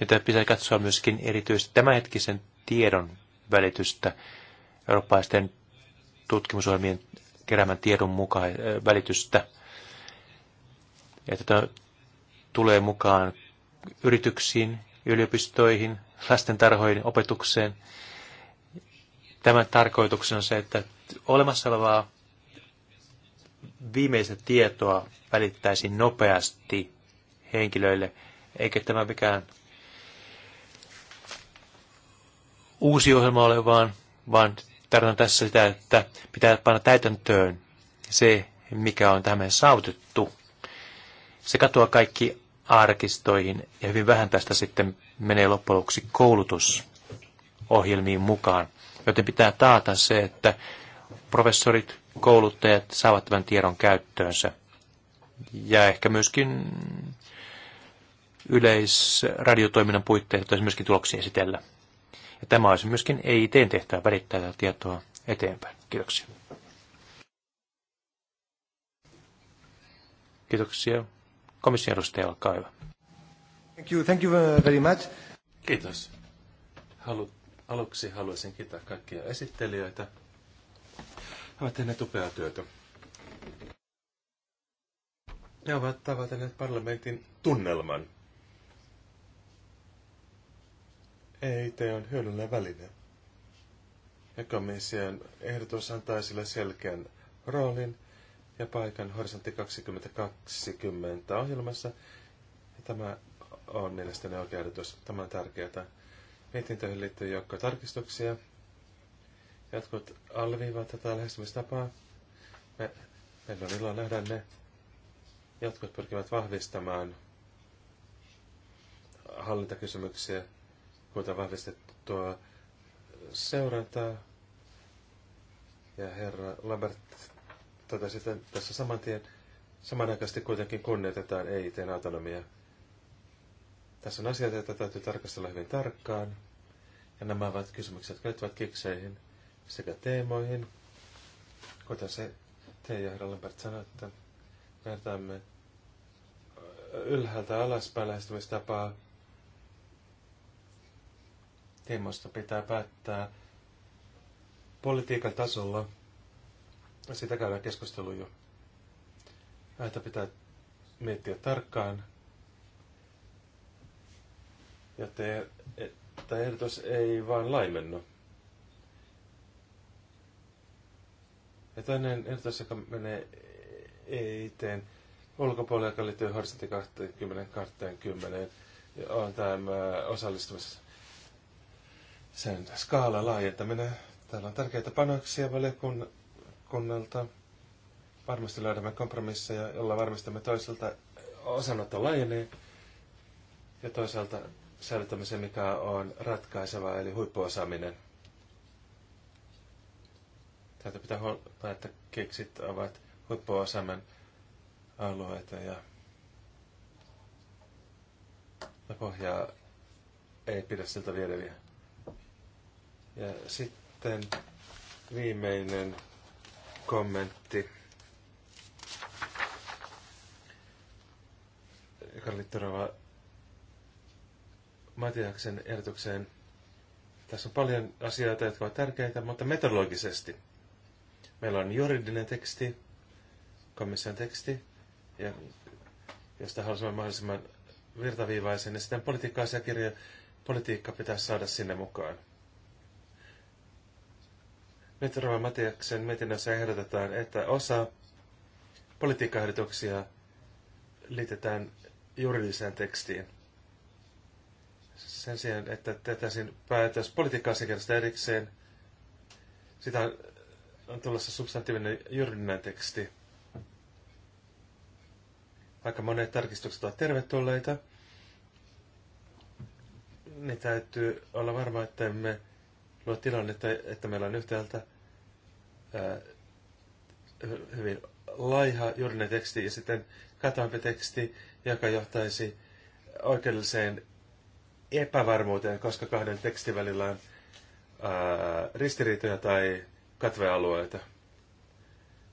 Ja pitää katsoa myöskin erityisesti tämänhetkisen tiedon välitystä eurooppalaisten tutkimusohjelmien keräämän tiedon mukaan äh, välitystä. Ja tätä tulee mukaan yrityksiin, yliopistoihin, lastentarhoihin, opetukseen. Tämän tarkoituksena on se, että olemassa olevaa viimeistä tietoa välittäisiin nopeasti henkilöille, eikä tämä mikään uusi ohjelma ole, vaan, vaan tarkoitan tässä sitä, että pitää panna täytäntöön se, mikä on tähän saavutettu. Se katoaa kaikki arkistoihin ja hyvin vähän tästä sitten menee loppujen lopuksi koulutusohjelmiin mukaan. Joten pitää taata se, että professorit, kouluttajat saavat tämän tiedon käyttöönsä. Ja ehkä myöskin yleisradiotoiminnan puitteissa voitaisiin myöskin tuloksia esitellä. Ja tämä olisi myöskin EITn tehtävä välittää tätä tietoa eteenpäin. Kiitoksia. Kiitoksia. Komission edustaja, olkaa hyvä. Thank you, thank you very much. Kiitos. Halu, aluksi haluaisin kiittää kaikkia esittelijöitä. He ovat tehneet upeaa työtä. Ne ovat tavoitelleet parlamentin tunnelman EIT on hyödyllinen väline. Ja komission ehdotus antaa sille selkeän roolin ja paikan Horisontti 2020 ohjelmassa. Ja tämä on mielestäni oikea ehdotus. Tämä on tärkeää. Mietintöihin liittyy joukko tarkistuksia. Jotkut alleviivaavat tätä lähestymistapaa. Me, meillä on ilo nähdä ne. Jotkut pyrkivät vahvistamaan hallintakysymyksiä muuta vahvistettua seurantaa. Ja herra Lambert tätä sitten tässä saman tien, samanaikaisesti kuitenkin kunnioitetaan EITn autonomia. Tässä on asioita, joita täytyy tarkastella hyvin tarkkaan. Ja nämä ovat kysymykset, jotka liittyvät kikseihin sekä teemoihin. Kuten se te ja herra Lambert sanoi, että vertaamme ylhäältä alaspäin lähestymistapaa tiimoista pitää päättää politiikan tasolla. Sitä käydään keskustelu jo. Näitä pitää miettiä tarkkaan, te, tämä ehdotus ei vain laimennu. Ja toinen ehdotus, joka menee eteen ulkopuolelle, joka liittyy Horisontti 20 on tämä äh, osallistumis sen skaala laajentaminen. Täällä on tärkeitä panoksia valiokunnalta. Varmasti löydämme kompromisseja, jolla varmistamme toisaalta osanotto laajenee ja toisaalta säilytämme se, mikä on ratkaisevaa, eli huippuosaaminen. Täältä pitää huolta, että keksit ovat huippuosaaminen alueita ja, pohjaa ei pidä siltä viedä vielä. Ja sitten viimeinen kommentti, joka liittyy Matiaksen ehdotukseen. Tässä on paljon asioita, jotka ovat tärkeitä, mutta metodologisesti. Meillä on juridinen teksti, komission teksti, ja josta halusimme mahdollisimman virtaviivaisen, ja sitten politiikka-asiakirja, politiikka pitäisi saada sinne mukaan. Nyt Rova Matiaksen mietinnössä ehdotetaan, että osa politiikkaehdotuksia liitetään juridiseen tekstiin. Sen sijaan, että tehtäisiin päätös politiikka erikseen, sitä on, on tulossa substantiivinen juridinen teksti. Vaikka monet tarkistukset ovat tervetulleita, niin täytyy olla varma, että emme luo tilannetta, että meillä on yhtäältä hyvin laiha juridinen teksti ja sitten katoampi teksti, joka johtaisi oikeudelliseen epävarmuuteen, koska kahden tekstin välillä on ää, ristiriitoja tai katvealueita.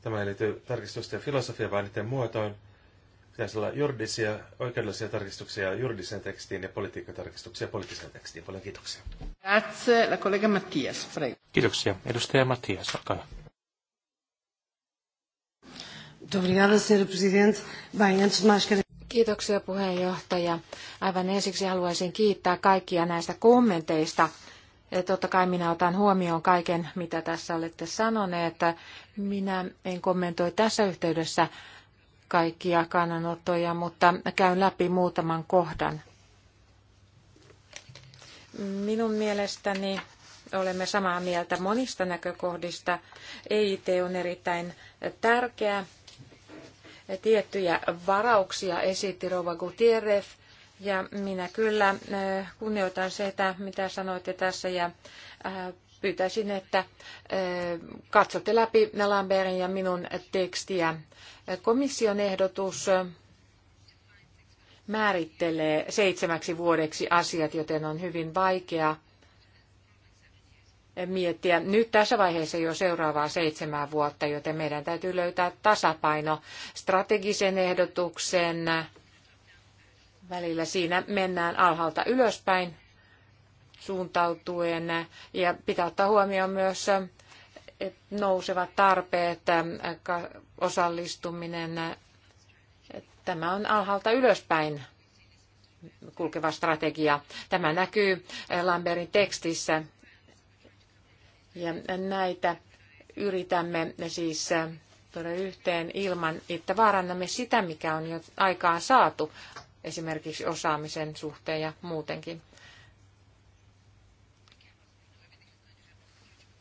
Tämä ei liity tarkistusten filosofiaan, vaan niiden muotoon. Pitäisi olla juridisia, oikeudellisia tarkistuksia juridiseen tekstiin ja politiikkatarkistuksia poliittiseen tekstiin. Paljon kiitoksia. Grazie, la collega Mattias, Kiitoksia. Edustaja Mattias, olkaa Kiitoksia puheenjohtaja. Aivan ensiksi haluaisin kiittää kaikkia näistä kommenteista. Totta kai minä otan huomioon kaiken, mitä tässä olette sanoneet. Minä en kommentoi tässä yhteydessä kaikkia kannanottoja, mutta käyn läpi muutaman kohdan. Minun mielestäni olemme samaa mieltä monista näkökohdista. EIT on erittäin tärkeä tiettyjä varauksia esitti Rova Gutierrez, ja minä kyllä äh, kunnioitan sitä, mitä sanoitte tässä, ja äh, pyytäisin, että äh, katsotte läpi Lambertin ja minun tekstiä. Komission ehdotus määrittelee seitsemäksi vuodeksi asiat, joten on hyvin vaikea miettiä nyt tässä vaiheessa jo seuraavaa seitsemää vuotta, joten meidän täytyy löytää tasapaino strategisen ehdotuksen välillä. Siinä mennään alhaalta ylöspäin suuntautuen ja pitää ottaa huomioon myös nousevat tarpeet, osallistuminen. Tämä on alhaalta ylöspäin kulkeva strategia. Tämä näkyy Lamberin tekstissä ja näitä yritämme siis äh, tuoda yhteen ilman, että vaarannamme sitä, mikä on jo aikaan saatu, esimerkiksi osaamisen suhteen ja muutenkin.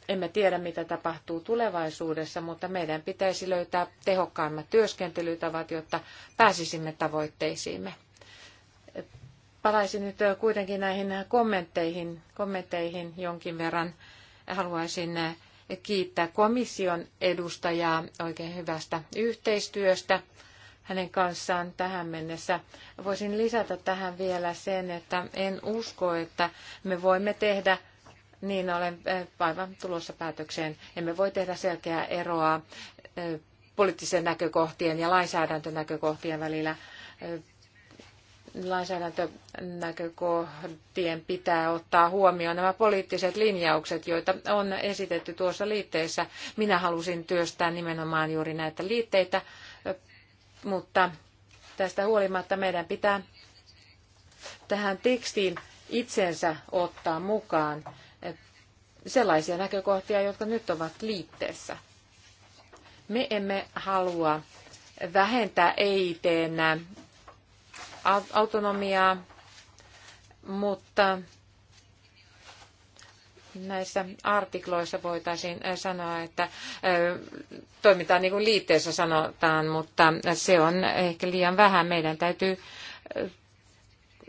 Emme tiedä, mitä tapahtuu tulevaisuudessa, mutta meidän pitäisi löytää tehokkaimmat työskentelytavat, jotta pääsisimme tavoitteisiimme. Palaisin nyt kuitenkin näihin kommentteihin, kommentteihin jonkin verran haluaisin eh, kiittää komission edustajaa oikein hyvästä yhteistyöstä hänen kanssaan tähän mennessä. Voisin lisätä tähän vielä sen, että en usko, että me voimme tehdä niin olen eh, aivan tulossa päätökseen. Emme voi tehdä selkeää eroa eh, poliittisen näkökohtien ja lainsäädäntönäkökohtien välillä lainsäädäntönäkökohtien pitää ottaa huomioon nämä poliittiset linjaukset, joita on esitetty tuossa liitteessä. Minä halusin työstää nimenomaan juuri näitä liitteitä, mutta tästä huolimatta meidän pitää tähän tekstiin itsensä ottaa mukaan sellaisia näkökohtia, jotka nyt ovat liitteessä. Me emme halua vähentää EITn autonomiaa, mutta näissä artikloissa voitaisiin sanoa, että toimitaan niin kuin liitteessä sanotaan, mutta se on ehkä liian vähän. Meidän täytyy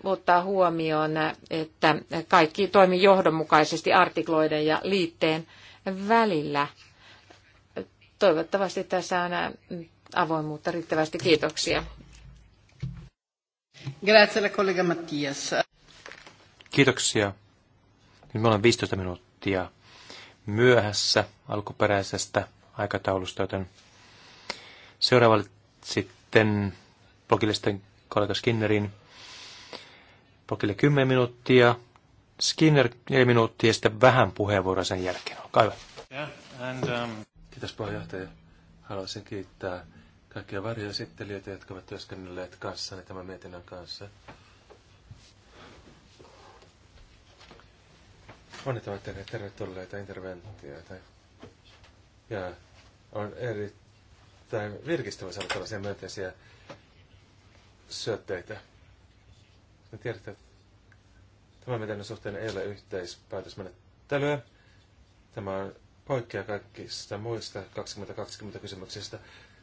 ottaa huomioon, että kaikki toimii johdonmukaisesti artikloiden ja liitteen välillä. Toivottavasti tässä on avoimuutta riittävästi. Kiitoksia. Kiitoksia. Nyt me ollaan 15 minuuttia myöhässä alkuperäisestä aikataulusta, joten seuraavalle sitten blogilisten kollega Skinnerin blogille 10 minuuttia, Skinner 4 minuuttia ja sitten vähän puheenvuoroa sen jälkeen. Olkaa hyvä. Yeah, and, um... Kiitos puheenjohtaja. Haluaisin kiittää kaikkia varjoesittelijöitä, jotka ovat työskennelleet kanssani tämän mietinnän kanssa. Monet ovat tervetulleita interventioita. Ja on erittäin virkistävä saada tällaisia myönteisiä syötteitä. Me tiedätte, että tämän mietinnän suhteen ei ole yhteispäätösmenettelyä. Tämä on poikkea kaikista muista 2020 kysymyksistä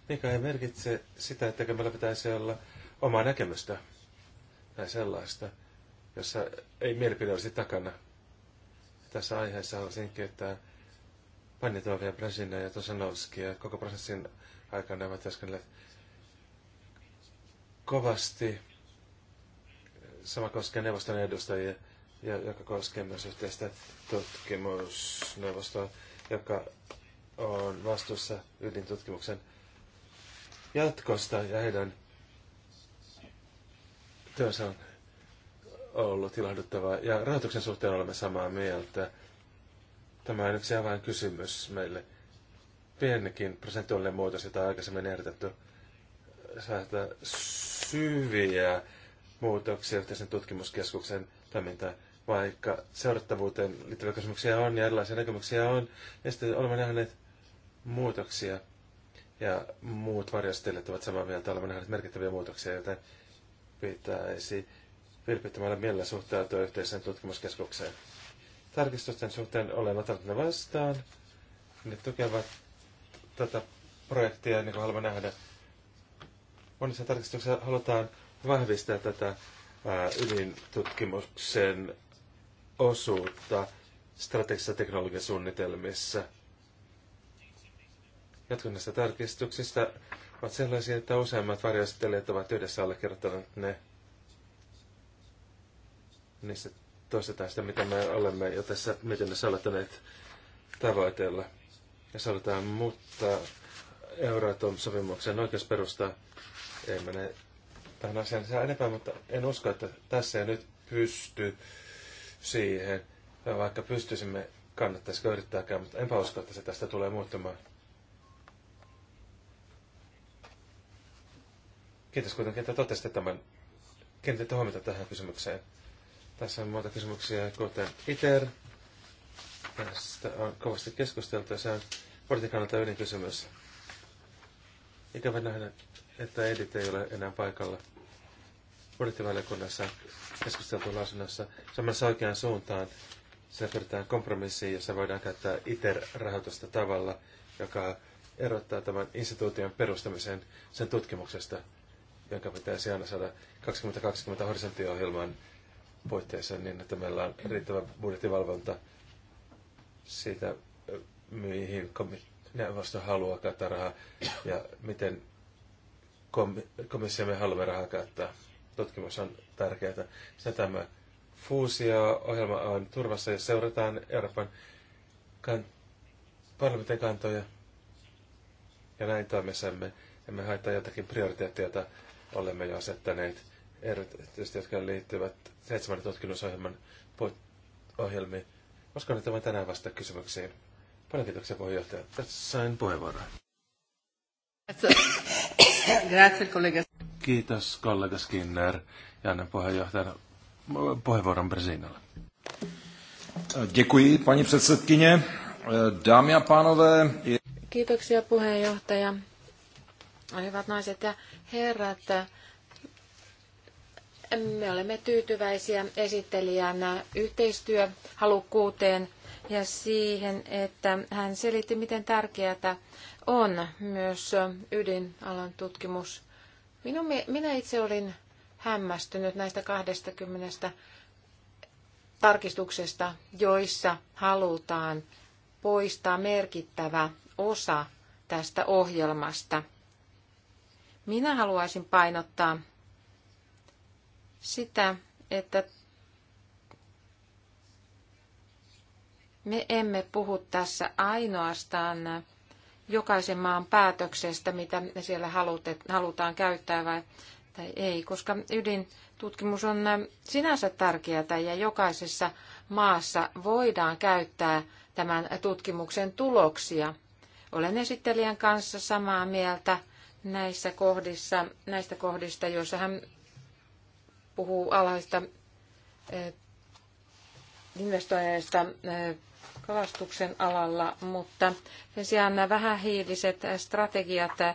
mikä ei merkitse sitä, että meillä pitäisi olla omaa näkemystä tai sellaista, jossa ei mielipide olisi takana. Tässä aiheessa haluaisin kiittää Panitovia, Brezina ja ja Koko prosessin aikana ovat työskennelleet kovasti. Sama koskee neuvoston edustajia, ja, joka koskee myös yhteistä tutkimusneuvostoa, joka on vastuussa ydintutkimuksen tutkimuksen jatkosta ja heidän työnsä on ollut ilahduttavaa. Ja rahoituksen suhteen olemme samaa mieltä. Tämä on yksi avain kysymys meille. Pienikin prosentuaalinen muutos, jota aikaisemmin ehdotettu, saattaa syviä muutoksia yhteisen tutkimuskeskuksen toimintaan, vaikka seurattavuuteen liittyviä kysymyksiä on ja erilaisia näkemyksiä on. Ja sitten olemme nähneet muutoksia ja muut varjostelijat ovat samaa mieltä olevan nähneet merkittäviä muutoksia, joten pitäisi vilpittömällä mielellä suhtautua yhteiseen tutkimuskeskukseen. Tarkistusten suhteen olen ottanut ne vastaan. Ne tukevat tätä projektia, niin kuin haluamme nähdä. Monissa tarkistuksissa halutaan vahvistaa tätä ydintutkimuksen osuutta strategisissa teknologiasuunnitelmissa – Jotkut näistä tarkistuksista ovat sellaisia, että useimmat varjoistelijat ovat yhdessä allekirjoittaneet ne. Niistä toistetaan sitä, mitä me olemme jo tässä mietinnössä aloittaneet tavoitella. Ja sanotaan, mutta Euratom-sopimuksen oikeusperusta ei mene tähän asiaan lisää enempää, mutta en usko, että tässä ei nyt pysty siihen. Vaikka pystyisimme, kannattaisiko yrittääkään, mutta enpä usko, että se tästä tulee muuttumaan. Kiitos kuitenkin, että totesitte tämän. Kiinnitätte huomiota tähän kysymykseen. Tässä on muita kysymyksiä, kuten ITER. Tästä on kovasti keskusteltu ja se on politiikanalta ydinkysymys. Ikävä nähdä, että Edit ei ole enää paikalla budjettivaliokunnassa keskusteltu lausunnossa samassa oikeaan suuntaan. Se pyritään kompromissiin, jossa voidaan käyttää ITER-rahoitusta tavalla, joka erottaa tämän instituution perustamisen sen tutkimuksesta – jonka pitäisi aina saada 2020 horisonttiohjelman puitteissa niin, että meillä on riittävä budjettivalvonta siitä, mihin neuvosto haluaa käyttää rahaa ja miten komissio me haluamme rahaa käyttää. Tutkimus on tärkeää. Sen tämä fuusio-ohjelma on turvassa ja seurataan Euroopan kan- parlamentin kantoja. Ja näin toimisemme emme haittaa jotakin prioriteettia, jota olemme jo asettaneet, erityisesti jotka liittyvät seitsemän tutkimusohjelman ohjelmiin. Uskon, että voin tänään vastata kysymyksiin. Paljon kiitoksia puheenjohtaja. Tässä sain puheenvuoron. Kiitos kollega Skinner ja annan puheenjohtajan puheenvuoron Brezinalle. Děkuji, paní předsedkyně. Dámy a pánové. Kiitoksia puheenjohtaja. Hyvät naiset ja herrat, me olemme tyytyväisiä esittelijän yhteistyöhalukkuuteen ja siihen, että hän selitti, miten tärkeää on myös ydinalan tutkimus. Minun, minä itse olin hämmästynyt näistä 20 tarkistuksesta, joissa halutaan poistaa merkittävä osa tästä ohjelmasta – minä haluaisin painottaa sitä, että me emme puhu tässä ainoastaan jokaisen maan päätöksestä, mitä siellä halutaan käyttää vai, tai ei, koska ydintutkimus on sinänsä tärkeää ja jokaisessa maassa voidaan käyttää tämän tutkimuksen tuloksia. Olen esittelijän kanssa samaa mieltä näissä kohdissa, näistä kohdista, joissa hän puhuu alhaista eh, investoinneista eh, kalastuksen alalla, mutta sen sijaan nämä vähähiiliset strategiat, eh,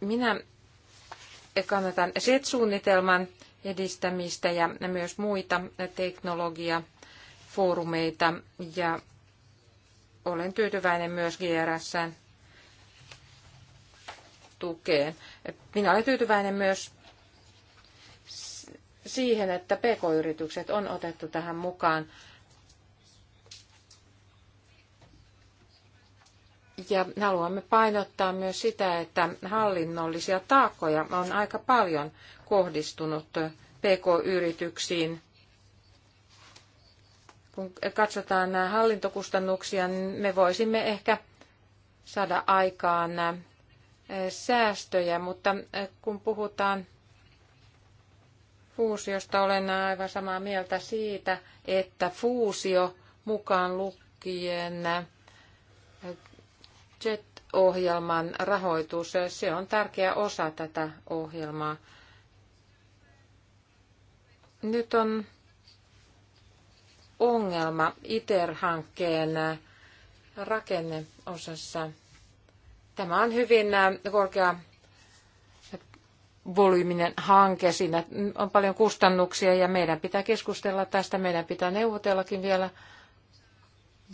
minä kannatan SET-suunnitelman edistämistä ja myös muita teknologiafoorumeita ja olen tyytyväinen myös GRSn tukeen. Minä olen tyytyväinen myös siihen, että pk-yritykset on otettu tähän mukaan. Ja haluamme painottaa myös sitä, että hallinnollisia taakkoja on aika paljon kohdistunut pk-yrityksiin. Kun katsotaan nämä hallintokustannuksia, niin me voisimme ehkä saada aikaan säästöjä, mutta kun puhutaan fuusiosta, olen aivan samaa mieltä siitä, että fuusio mukaan lukien JET-ohjelman rahoitus, se on tärkeä osa tätä ohjelmaa. Nyt on ongelma ITER-hankkeen rakenneosassa. Tämä on hyvin äh, korkea volyyminen hanke. Siinä on paljon kustannuksia ja meidän pitää keskustella tästä. Meidän pitää neuvotellakin vielä.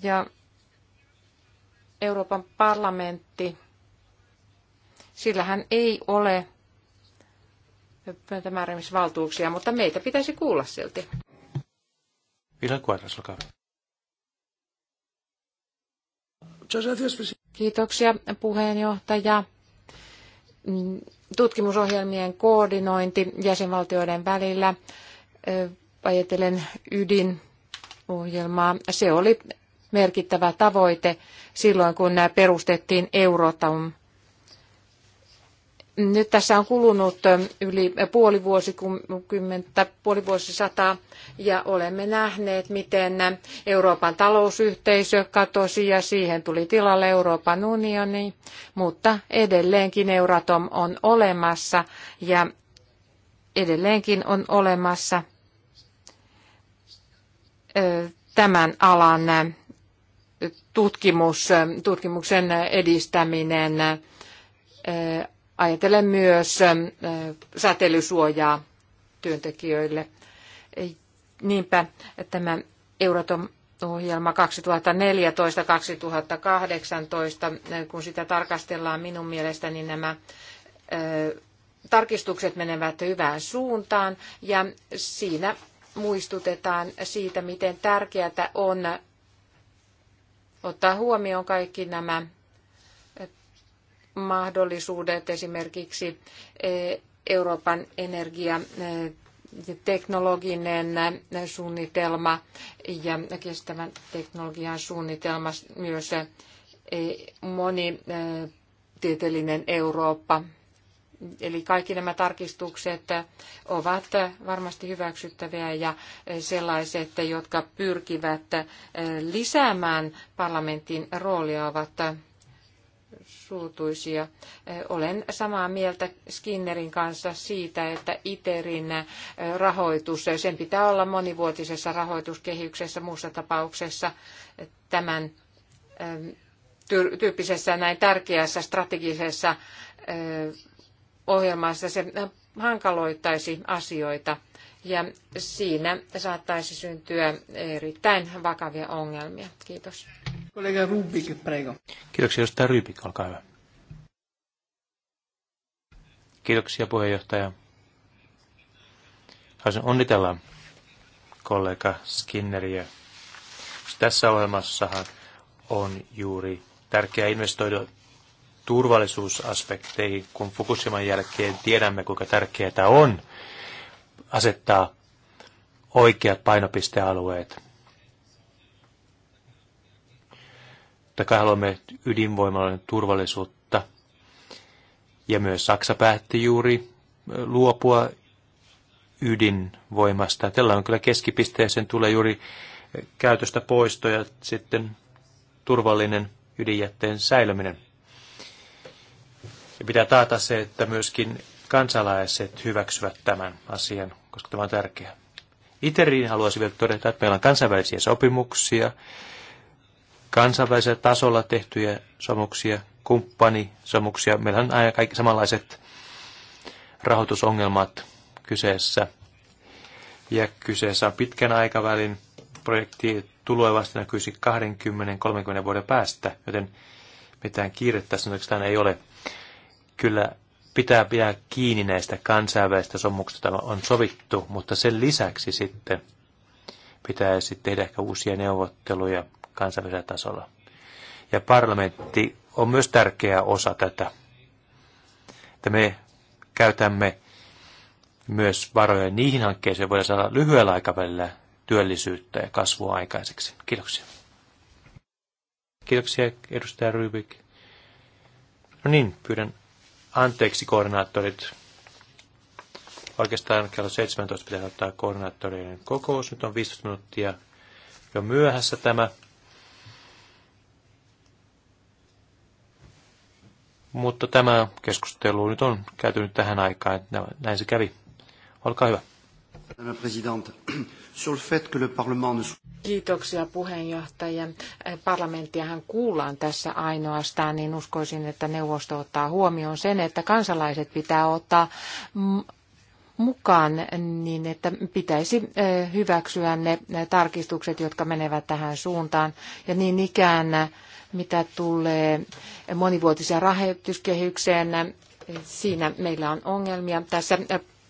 Ja Euroopan parlamentti, sillähän ei ole määräämisvaltuuksia, mutta meitä pitäisi kuulla silti. Vilja Kuoras, olkaa Kiitoksia puheenjohtaja. Tutkimusohjelmien koordinointi jäsenvaltioiden välillä. Ajatellen ydinohjelmaa. Se oli merkittävä tavoite silloin, kun perustettiin Eurotom nyt tässä on kulunut yli puoli vuosikymmentä, puoli vuosisataa, ja olemme nähneet, miten Euroopan talousyhteisö katosi ja siihen tuli tilalle Euroopan unioni, mutta edelleenkin Euratom on olemassa ja edelleenkin on olemassa tämän alan tutkimus, tutkimuksen edistäminen Ajatellen myös säteilysuojaa työntekijöille. Niinpä tämä Euratom ohjelma 2014-2018, kun sitä tarkastellaan minun mielestäni niin nämä tarkistukset menevät hyvään suuntaan ja siinä muistutetaan siitä, miten tärkeää on ottaa huomioon kaikki nämä mahdollisuudet esimerkiksi eh, Euroopan energia eh, teknologinen eh, suunnitelma ja kestävän teknologian suunnitelma myös monitieteellinen Eurooppa. Eli kaikki nämä tarkistukset ovat varmasti hyväksyttäviä ja sellaiset, jotka pyrkivät lisäämään parlamentin roolia, ovat suutuisia. Eh, olen samaa mieltä Skinnerin kanssa siitä, että ITERin eh, rahoitus, eh, sen pitää olla monivuotisessa rahoituskehyksessä muussa tapauksessa tämän tyyppisessä näin tärkeässä strategisessa ohjelmassa se hankaloittaisi asioita ja siinä saattaisi syntyä erittäin vakavia ongelmia. Kiitos. Kollega Rubik, prego. Kiitoksia, edustaja Rybik, olkaa hyvä. Kiitoksia, puheenjohtaja. Haluaisin onnitella kollega Skinneriä. Tässä ohjelmassahan on juuri tärkeää investoida turvallisuusaspekteihin, kun Fukushiman jälkeen tiedämme, kuinka tärkeää on asettaa oikeat painopistealueet Totta kai haluamme ydinvoimaloiden turvallisuutta. Ja myös Saksa päätti juuri luopua ydinvoimasta. Tällä on kyllä keskipisteeseen tulee juuri käytöstä poisto ja sitten turvallinen ydinjätteen säilyminen. Ja pitää taata se, että myöskin kansalaiset hyväksyvät tämän asian, koska tämä on tärkeää. Iteriin haluaisin vielä todeta, että meillä on kansainvälisiä sopimuksia, kansainvälisellä tasolla tehtyjä sopimuksia, kumppanisopimuksia. Meillä on aina kaikki samanlaiset rahoitusongelmat kyseessä. Ja kyseessä on pitkän aikavälin projekti tulee vasta näkyisi 20-30 vuoden päästä, joten mitään kiirettä sanotaan ei ole. Kyllä pitää pitää kiinni näistä kansainvälistä sopimuksista, tämä on sovittu, mutta sen lisäksi sitten pitäisi tehdä ehkä uusia neuvotteluja kansainvälisellä tasolla. Ja parlamentti on myös tärkeä osa tätä, että me käytämme myös varoja niihin hankkeisiin, voidaan saada lyhyellä aikavälillä työllisyyttä ja kasvua aikaiseksi. Kiitoksia. Kiitoksia, edustaja Rybik. No niin, pyydän anteeksi koordinaattorit. Oikeastaan kello 17 pitää ottaa koordinaattorien kokous. Nyt on 15 minuuttia jo myöhässä tämä. Mutta tämä keskustelu nyt on käyty nyt tähän aikaan, että näin se kävi. Olkaa hyvä. Kiitoksia puheenjohtaja. Parlamenttiahan kuullaan tässä ainoastaan, niin uskoisin, että neuvosto ottaa huomioon sen, että kansalaiset pitää ottaa mukaan niin, että pitäisi eh, hyväksyä ne tarkistukset, jotka menevät tähän suuntaan. Ja niin ikään mitä tulee monivuotiseen rahoituskehykseen. Siinä meillä on ongelmia. Tässä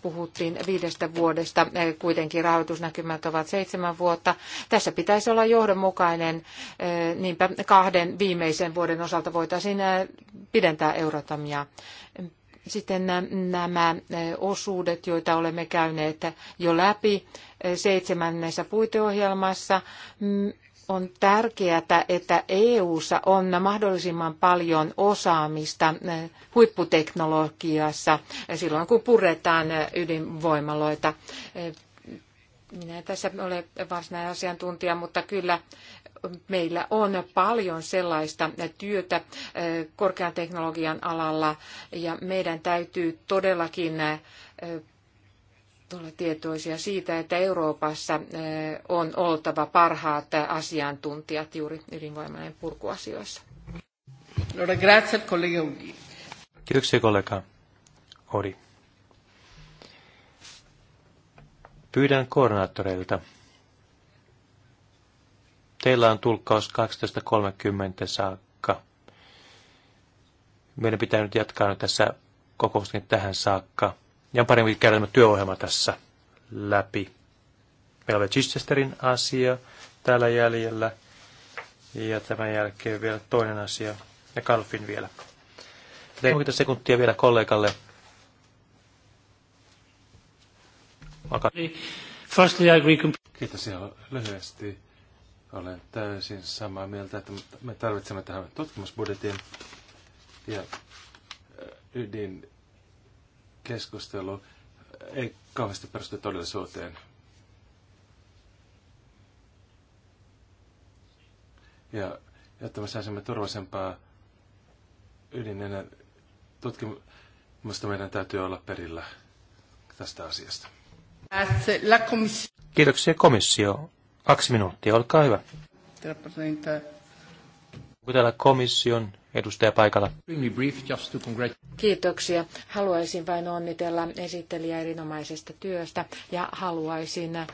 puhuttiin viidestä vuodesta, kuitenkin rahoitusnäkymät ovat seitsemän vuotta. Tässä pitäisi olla johdonmukainen, niinpä kahden viimeisen vuoden osalta voitaisiin pidentää eurotamia. Sitten nämä osuudet, joita olemme käyneet jo läpi seitsemännessä puiteohjelmassa, on tärkeää, että EU:ssa on mahdollisimman paljon osaamista eh, huipputeknologiassa eh, silloin, kun puretaan eh, ydinvoimaloita. Minä en tässä ole varsinainen asiantuntija, mutta kyllä meillä on paljon sellaista työtä korkean teknologian alalla ja meidän täytyy todellakin olla tietoisia siitä, että Euroopassa eh, on oltava parhaat asiantuntijat juuri ydinvoimalan purkuasioissa. No, Kiitoksia kollega Ori. Pyydän koordinaattoreilta. Teillä on tulkkaus 12.30 saakka. Meidän pitää nyt jatkaa nyt tässä kokoustakin tähän saakka ja on paremmin käydä tämä työohjelma tässä läpi. Meillä on Chichesterin asia täällä jäljellä. Ja tämän jälkeen vielä toinen asia. Ja Kalfin vielä. 30 sekuntia vielä kollegalle. Firstly, I agree Kiitos ihan lyhyesti. Olen täysin samaa mieltä, että me tarvitsemme tähän tutkimusbudjetin ja ydin keskustelu ei kauheasti perustu todellisuuteen. Ja jotta me saisimme turvallisempaa ydinenä tutkimusta meidän täytyy olla perillä tästä asiasta. Kiitoksia komissio. Kaksi minuuttia, olkaa hyvä. Onko täällä komission edustaja paikalla? Kiitoksia. Haluaisin vain onnitella esittelijä erinomaisesta työstä ja haluaisin äh,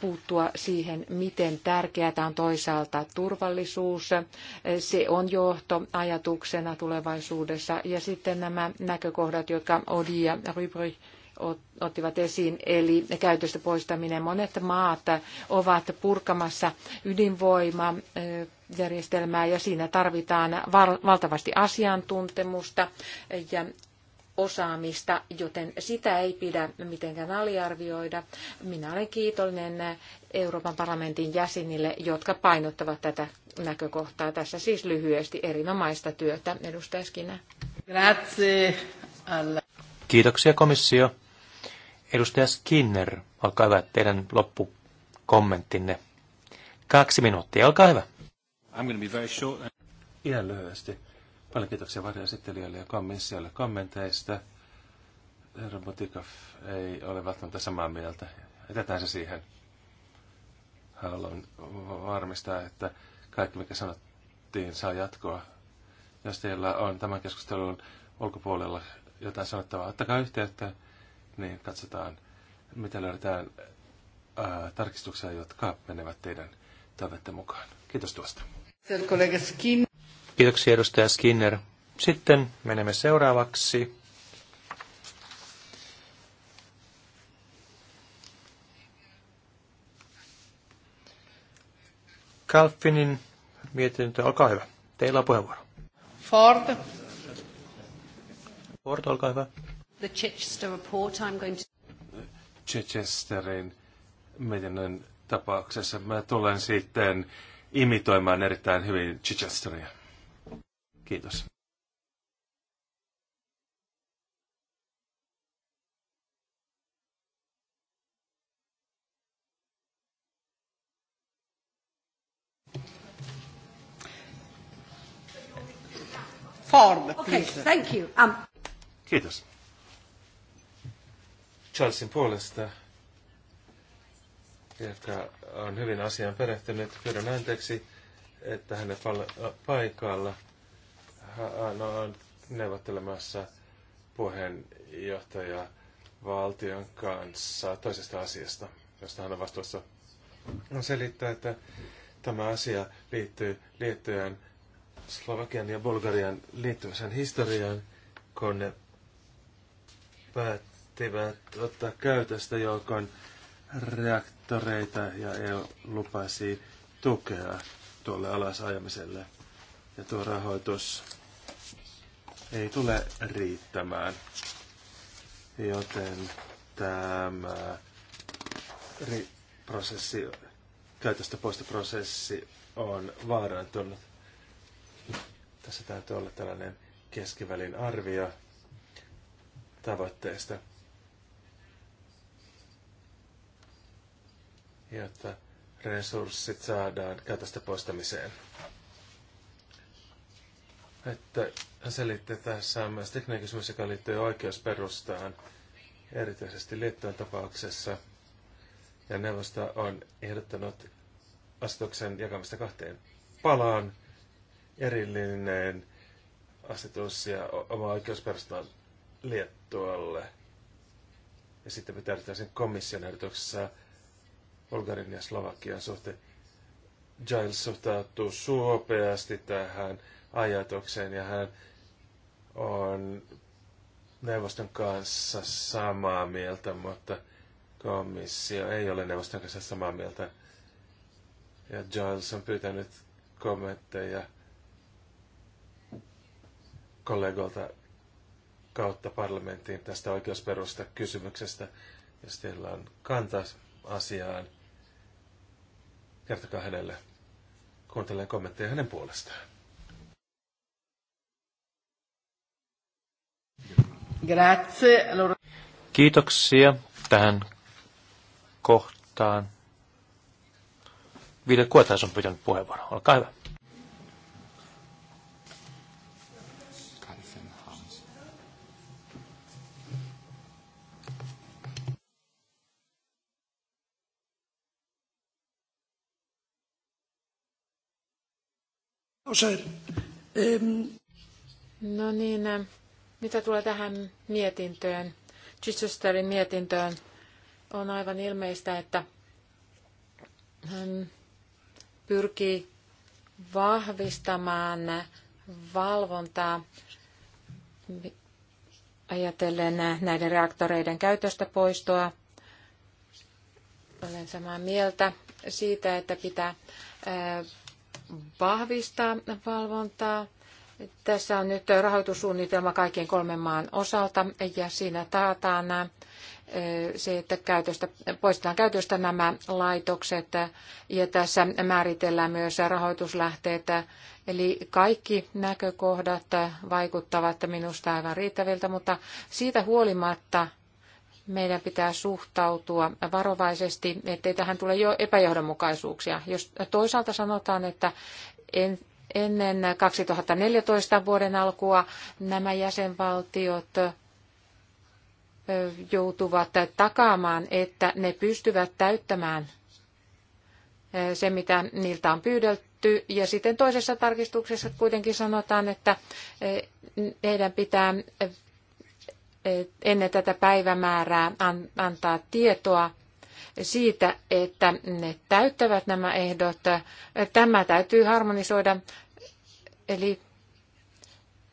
puuttua siihen, miten tärkeää on toisaalta turvallisuus. Äh, se on johto ajatuksena tulevaisuudessa ja sitten nämä näkökohdat, jotka Odi ja Rybri ottivat esiin, eli käytöstä poistaminen. Monet maat ovat purkamassa ydinvoimajärjestelmää ja siinä tarvitaan valtavasti asiantuntemusta ja osaamista, joten sitä ei pidä mitenkään aliarvioida. Minä olen kiitollinen Euroopan parlamentin jäsenille, jotka painottavat tätä näkökohtaa. Tässä siis lyhyesti erinomaista työtä. Edustaja Skinä. Kiitoksia komissio. Edustaja Skinner, olkaa hyvä, teidän loppukommenttinne. Kaksi minuuttia, olkaa hyvä. I'm going to be very short. Ihan lyhyesti. Paljon kiitoksia varjoesittelijöille ja komissiolle kommenteista. Herra Botikov ei ole välttämättä samaa mieltä. Etetään se siihen. Haluan varmistaa, että kaikki mikä sanottiin saa jatkoa. Jos teillä on tämän keskustelun ulkopuolella jotain sanottavaa, ottakaa yhteyttä niin katsotaan, mitä löydetään ää, tarkistuksia, jotka menevät teidän toivette mukaan. Kiitos tuosta. Kiitoksia edustaja Skinner. Sitten menemme seuraavaksi. Kalfinin mietintö, olkaa hyvä. Teillä on puheenvuoro. Ford. Ford, olkaa hyvä the Chichester report, I'm going to... Chichesterin mietinnön tapauksessa mä tulen sitten imitoimaan erittäin hyvin Chichesteria. Kiitos. Ford, okay, thank you. Um... Kiitos. Charlesin puolesta, joka on hyvin asiaan perehtynyt. Pyydän anteeksi, että on äh, paikalla hän on neuvottelemassa puheenjohtaja valtion kanssa toisesta asiasta, josta hän on vastuussa. Hän selittää, että tämä asia liittyy liittyen Slovakian ja Bulgarian liittymisen historiaan, kun ne päät päättivät ottaa käytöstä joukon reaktoreita ja EU lupasi tukea tuolle alasajamiselle. Ja tuo rahoitus ei tule riittämään, joten tämä ri- prosessi, käytöstä prosessi on vaarantunut. Tässä täytyy olla tällainen keskivälin arvio tavoitteista. jotta resurssit saadaan käytöstä poistamiseen. Että selitti tässä on myös tekninen kysymys, joka liittyy oikeusperustaan, erityisesti liittyen tapauksessa. Ja neuvosto on ehdottanut asetuksen jakamista kahteen palaan, erillinen asetus ja oma oikeusperusta Liettualle. Ja sitten me sen komission ehdotuksessa Bulgarin ja Slovakian suhteen. Giles suhtautuu suopeasti tähän ajatukseen ja hän on neuvoston kanssa samaa mieltä, mutta komissio ei ole neuvoston kanssa samaa mieltä. Ja Giles on pyytänyt kommentteja kollegolta kautta parlamenttiin tästä oikeusperusta kysymyksestä, jos teillä on kanta asiaan. Kertokaa hänelle. Kuuntelen kommentteja hänen puolestaan. Grazie. Kiitoksia tähän kohtaan. Ville Kuotais on pyytänyt puheenvuoron. Olkaa hyvä. No niin, eh, mitä tulee tähän mietintöön, Chichesterin mietintöön, on aivan ilmeistä, että hän pyrkii vahvistamaan valvontaa ajatellen näiden reaktoreiden käytöstä poistoa. Olen samaa mieltä siitä, että pitää eh, vahvistaa valvontaa. Tässä on nyt rahoitussuunnitelma kaikkien kolmen maan osalta ja siinä taataan nämä se, että käytöstä, poistetaan käytöstä nämä laitokset ja tässä määritellään myös rahoituslähteet. Eli kaikki näkökohdat vaikuttavat minusta aivan riittäviltä, mutta siitä huolimatta meidän pitää suhtautua varovaisesti, ettei tähän tule jo epäjohdonmukaisuuksia. Jos toisaalta sanotaan, että en, ennen 2014 vuoden alkua nämä jäsenvaltiot joutuvat takaamaan, että ne pystyvät täyttämään se, mitä niiltä on pyydetty. Ja sitten toisessa tarkistuksessa kuitenkin sanotaan, että heidän pitää ennen tätä päivämäärää antaa tietoa siitä, että ne täyttävät nämä ehdot. Tämä täytyy harmonisoida, eli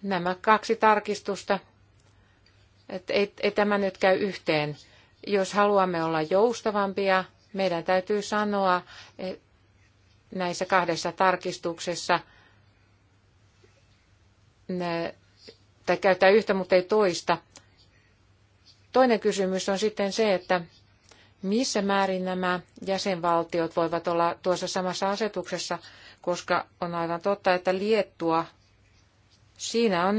nämä kaksi tarkistusta, että ei, ei tämä nyt käy yhteen. Jos haluamme olla joustavampia, meidän täytyy sanoa näissä kahdessa tarkistuksessa, tai käyttää yhtä, mutta ei toista Toinen kysymys on sitten se, että missä määrin nämä jäsenvaltiot voivat olla tuossa samassa asetuksessa, koska on aivan totta, että Liettua, siinä on,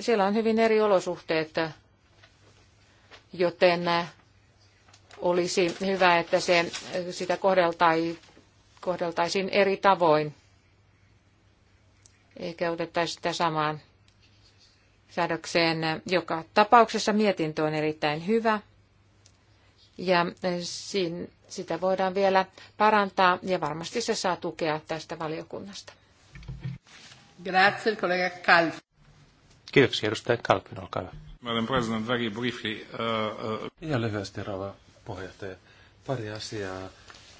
siellä on hyvin eri olosuhteet, joten olisi hyvä, että se, sitä kohdeltaisiin eri tavoin, eikä otettaisi sitä samaan säädökseen. Joka tapauksessa mietintö on erittäin hyvä ja eh, siinä, sitä voidaan vielä parantaa ja varmasti se saa tukea tästä valiokunnasta. Grazie, kollega Kalf. Kiitoksia, edustaja Kalpin, olkaa hyvä. Uh, uh, Ihan lyhyesti, rouva puheenjohtaja. Pari asiaa,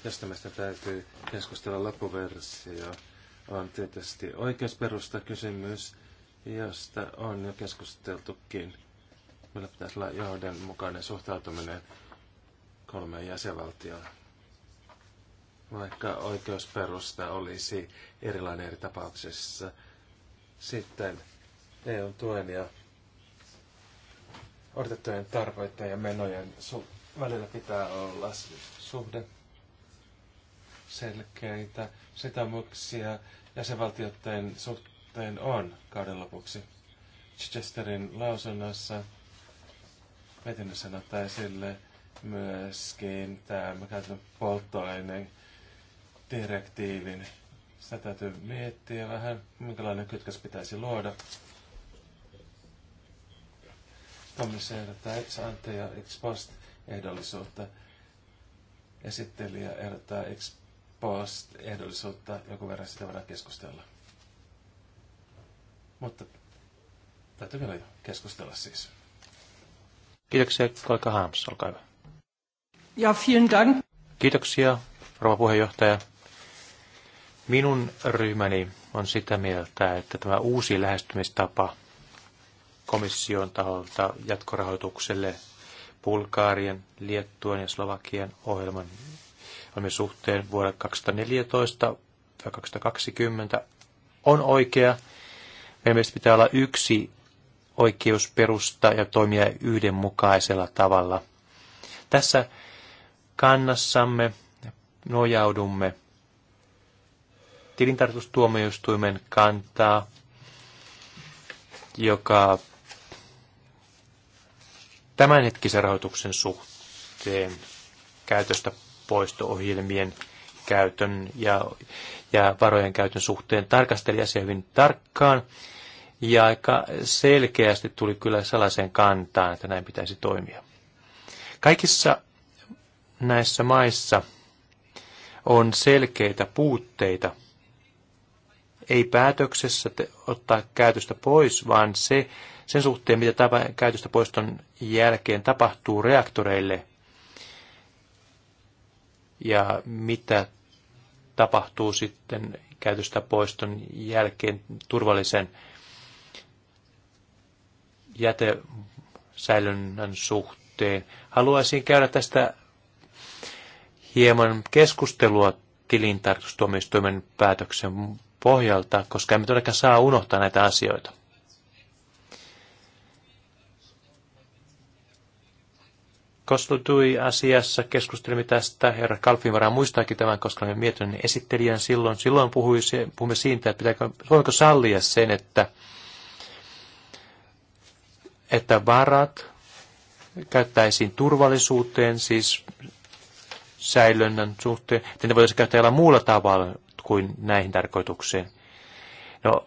josta meistä täytyy keskustella loppuversio. On tietysti oikeusperusta kysymys josta on jo keskusteltukin. Meillä pitäisi olla johdonmukainen suhtautuminen kolmeen jäsenvaltioon. Vaikka oikeusperusta olisi erilainen eri tapauksissa, sitten EUn tuen ja odotettujen tarpeiden ja menojen su- välillä pitää olla suhde selkeitä sitamuksia jäsenvaltioiden suhteen suhteen on kauden lopuksi. Chichesterin lausunnossa mietinnössä ottaa esille myöskin tämä käytetyn polttoaineen direktiivin. Sitä täytyy miettiä vähän, minkälainen kytkös pitäisi luoda. Komissio ehdottaa ex ante ja ex post ehdollisuutta. Esittelijä ehdottaa ex post ehdollisuutta. Joku verran sitä voidaan keskustella. Mutta täytyy vielä keskustella siis. Kiitoksia, kolka Haams, olkaa hyvä. Ja vielen dank. Kiitoksia, rouva puheenjohtaja. Minun ryhmäni on sitä mieltä, että tämä uusi lähestymistapa komission taholta jatkorahoitukselle Bulgaarien, Liettuan ja Slovakian ohjelman ohjelmien suhteen vuodelle 2014 ja 2020 on oikea meidän mielestä pitää olla yksi oikeusperusta ja toimia yhdenmukaisella tavalla. Tässä kannassamme nojaudumme tilintarkastustuomioistuimen kantaa, joka tämänhetkisen rahoituksen suhteen käytöstä poisto-ohjelmien käytön ja, ja varojen käytön suhteen tarkasteli asia hyvin tarkkaan ja aika selkeästi tuli kyllä sellaiseen kantaan, että näin pitäisi toimia. Kaikissa näissä maissa on selkeitä puutteita. Ei päätöksessä ottaa käytöstä pois, vaan se, sen suhteen, mitä tapa, käytöstä poiston jälkeen tapahtuu reaktoreille ja mitä tapahtuu sitten käytöstä poiston jälkeen turvallisen jätesäilynnän suhteen. Haluaisin käydä tästä hieman keskustelua tilintarkastustuomioistuimen päätöksen pohjalta, koska emme todellakaan saa unohtaa näitä asioita. Kostutui asiassa, keskustelimme tästä, herra Kalfin varmaan muistaakin tämän, koska me mietinnön esittelijän silloin, silloin puhuisi, puhumme siitä, että pitääkö, voiko sallia sen, että että varat käyttäisiin turvallisuuteen, siis säilönnän suhteen, että ne voitaisiin käyttää muulla tavalla kuin näihin tarkoituksiin. No,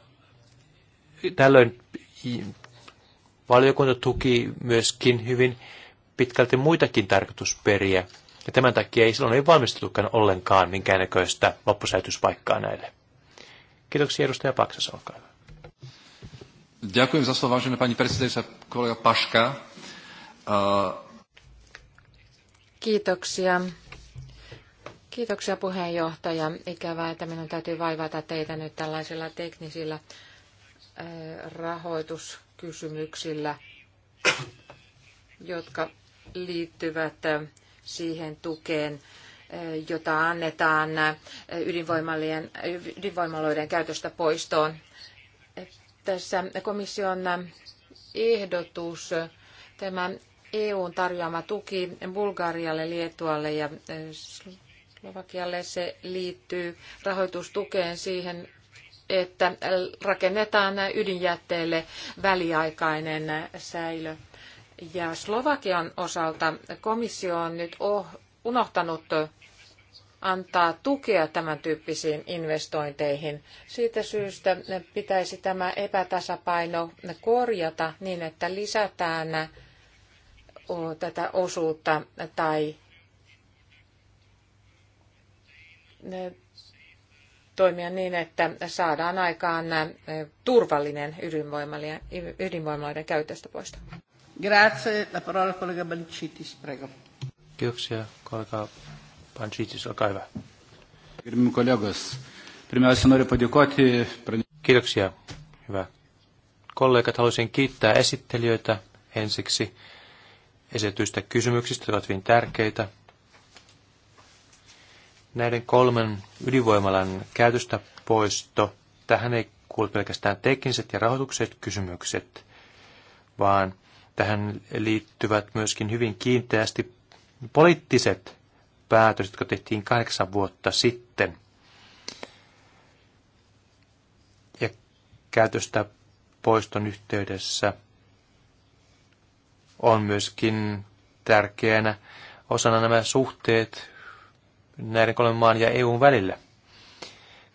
tällöin valiokunta tuki myöskin hyvin pitkälti muitakin tarkoitusperiä, ja tämän takia ei silloin ei valmistelukaan ollenkaan minkäännäköistä loppusäytyspaikkaa näille. Kiitoksia edustaja Paksas, olkaa hyvä. Ďakujem za slovo, vážená pani predsedajúca, kolega Paška. Kiitoksia. Kiitoksia puheenjohtaja. Ikävää, että minun täytyy vaivata teitä nyt tällaisilla teknisillä rahoituskysymyksillä, jotka liittyvät siihen tukeen, jota annetaan ydinvoimaloiden käytöstä poistoon tässä komission ehdotus, tämä EUn tarjoama tuki Bulgarialle, Lietualle ja eh, Slovakialle, se liittyy rahoitustukeen siihen, että rakennetaan ydinjätteelle väliaikainen säilö. Ja Slovakian osalta komissio on nyt oh-, unohtanut antaa tukea tämän tyyppisiin investointeihin. Siitä syystä pitäisi tämä epätasapaino korjata niin, että lisätään tätä osuutta tai toimia niin, että saadaan aikaan turvallinen ydinvoimaloiden, käytöstä poisto. Grazie. La parola collega Balicitis, prego. Kiitoksia, kollega Panchitis, olkaa hyvä. Gerbimin kollegas, pirmiausia noriu padėkoti. Kiitoksia, hyvä kollegat. Haluaisin kiittää esittelijöitä ensiksi esitystä kysymyksistä, jotka ovat hyvin tärkeitä. Näiden kolmen ydinvoimalan käytöstä poisto, tähän ei kuulu pelkästään tekniset ja rahoitukset kysymykset, vaan tähän liittyvät myöskin hyvin kiinteästi poliittiset päätös, jotka tehtiin kahdeksan vuotta sitten. Ja käytöstä poiston yhteydessä on myöskin tärkeänä osana nämä suhteet näiden kolmen maan ja EUn välillä.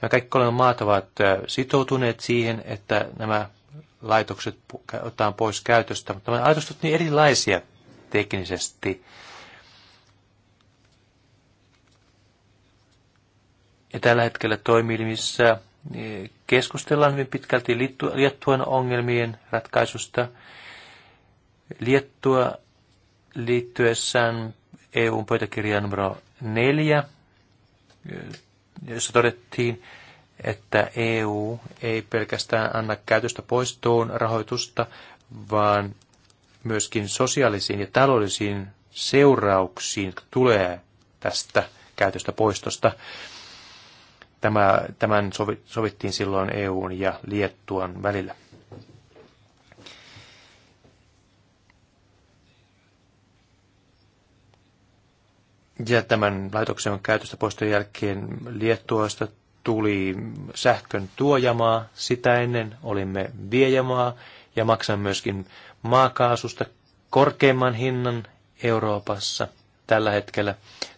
Nämä kaikki kolme maat ovat sitoutuneet siihen, että nämä laitokset otetaan pois käytöstä, mutta nämä laitokset ovat niin erilaisia teknisesti Ja tällä hetkellä toimielimissä eh, keskustellaan hyvin pitkälti Liettuan ongelmien ratkaisusta. Liettua liittyessään EUn pöytäkirja numero neljä, eh, jossa todettiin, että EU ei pelkästään anna käytöstä poistoon rahoitusta, vaan myöskin sosiaalisiin ja taloudellisiin seurauksiin, jotka tulee tästä käytöstä poistosta. Tämä, tämän sovittiin silloin EUn ja Liettuan välillä. Ja tämän laitoksen käytöstä poiston jälkeen Liettuasta tuli sähkön tuojamaa, sitä ennen olimme viejamaa ja maksamme myöskin maakaasusta korkeimman hinnan Euroopassa tällä hetkellä.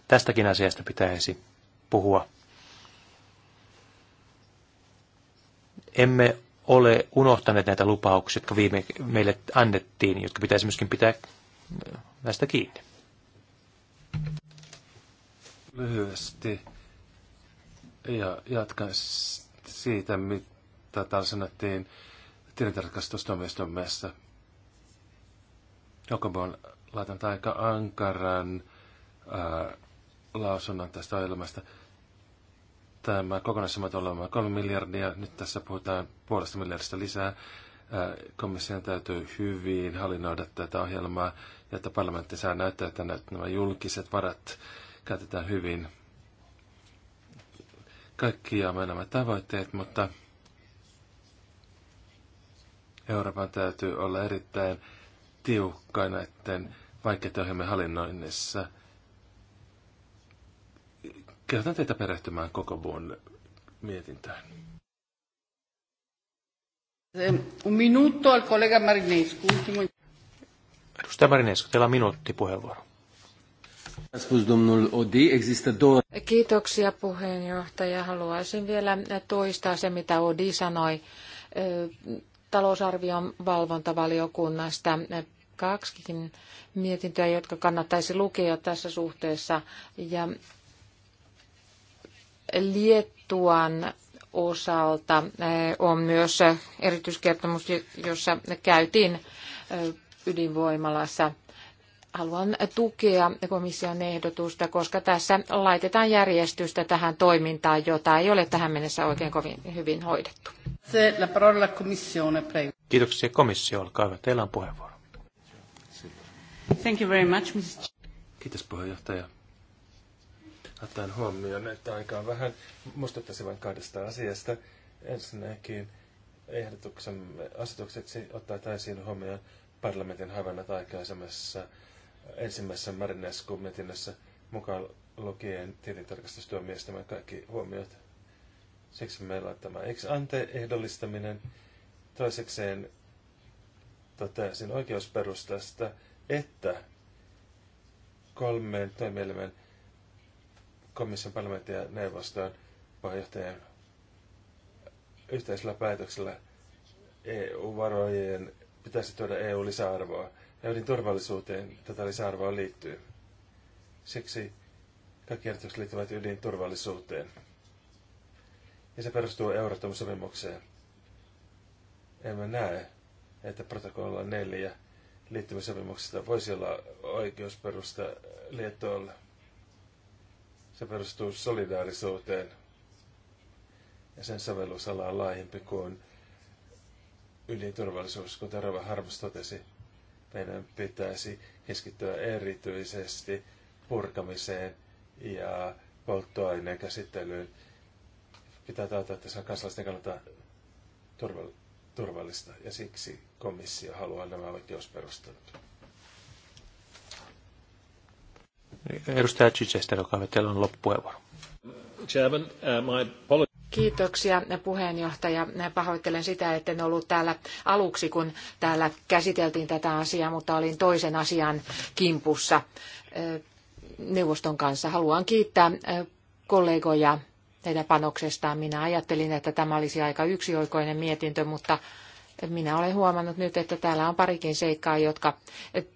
Tästäkin asiasta pitäisi puhua emme ole unohtaneet näitä lupauksia, jotka viime meille annettiin, jotka pitäisi myöskin pitää äh, näistä kiinni. Lyhyesti. Ja jatkan siitä, mitä täällä sanottiin tilintarkastustoimistommessa. Jokobo on laitanut aika ankaran ää, äh, lausunnon tästä ohjelmasta tämä kokonaisuus tulee olemaan kolme miljardia. Nyt tässä puhutaan puolesta miljardista lisää. Äh, komission täytyy hyvin hallinnoida tätä ohjelmaa, ja että parlamentti saa näyttää, että nämä julkiset varat käytetään hyvin. Kaikki on nämä tavoitteet, mutta Euroopan täytyy olla erittäin tiukka näiden vaikeiden ohjelmien hallinnoinnissa. Kehotan teitä perehtymään koko vuonna mietintään. minuutto al collega Marinescu. Edustaja Marinescu, teillä on minuutti puheenvuoro. Kiitoksia puheenjohtaja. Haluaisin vielä toistaa se, mitä Odi sanoi talousarvion valvontavaliokunnasta kaksikin mietintöä, jotka kannattaisi lukea tässä suhteessa. Ja Liettuan osalta eh, on myös erityiskertomus, jossa käytiin eh, ydinvoimalassa. Haluan tukea komission ehdotusta, koska tässä laitetaan järjestystä tähän toimintaan, jota ei ole tähän mennessä oikein kovin hyvin hoidettu. Kiitoksia komissio, olkaa hyvä. Teillä on puheenvuoro. Thank you very much, Mrs. Kiitos puheenjohtaja ottaen huomioon, että aika on vähän. Muistuttaisin vain kahdesta asiasta. Ensinnäkin ehdotuksemme asetukseksi ottaa täysin huomioon parlamentin havainnot aikaisemmassa ensimmäisessä Marineskun mietinnössä mukaan lukien tilintarkastustuomioistuimen kaikki huomiot. Siksi meillä on tämä ex ante ehdollistaminen. Toisekseen totesin oikeusperustasta, että kolmeen toimielimen komission parlamentin ja neuvoston puheenjohtajan yhteisellä päätöksellä EU-varojen pitäisi tuoda EU-lisäarvoa. Ja ydin turvallisuuteen tätä lisäarvoa liittyy. Siksi kaikki ehdotukset liittyvät ydin turvallisuuteen. Ja se perustuu Euratom-sopimukseen. Emme näe, että protokolla 4 liittymissopimuksesta voisi olla oikeusperusta Liettualle. Se perustuu solidaarisuuteen ja sen sovellusala on laajempi kuin yliturvallisuus, kuten Rova Harms totesi. Meidän pitäisi keskittyä erityisesti purkamiseen ja polttoaineen käsittelyyn. Pitää taata, että se on kansalaisten kannalta turvallista ja siksi komissio haluaa nämä oikeusperustelut. Edustaja Chichester, joka teillä on loppupuheenvuoro. Uh, Kiitoksia puheenjohtaja. Pahoittelen sitä, en ollut täällä aluksi, kun täällä käsiteltiin tätä asiaa, mutta olin toisen asian kimpussa uh, neuvoston kanssa. Haluan kiittää uh, kollegoja heidän panoksestaan. Minä ajattelin, että tämä olisi aika yksioikoinen mietintö, mutta minä olen huomannut nyt, että täällä on parikin seikkaa, jotka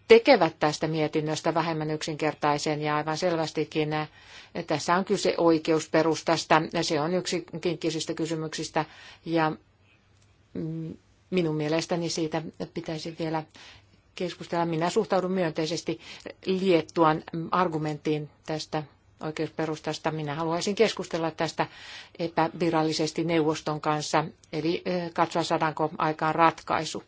tekevät tästä mietinnöstä vähemmän yksinkertaisen ja aivan selvästikin tässä on kyse oikeusperustasta. Se on yksi kinkkisistä kysymyksistä ja minun mielestäni siitä pitäisi vielä keskustella. Minä suhtaudun myönteisesti Liettuan argumenttiin tästä oikeusperustasta. Minä haluaisin keskustella tästä epävirallisesti neuvoston kanssa, eli katsoa saadaanko aikaan ratkaisu.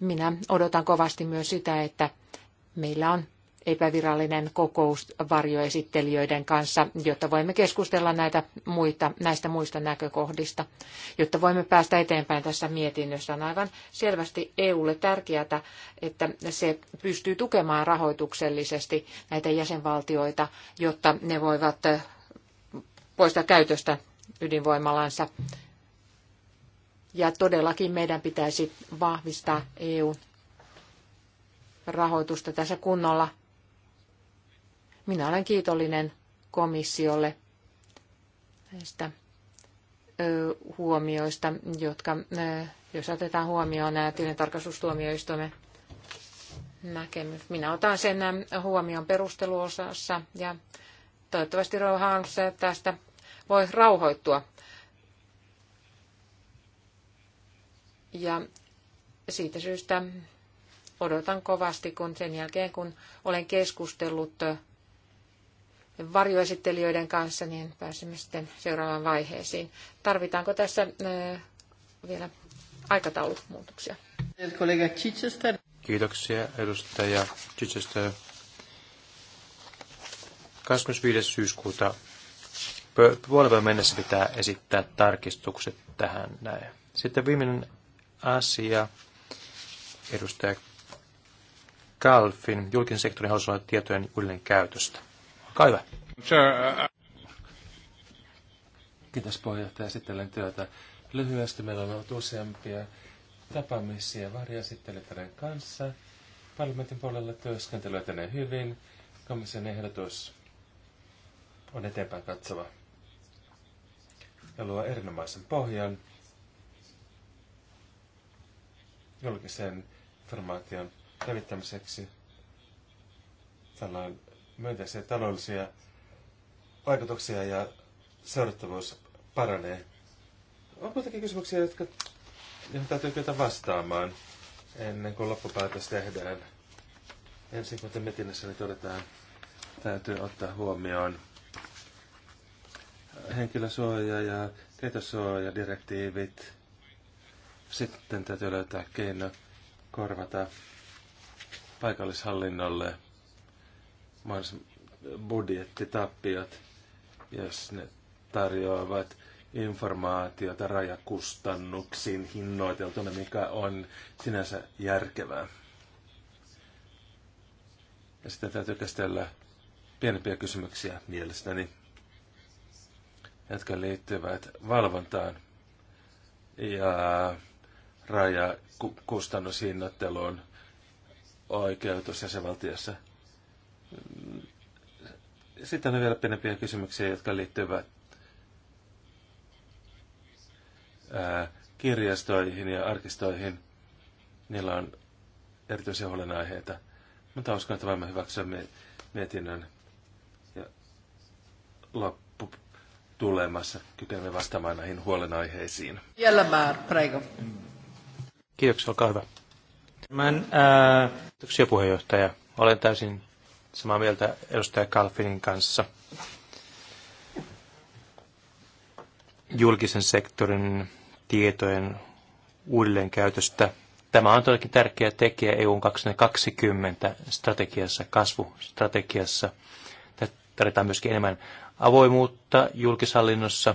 Minä odotan kovasti myös sitä, että meillä on epävirallinen kokous varjoesittelijöiden kanssa, jotta voimme keskustella näitä muita, näistä muista näkökohdista, jotta voimme päästä eteenpäin tässä mietinnössä. On aivan selvästi EUlle tärkeää, että se pystyy tukemaan rahoituksellisesti näitä jäsenvaltioita, jotta ne voivat poistaa käytöstä ydinvoimalansa. Ja todellakin meidän pitäisi vahvistaa EUn rahoitusta tässä kunnolla. Minä olen kiitollinen komissiolle näistä huomioista, jotka, jos otetaan huomioon nämä tilintarkastustuomioistuimen näkemys. Minä otan sen huomioon perusteluosassa ja toivottavasti Rauha Hans tästä voi rauhoittua. Ja siitä syystä odotan kovasti, kun sen jälkeen kun olen keskustellut varjoesittelijöiden kanssa, niin pääsemme sitten seuraavaan vaiheeseen. Tarvitaanko tässä vielä aikataulumuutoksia? Kiitoksia edustaja Chichester. 25. syyskuuta puolipäivän mennessä pitää esittää tarkistukset tähän näin. Sitten viimeinen asia, edustaja Kalfin, julkisen sektorin hallinnollisen tietojen uudelleen käytöstä. Olkaa hyvä. Uh, uh. Kiitos puheenjohtaja esittelen työtä. Lyhyesti meillä on ollut useampia tapaamisia varjaesittelijöiden kanssa. Parlamentin puolella työskentely etenee hyvin. Komission ehdotus on eteenpäin katsova ja luo erinomaisen pohjan julkisen informaation levittämiseksi. Tällä on myönteisiä taloudellisia vaikutuksia ja seurattavuus paranee. On kuitenkin kysymyksiä, jotka, joihin täytyy kyetä vastaamaan ennen kuin loppupäätös tehdään. Ensin kuten niin todetaan, täytyy ottaa huomioon henkilösuoja ja tietosuojadirektiivit. Sitten täytyy löytää keino korvata paikallishallinnolle – budjettitappiot, jos ne tarjoavat informaatiota rajakustannuksiin hinnoiteltuna, mikä on sinänsä järkevää. Ja sitten täytyy käsitellä pienempiä kysymyksiä mielestäni, jotka liittyvät valvontaan ja rajakustannushinnoitteluun oikeutus jäsenvaltiossa – sitten on vielä pienempiä kysymyksiä, jotka liittyvät kirjastoihin ja arkistoihin. Niillä on erityisiä huolenaiheita. Mutta uskon, että voimme hyväksyä mietinnön ja loppu tulemassa kykenemme vastaamaan näihin huolenaiheisiin. Jälleenmäär, prego. Kiitoksia, olkaa hyvä. Tämän, ää... Kiitoksia puheenjohtaja. Olen täysin samaa mieltä edustaja Kalfinin kanssa. Julkisen sektorin tietojen uudelleenkäytöstä. Tämä on todellakin tärkeä tekijä EUn 2020 strategiassa, kasvustrategiassa. Tarvitaan myöskin enemmän avoimuutta julkishallinnossa,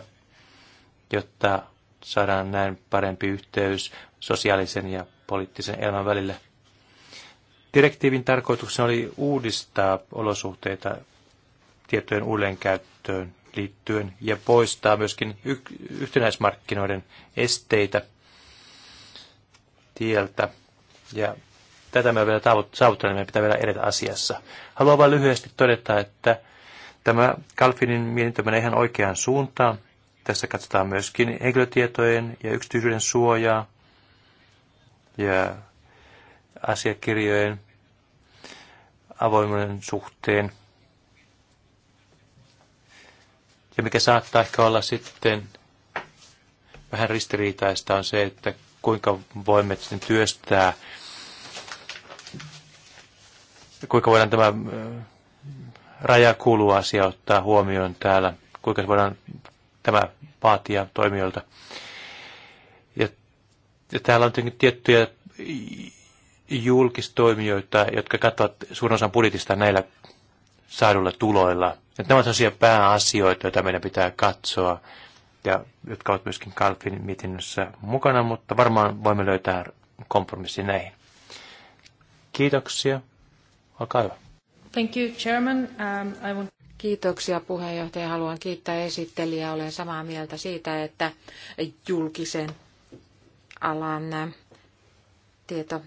jotta saadaan näin parempi yhteys sosiaalisen ja poliittisen elämän välille. Direktiivin tarkoituksena oli uudistaa olosuhteita tietojen uudelleenkäyttöön liittyen ja poistaa myöskin yhtenäismarkkinoiden esteitä tieltä. Ja tätä me vielä saavuttaneet, meidän pitää vielä edetä asiassa. Haluan vain lyhyesti todeta, että tämä Kalfinin mietintö menee ihan oikeaan suuntaan. Tässä katsotaan myöskin henkilötietojen ja yksityisyyden suojaa ja asiakirjojen avoimuuden suhteen. Ja mikä saattaa ehkä olla sitten vähän ristiriitaista on se, että kuinka voimme sitten työstää, kuinka voidaan tämä äh, rajakuluasia ottaa huomioon täällä, kuinka se voidaan tämä vaatia toimijoilta. Ja, ja täällä on tiettyjä julkistoimijoita, jotka katsovat suurin osan budjetista näillä saadulla tuloilla. Että nämä ovat sellaisia pääasioita, joita meidän pitää katsoa, ja jotka ovat myöskin Kalfin mietinnössä mukana, mutta varmaan voimme löytää kompromissi näihin. Kiitoksia. Olkaa hyvä. Thank you, Chairman. Um, I want... Kiitoksia puheenjohtaja. Haluan kiittää esittelijää. Olen samaa mieltä siitä, että julkisen alan tieto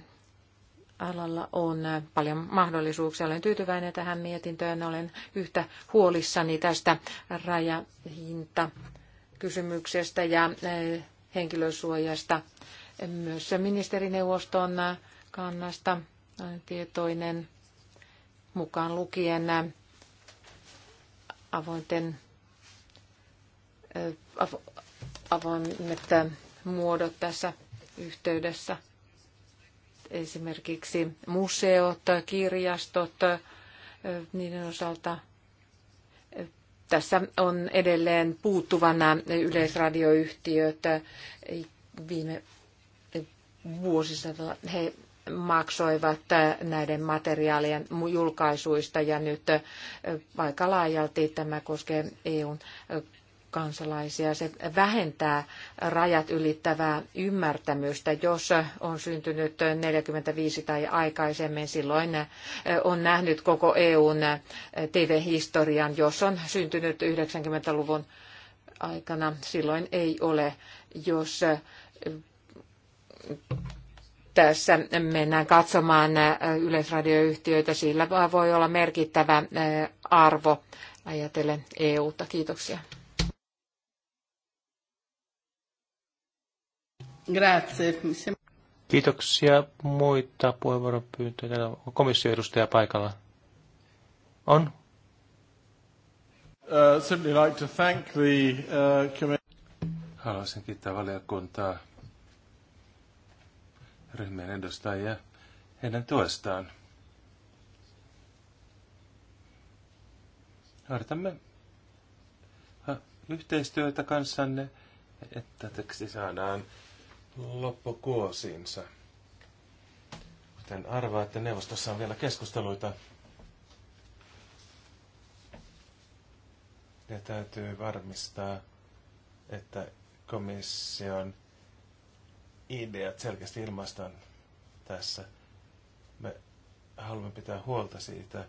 alalla on paljon mahdollisuuksia. Olen tyytyväinen tähän mietintöön. Olen yhtä huolissani tästä rajahinta kysymyksestä ja eh, henkilösuojasta. Myös ministerineuvoston kannasta olen tietoinen mukaan lukien eh, avointen eh, avoimet muodot tässä yhteydessä esimerkiksi museot, kirjastot, niiden osalta tässä on edelleen puuttuvana yleisradioyhtiöt. Viime vuosisadalla he maksoivat näiden materiaalien julkaisuista ja nyt aika laajalti tämä koskee EUn kansalaisia. Se vähentää rajat ylittävää ymmärtämystä. Jos on syntynyt 45 tai aikaisemmin, silloin on nähnyt koko EUn TV-historian. Jos on syntynyt 90-luvun aikana, silloin ei ole. Jos tässä mennään katsomaan yleisradioyhtiöitä, sillä voi olla merkittävä arvo ajatellen EUta. Kiitoksia. Grazie. Kiitoksia. Muita puheenvuoropyyntöjä? Täällä on paikalla. On? Uh, like to thank the, uh, Haluaisin kiittää valiokuntaa, ryhmien edustajia, heidän tuestaan. Harjoitamme uh, yhteistyötä kanssanne, että teksti saadaan loppukuosiinsa. Kuten arvaa, että neuvostossa on vielä keskusteluita. Ja täytyy varmistaa, että komission ideat selkeästi ilmaistaan tässä. Me haluamme pitää huolta siitä,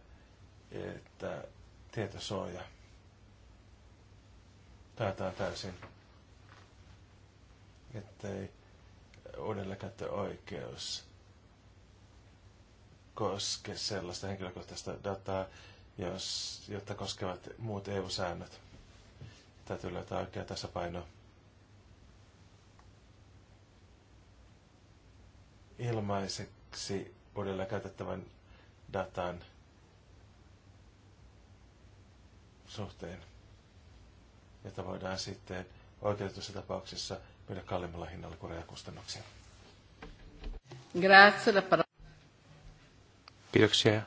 että tietosuoja taataan täysin. Ettei oikeus koske sellaista henkilökohtaista dataa, jos, jotta koskevat muut EU-säännöt. Täytyy löytää oikea tasapaino. Ilmaiseksi uudelleen käytettävän datan suhteen, jota voidaan sitten oikeutetussa tapauksessa myydä kalliimmalla hinnalla kuin rajakustannuksia. Kiitoksia.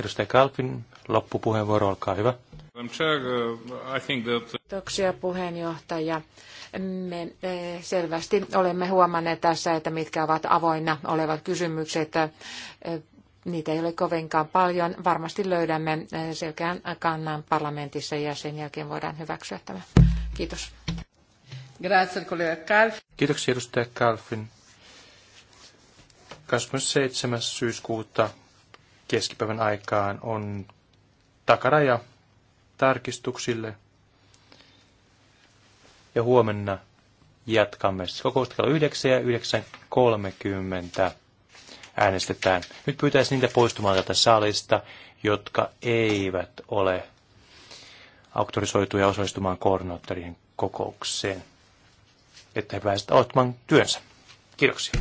Edustaja Kalpin loppupuheenvuoro, olkaa hyvä. Uh, Kiitoksia puheenjohtaja. Me eh, selvästi olemme huomanneet tässä, että mitkä ovat avoinna olevat kysymykset. Eh, niitä ei ole kovinkaan paljon. Varmasti löydämme eh, selkeän kannan parlamentissa ja sen jälkeen voidaan hyväksyä tämä. Kiitos. Grazie, kollega Kalfin. Kiitoksia edustaja Kalfin. 27. syyskuuta keskipäivän aikaan on takaraja tarkistuksille. Ja huomenna jatkamme kokousta kello 9 ja 9.30 äänestetään. Nyt pyytäisin niitä poistumaan tätä salista, jotka eivät ole auktorisoituja osallistumaan koordinaattorien kokoukseen että he pääsevät aloittamaan työnsä. Kiitoksia.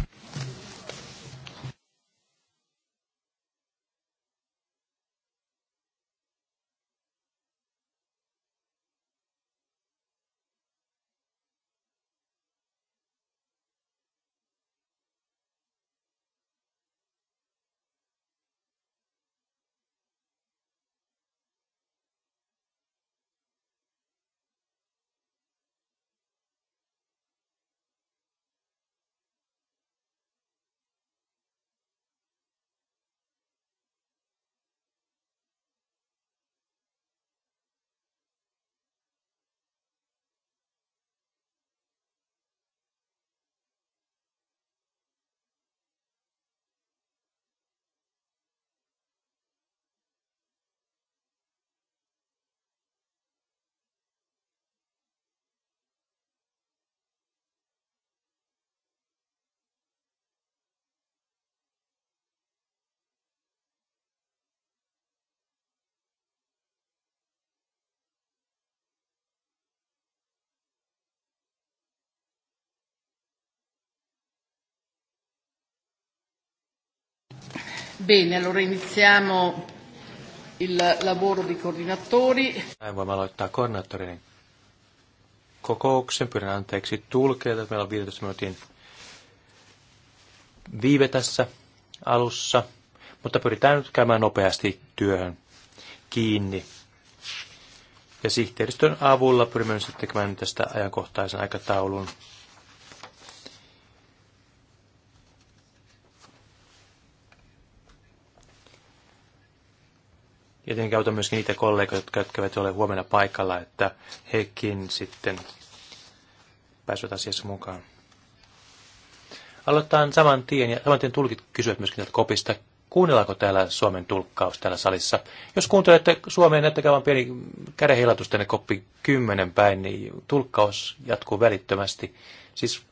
Bene, allora iniziamo il lavoro di coordinatori. Näin voimme aloittaa koordinaattorin kokouksen. Pyydän anteeksi tulkeita, meillä on 15 minuutin viive tässä alussa, mutta pyritään nyt käymään nopeasti työhön kiinni. Ja sihteeristön avulla pyrimme sitten tekemään tästä ajankohtaisen aikataulun Ja tietenkin auta myöskin niitä kollegoita, jotka käyvät ole huomenna paikalla, että hekin sitten pääsevät asiassa mukaan. Aloitetaan saman tien, ja saman tien tulkit kysyvät myöskin tältä kopista, kuunnellaanko täällä Suomen tulkkaus täällä salissa. Jos kuuntelette Suomeen, näyttäkää vain pieni kädenhilatus tänne koppi kymmenen päin, niin tulkkaus jatkuu välittömästi. Siis